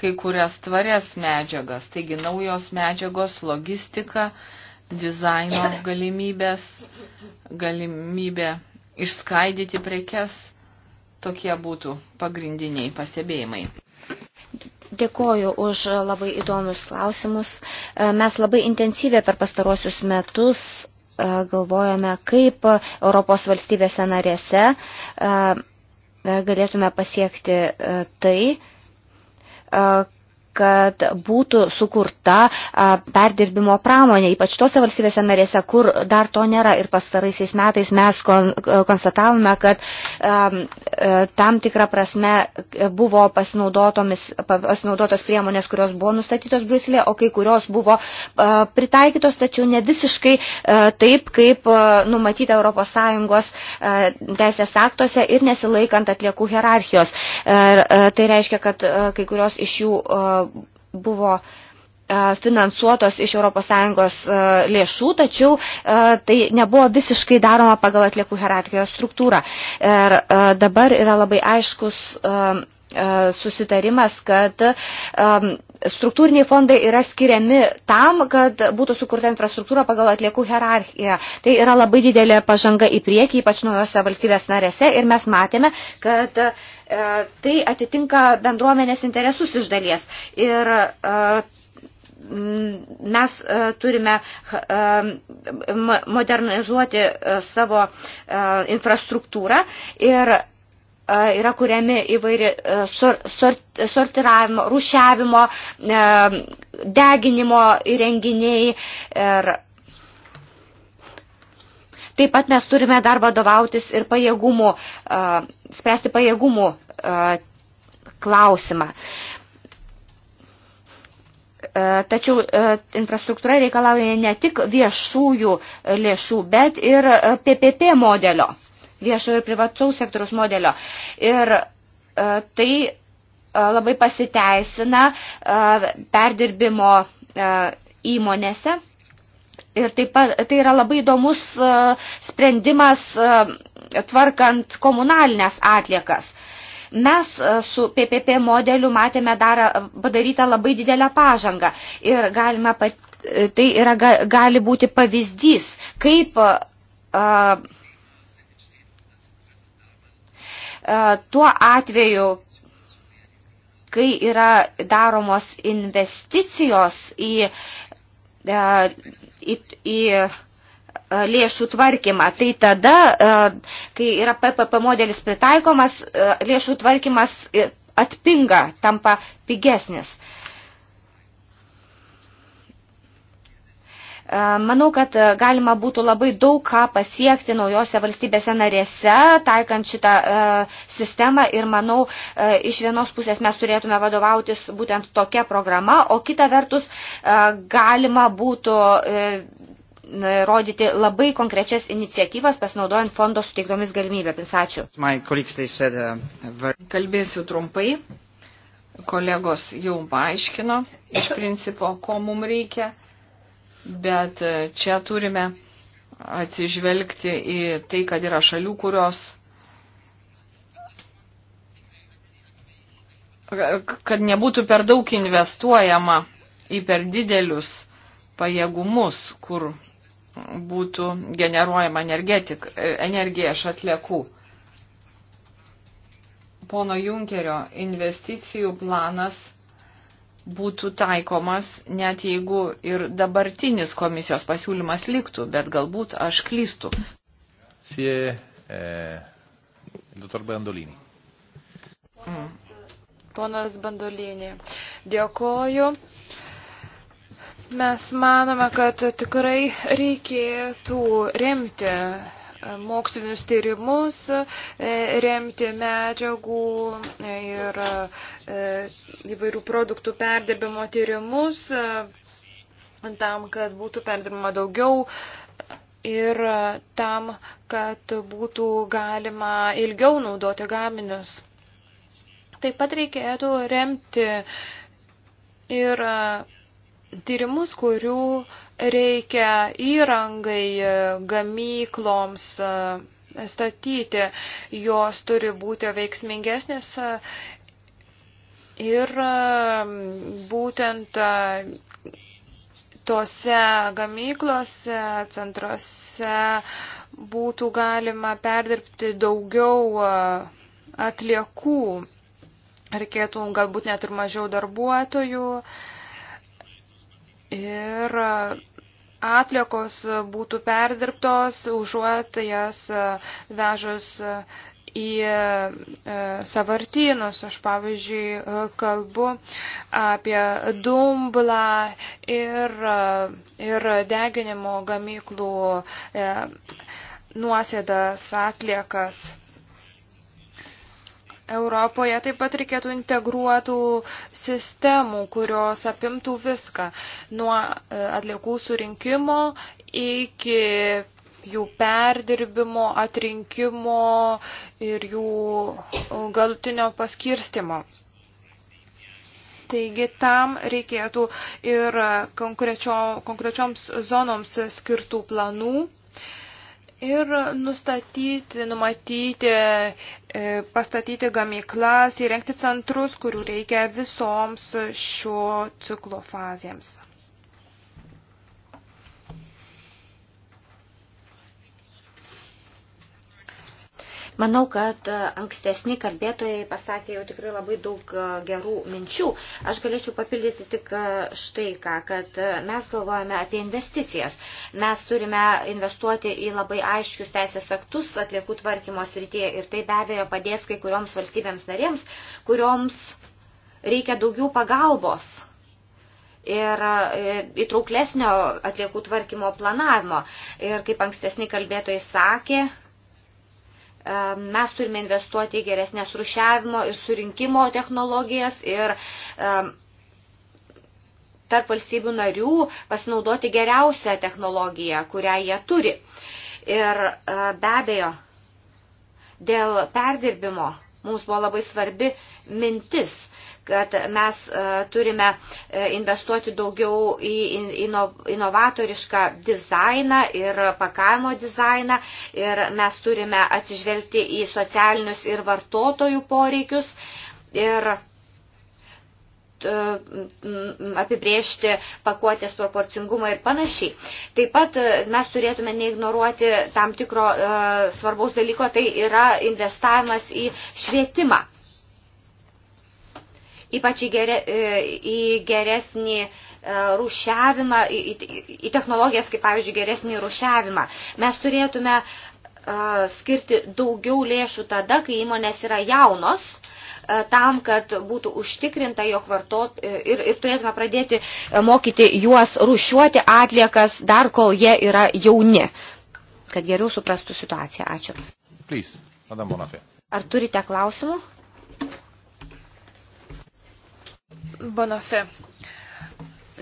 [SPEAKER 3] kai kurias tvarias medžiagas. Taigi naujos medžiagos, logistika, e, dizaino galimybės, galimybė išskaidyti prekes. Tokie būtų pagrindiniai pastebėjimai.
[SPEAKER 2] Dėkoju už labai įdomius klausimus. E, mes labai intensyviai per pastaruosius metus e, galvojame, kaip Europos valstybėse narėse e, galėtume pasiekti tai, kad būtų sukurta perdirbimo pramonė, ypač tose valstybėse narėse, kur dar to nėra. Ir pastaraisiais metais mes kon, konstatavome, kad tam tikrą prasme buvo pasinaudotos priemonės, kurios buvo nustatytos Bruselėje, o kai kurios buvo pritaikytos, tačiau ne visiškai taip, kaip numatyta ES teisės aktuose ir nesilaikant atliekų hierarchijos. Tai reiškia, kad kai kurios iš jų buvo e, finansuotos iš ES e, lėšų, tačiau e, tai nebuvo visiškai daroma pagal atliekų hierarchijos struktūrą. Ir dabar yra labai aiškus susitarimas, kad struktūriniai fondai yra skiriami tam, kad būtų sukurta infrastruktūra pagal atliekų hierarchiją. Tai yra labai didelė pažanga į priekį, ypač naujose valstybės narėse ir mes matėme, kad uh, E, tai atitinka bendruomenės interesus iš dalies. Ir e, mes e, turime modernizuoti savo infrastruktūrą ir yra kuriami įvairi sortiravimo, rušiavimo, deginimo įrenginiai ir Taip pat mes turime dar vadovautis ir pajėgumų, spręsti pajėgumų klausimą. Tačiau infrastruktūra reikalauja ne tik viešųjų lėšų, bet ir PPP modelio, viešojo ir privataus sektoriaus modelio. Ir tai labai pasiteisina perdirbimo įmonėse Ir taip pat tai yra labai įdomus e, sprendimas e, tvarkant komunalinės atliekas. Mes e, su PPP modeliu matėme dar padarytą labai didelę pažangą ir galime, tai yra, gali būti pavyzdys, kaip tuo atveju, kai yra daromos investicijos į uh, E, į, į e, lėšų tvarkymą. Tai tada, e, kai yra PPP modelis pritaikomas, lėšų tvarkymas atpinga, tampa pigesnis. E, manau, kad galima būtų labai daug ką pasiekti naujose valstybėse narėse, taikant šitą e, sistemą ir manau, e, iš vienos pusės mes turėtume vadovautis būtent tokia programa, o kita vertus galima būtų rodyti labai konkrečias iniciatyvas, pasinaudojant fondo suteiktomis galimybėmis. Ačiū.
[SPEAKER 3] Uh,
[SPEAKER 2] Kalbėsiu trumpai. Kolegos jau
[SPEAKER 3] paaiškino iš principo, ko mums reikia bet e, čia turime atsižvelgti į tai, kad yra šalių, kurios kad nebūtų per daug investuojama į per didelius pajėgumus, kur būtų generuojama energija iš atliekų. Pono Junkerio investicijų planas būtų taikomas, net jeigu ir dabartinis komisijos pasiūlymas liktų, bet galbūt aš klystu. Sie, eh, Dr. Bandolini. Mm.
[SPEAKER 1] Ponas Bandolini, dėkoju. Mes manome, kad tikrai reikėtų remti E, mokslinius tyrimus, e, remti medžiagų e, ir įvairių produktų perdirbimo tyrimus tam, kad būtų perdirbama daugiau ir tam, kad būtų galima ilgiau naudoti gaminius. Taip pat reikėtų remti ir tyrimus, kurių reikia įrangai e, gamykloms e, statyti, jos turi būti veiksmingesnės e, ir būtent tose gamyklose, centruose būtų galima perdirbti daugiau atliekų. Reikėtų galbūt net ir mažiau darbuotojų. Uh, ir atliekos būtų perdirbtos, užuot jas e, vežus į e, savartynus. Aš pavyzdžiui e, kalbu apie dumblą ir, ir deginimo gamyklų nuosėdas atliekas. Europoje taip pat reikėtų integruotų sistemų, kurios apimtų viską, nuo e, atliekų surinkimo iki jų perdirbimo, atrinkimo ir jų galutinio paskirstimo. Taigi tam reikėtų ir konkrečio, konkrečioms zonoms skirtų planų ir nustatyti, numatyti, e, pastatyti gamyklas, įrengti centrus, kurių reikia visoms šio ciklo fazėms.
[SPEAKER 2] Manau, kad e, ankstesni kalbėtojai pasakė jau tikrai labai daug e, gerų minčių. Aš galėčiau papildyti tik e, štai ką, kad mes galvojame apie investicijas. Mes turime investuoti į labai aiškius teisės aktus atliekų tvarkymo srityje ir tai be abejo padės kai kurioms valstybėms narėms, kurioms reikia daugiau pagalbos ir įtrauklesnio atliekų tvarkymo planavimo. Ir kaip ankstesni kalbėtojai sakė, mes turime investuoti į geresnės rušiavimo ir surinkimo technologijas ir tarp valstybių narių pasinaudoti geriausią technologiją, kurią jie turi. Ir e, be abejo, dėl perdirbimo mums buvo labai svarbi mintis kad mes e, turime e, investuoti daugiau į inovatorišką dizainą ir pakavimo dizainą ir mes turime atsižvelgti į socialinius ir vartotojų poreikius. Ir e, apibriežti pakuotės proporcingumą ir panašiai. Taip pat mes turėtume neignoruoti tam tikro svarbaus dalyko, tai yra investavimas į švietimą ypač į, gerė, e, į geresnį e, rušiavimą, į, į, į technologijas, kaip pavyzdžiui, geresnį rušiavimą. Mes turėtume e, skirti daugiau lėšų tada, kai įmonės yra jaunos tam, kad būtų užtikrinta, jog vartot ir, ir turėtume pradėti mokyti juos rušiuoti atliekas dar kol jie yra jauni, kad geriau suprastų situaciją. Ačiū.
[SPEAKER 1] Please, Madame Bonafé. Ar turite klausimų? Bonafe.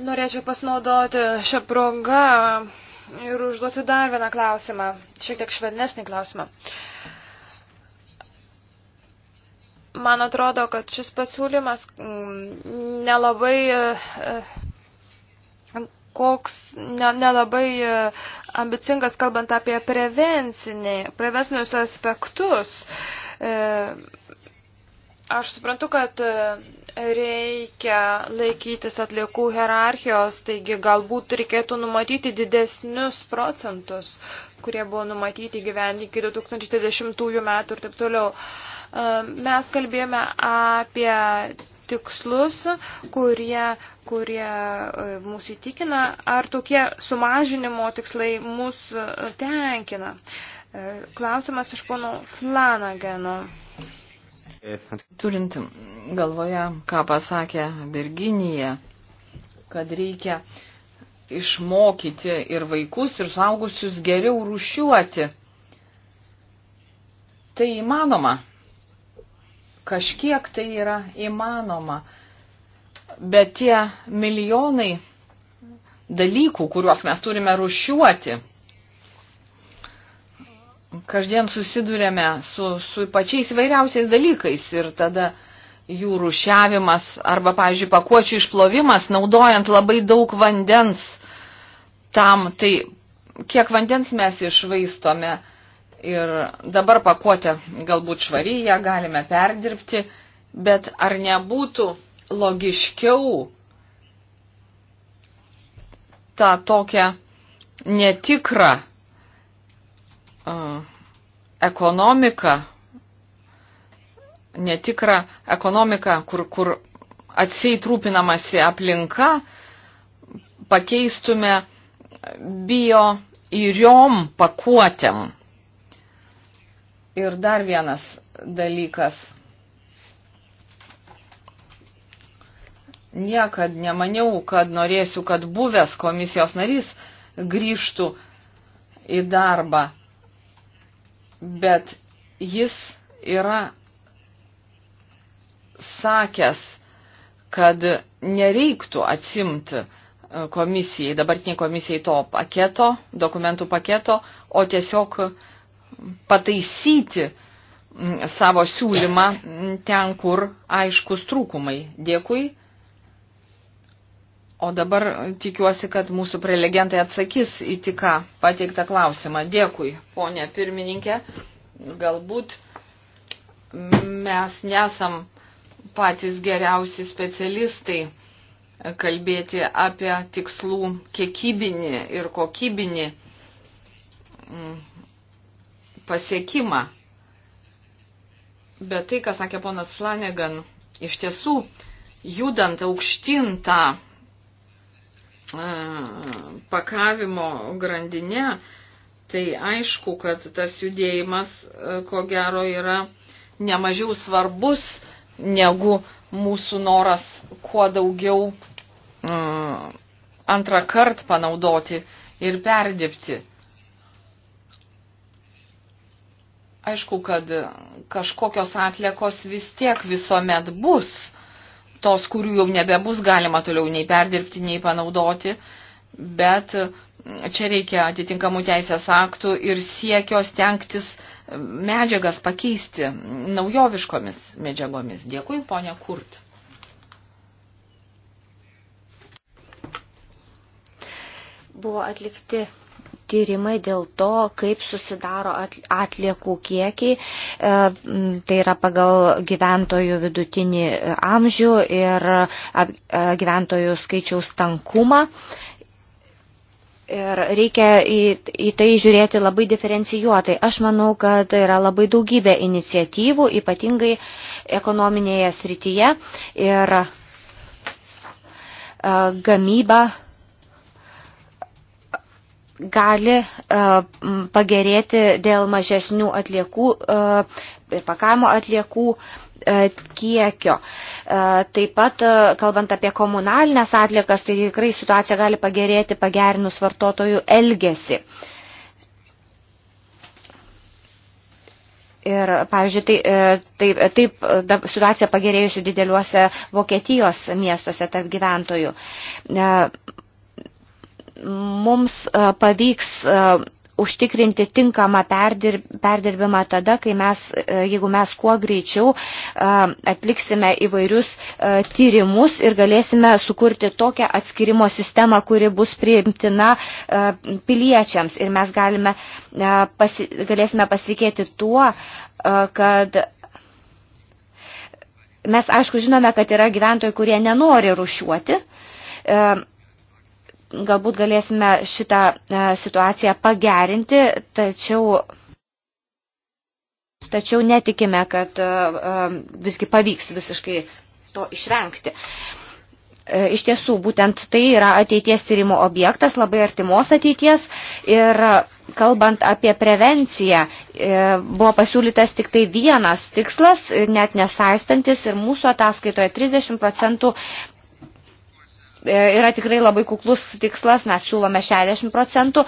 [SPEAKER 1] Norėčiau pasinaudoti šią progą ir užduoti dar vieną klausimą, šiek tiek švelnesnį klausimą. Man atrodo, kad šis pasiūlymas mm, nelabai e, koks ne, nelabai e, ambicingas, kalbant apie prevencinius aspektus. E, Aš suprantu, kad e, reikia laikytis atliekų hierarchijos, taigi galbūt reikėtų numatyti didesnius procentus, kurie buvo numatyti gyventi iki 2020 metų ir taip toliau. E, mes kalbėjome apie tikslus, kurie, kurie e, mūsų įtikina, ar tokie sumažinimo tikslai mūsų tenkina. Klausimas iš pono Flanageno.
[SPEAKER 3] Turint galvoje, ką pasakė Virginija, kad reikia išmokyti ir vaikus, ir saugusius geriau rušiuoti, tai įmanoma. Kažkiek tai yra įmanoma. Bet tie milijonai dalykų, kuriuos mes turime rušiuoti, kasdien susidurėme su, su pačiais vairiausiais dalykais ir tada jų rušiavimas arba, pavyzdžiui, pakuočių išplovimas, naudojant labai daug vandens tam, tai kiek vandens mes išvaistome ir dabar pakuotę galbūt švariai ją galime perdirbti, bet ar nebūtų logiškiau tą tokią netikrą ekonomiką, netikrą ekonomiką, kur, kur atsiai trūpinamasi aplinka, pakeistume bio įriom pakuotėm. Ir dar vienas dalykas. Niekad nemaniau, kad norėsiu, kad buvęs komisijos narys grįžtų į darbą bet jis yra sakęs, kad nereiktų atsimti e, komisijai, dabartiniai komisijai to paketo, dokumentų paketo, o tiesiog pataisyti savo siūlymą ten, kur aiškus trūkumai. Dėkui. O dabar tikiuosi, kad mūsų prelegentai atsakys į tik ką pateiktą klausimą. Dėkui, ponė pirmininkė. Galbūt mes nesam patys geriausi specialistai kalbėti apie tikslų kiekybinį ir kokybinį mm, pasiekimą. Bet tai, ką sakė ponas Flanagan, iš tiesų, judant aukštintą pakavimo grandinė, tai aišku, kad tas judėjimas ko gero yra nemažiau svarbus negu mūsų noras kuo daugiau antrą kartą panaudoti ir perdirbti. Aišku, kad kažkokios atliekos vis tiek visuomet bus tos, kurių jau nebebus galima toliau nei perdirbti, nei panaudoti, bet mm, čia reikia atitinkamų teisės aktų ir siekio stengtis mm, medžiagas pakeisti naujoviškomis medžiagomis. Dėkui, ponia Kurt.
[SPEAKER 2] Buvo atlikti tyrimai dėl to, kaip susidaro atliekų kiekiai. E, tai yra pagal gyventojų vidutinį amžių ir gyventojų skaičiaus tankumą. Ir reikia į, į tai žiūrėti labai diferencijuotai. Aš manau, kad yra labai daugybė iniciatyvų, ypatingai ekonominėje srityje. Ir e, gamyba gali e, pagerėti dėl mažesnių atliekų e, ir pakavimo atliekų e, kiekio. Taip pat, kalbant apie komunalinės atliekas, tai tikrai situacija gali pagerėti pagerinus vartotojų elgesį. Ir, pavyzdžiui, tai, taip, taip, taip situacija pagerėjusi dideliuose Vokietijos miestuose tarp gyventojų mums e, pavyks e, užtikrinti tinkamą perdirbimą tada, kai mes, e, jeigu mes kuo greičiau atliksime įvairius tyrimus ir galėsime sukurti tokią atskirimo sistemą, kuri bus priimtina piliečiams. Ir mes galime, pasi, galėsime pasitikėti tuo, kad mes aišku žinome, kad yra gyventojai, kurie nenori rušiuoti galbūt galėsime šitą e, situaciją pagerinti, tačiau, tačiau netikime, kad e, e, visgi pavyks visiškai to išvengti. Iš tiesų, būtent tai yra ateities tyrimo objektas, labai artimos ateities ir kalbant apie prevenciją, buvo pasiūlytas tik tai vienas tikslas, net nesaistantis ir mūsų ataskaitoje 30 procentų E, yra tikrai labai kuklus tikslas, mes siūlome 60 procentų.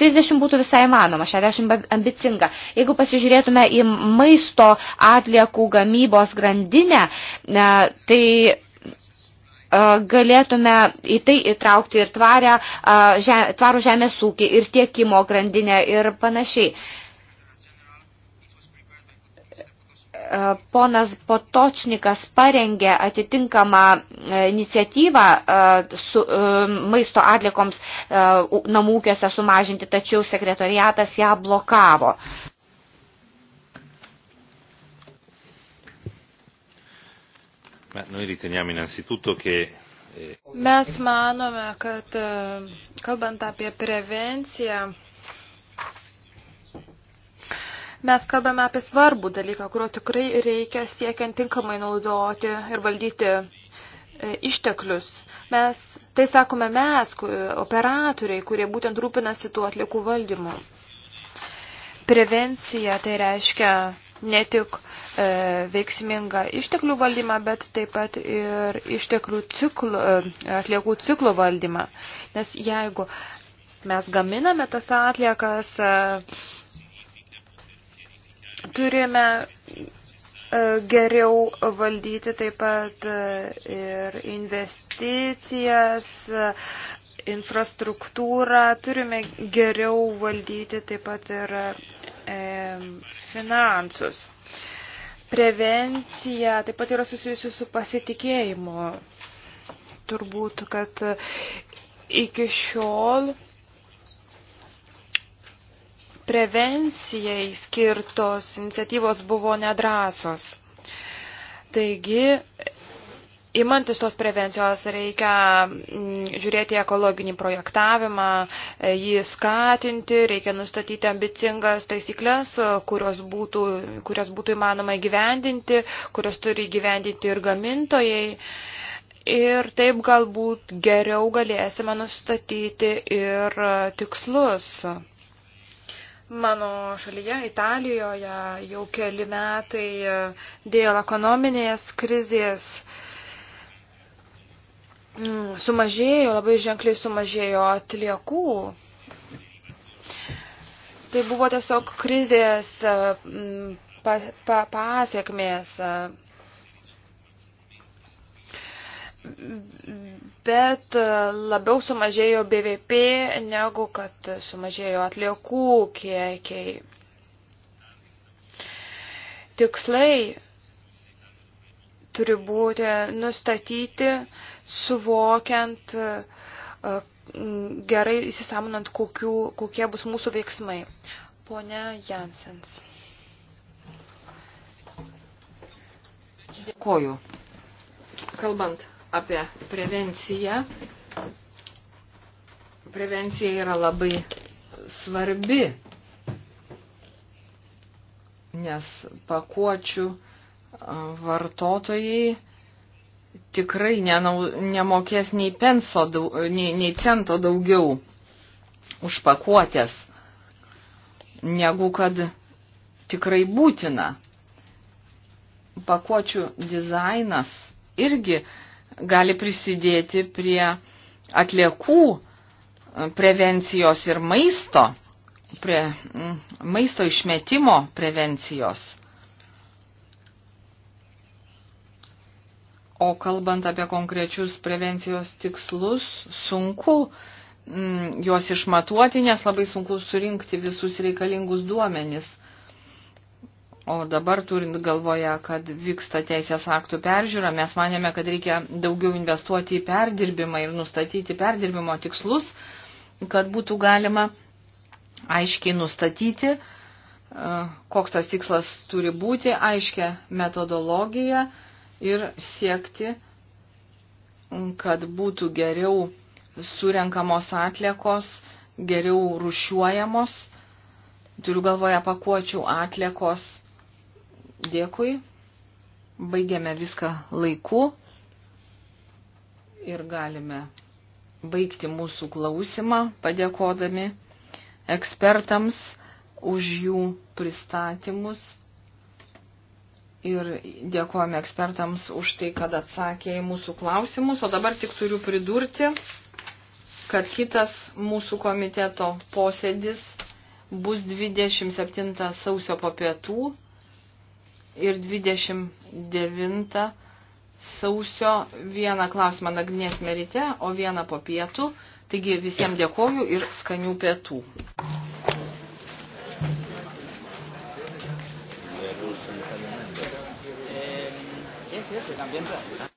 [SPEAKER 2] 30 e, būtų visai manoma, 60 ambicinga. Jeigu pasižiūrėtume į maisto atliekų gamybos grandinę, e, tai galėtume į tai įtraukti ir tvarę, tvarų žemės ūkį, ir tiekimo grandinę ir panašiai. E, ponas Potočnikas parengė atitinkamą e, iniciatyvą e, su maisto atlikoms namūkiuose sumažinti, tačiau sekretoriatas ją blokavo. Eh, Mes
[SPEAKER 1] manome, kad kalbant apie prevenciją, Mes kalbame apie svarbų dalyką, kurio tikrai reikia siekiant tinkamai naudoti ir valdyti e, išteklius. Mes, tai sakome mes, operatoriai, kurie būtent rūpinasi tuo atliekų valdymu. Prevencija tai reiškia ne tik e, veiksmingą išteklių valdymą, bet taip pat ir išteklių ciklo, e, atliekų ciklo valdymą. Nes jeigu mes gaminame tas atliekas, e, Turime e, geriau valdyti taip pat e, ir investicijas, infrastruktūrą, turime geriau valdyti taip pat ir e, finansus. Prevencija taip pat yra susijusi su pasitikėjimu. Turbūt, kad iki šiol prevencijai skirtos iniciatyvos buvo nedrasos. Taigi, Įmantis tos prevencijos reikia mm, žiūrėti ekologinį projektavimą, e, jį skatinti, reikia nustatyti ambicingas taisyklės, kurios būtų, kurios būtų įmanoma įgyvendinti, kurios turi įgyvendinti ir gamintojai. Ir taip galbūt geriau galėsime nustatyti ir tikslus Mano šalyje, Italijoje, jau keli metai e, dėl ekonominės krizės mm, sumažėjo, labai ženkliai sumažėjo atliekų. Tai buvo tiesiog krizės e, pa, pa, pasiekmės. Pa e, bet labiau sumažėjo BVP negu kad sumažėjo atliekų kiekiai. Tikslai turi būti nustatyti, suvokiant, gerai įsisamonant, kokiu, kokie bus mūsų veiksmai. Pone Jansens.
[SPEAKER 3] Dėkoju. Kalbant apie prevenciją. Prevencija yra labai svarbi, nes pakuočių vartotojai tikrai nenau, nemokės nei, penso, nei, nei cento daugiau už pakuotės, negu kad tikrai būtina. Pakuočių dizainas irgi uh, gali prisidėti prie atliekų e, prevencijos ir maisto, prie maisto išmetimo prevencijos. O kalbant apie konkrečius prevencijos tikslus, sunku mm, juos išmatuoti, nes labai sunku surinkti visus reikalingus duomenis. O dabar turint galvoje, kad vyksta teisės aktų peržiūra, mes manėme, kad reikia daugiau investuoti į perdirbimą ir nustatyti perdirbimo tikslus, kad būtų galima aiškiai nustatyti, e, koks tas tikslas turi būti, aiškia metodologija ir siekti, kad būtų geriau surenkamos atliekos, geriau rušiuojamos, turiu galvoje pakuočių atliekos Dėkui. Baigėme viską laiku ir galime baigti mūsų klausimą, padėkodami ekspertams už jų pristatymus. Ir dėkojame ekspertams už tai, kad atsakė į mūsų klausimus. O dabar tik turiu pridurti, kad kitas mūsų komiteto posėdis bus 27 sausio po pietų ir 29 sausio vieną klausimą nagrinėsime ryte, o vieną po pietų. Taigi visiems dėkoju ir skanių pietų. Eh, yes, yes, el ambiente.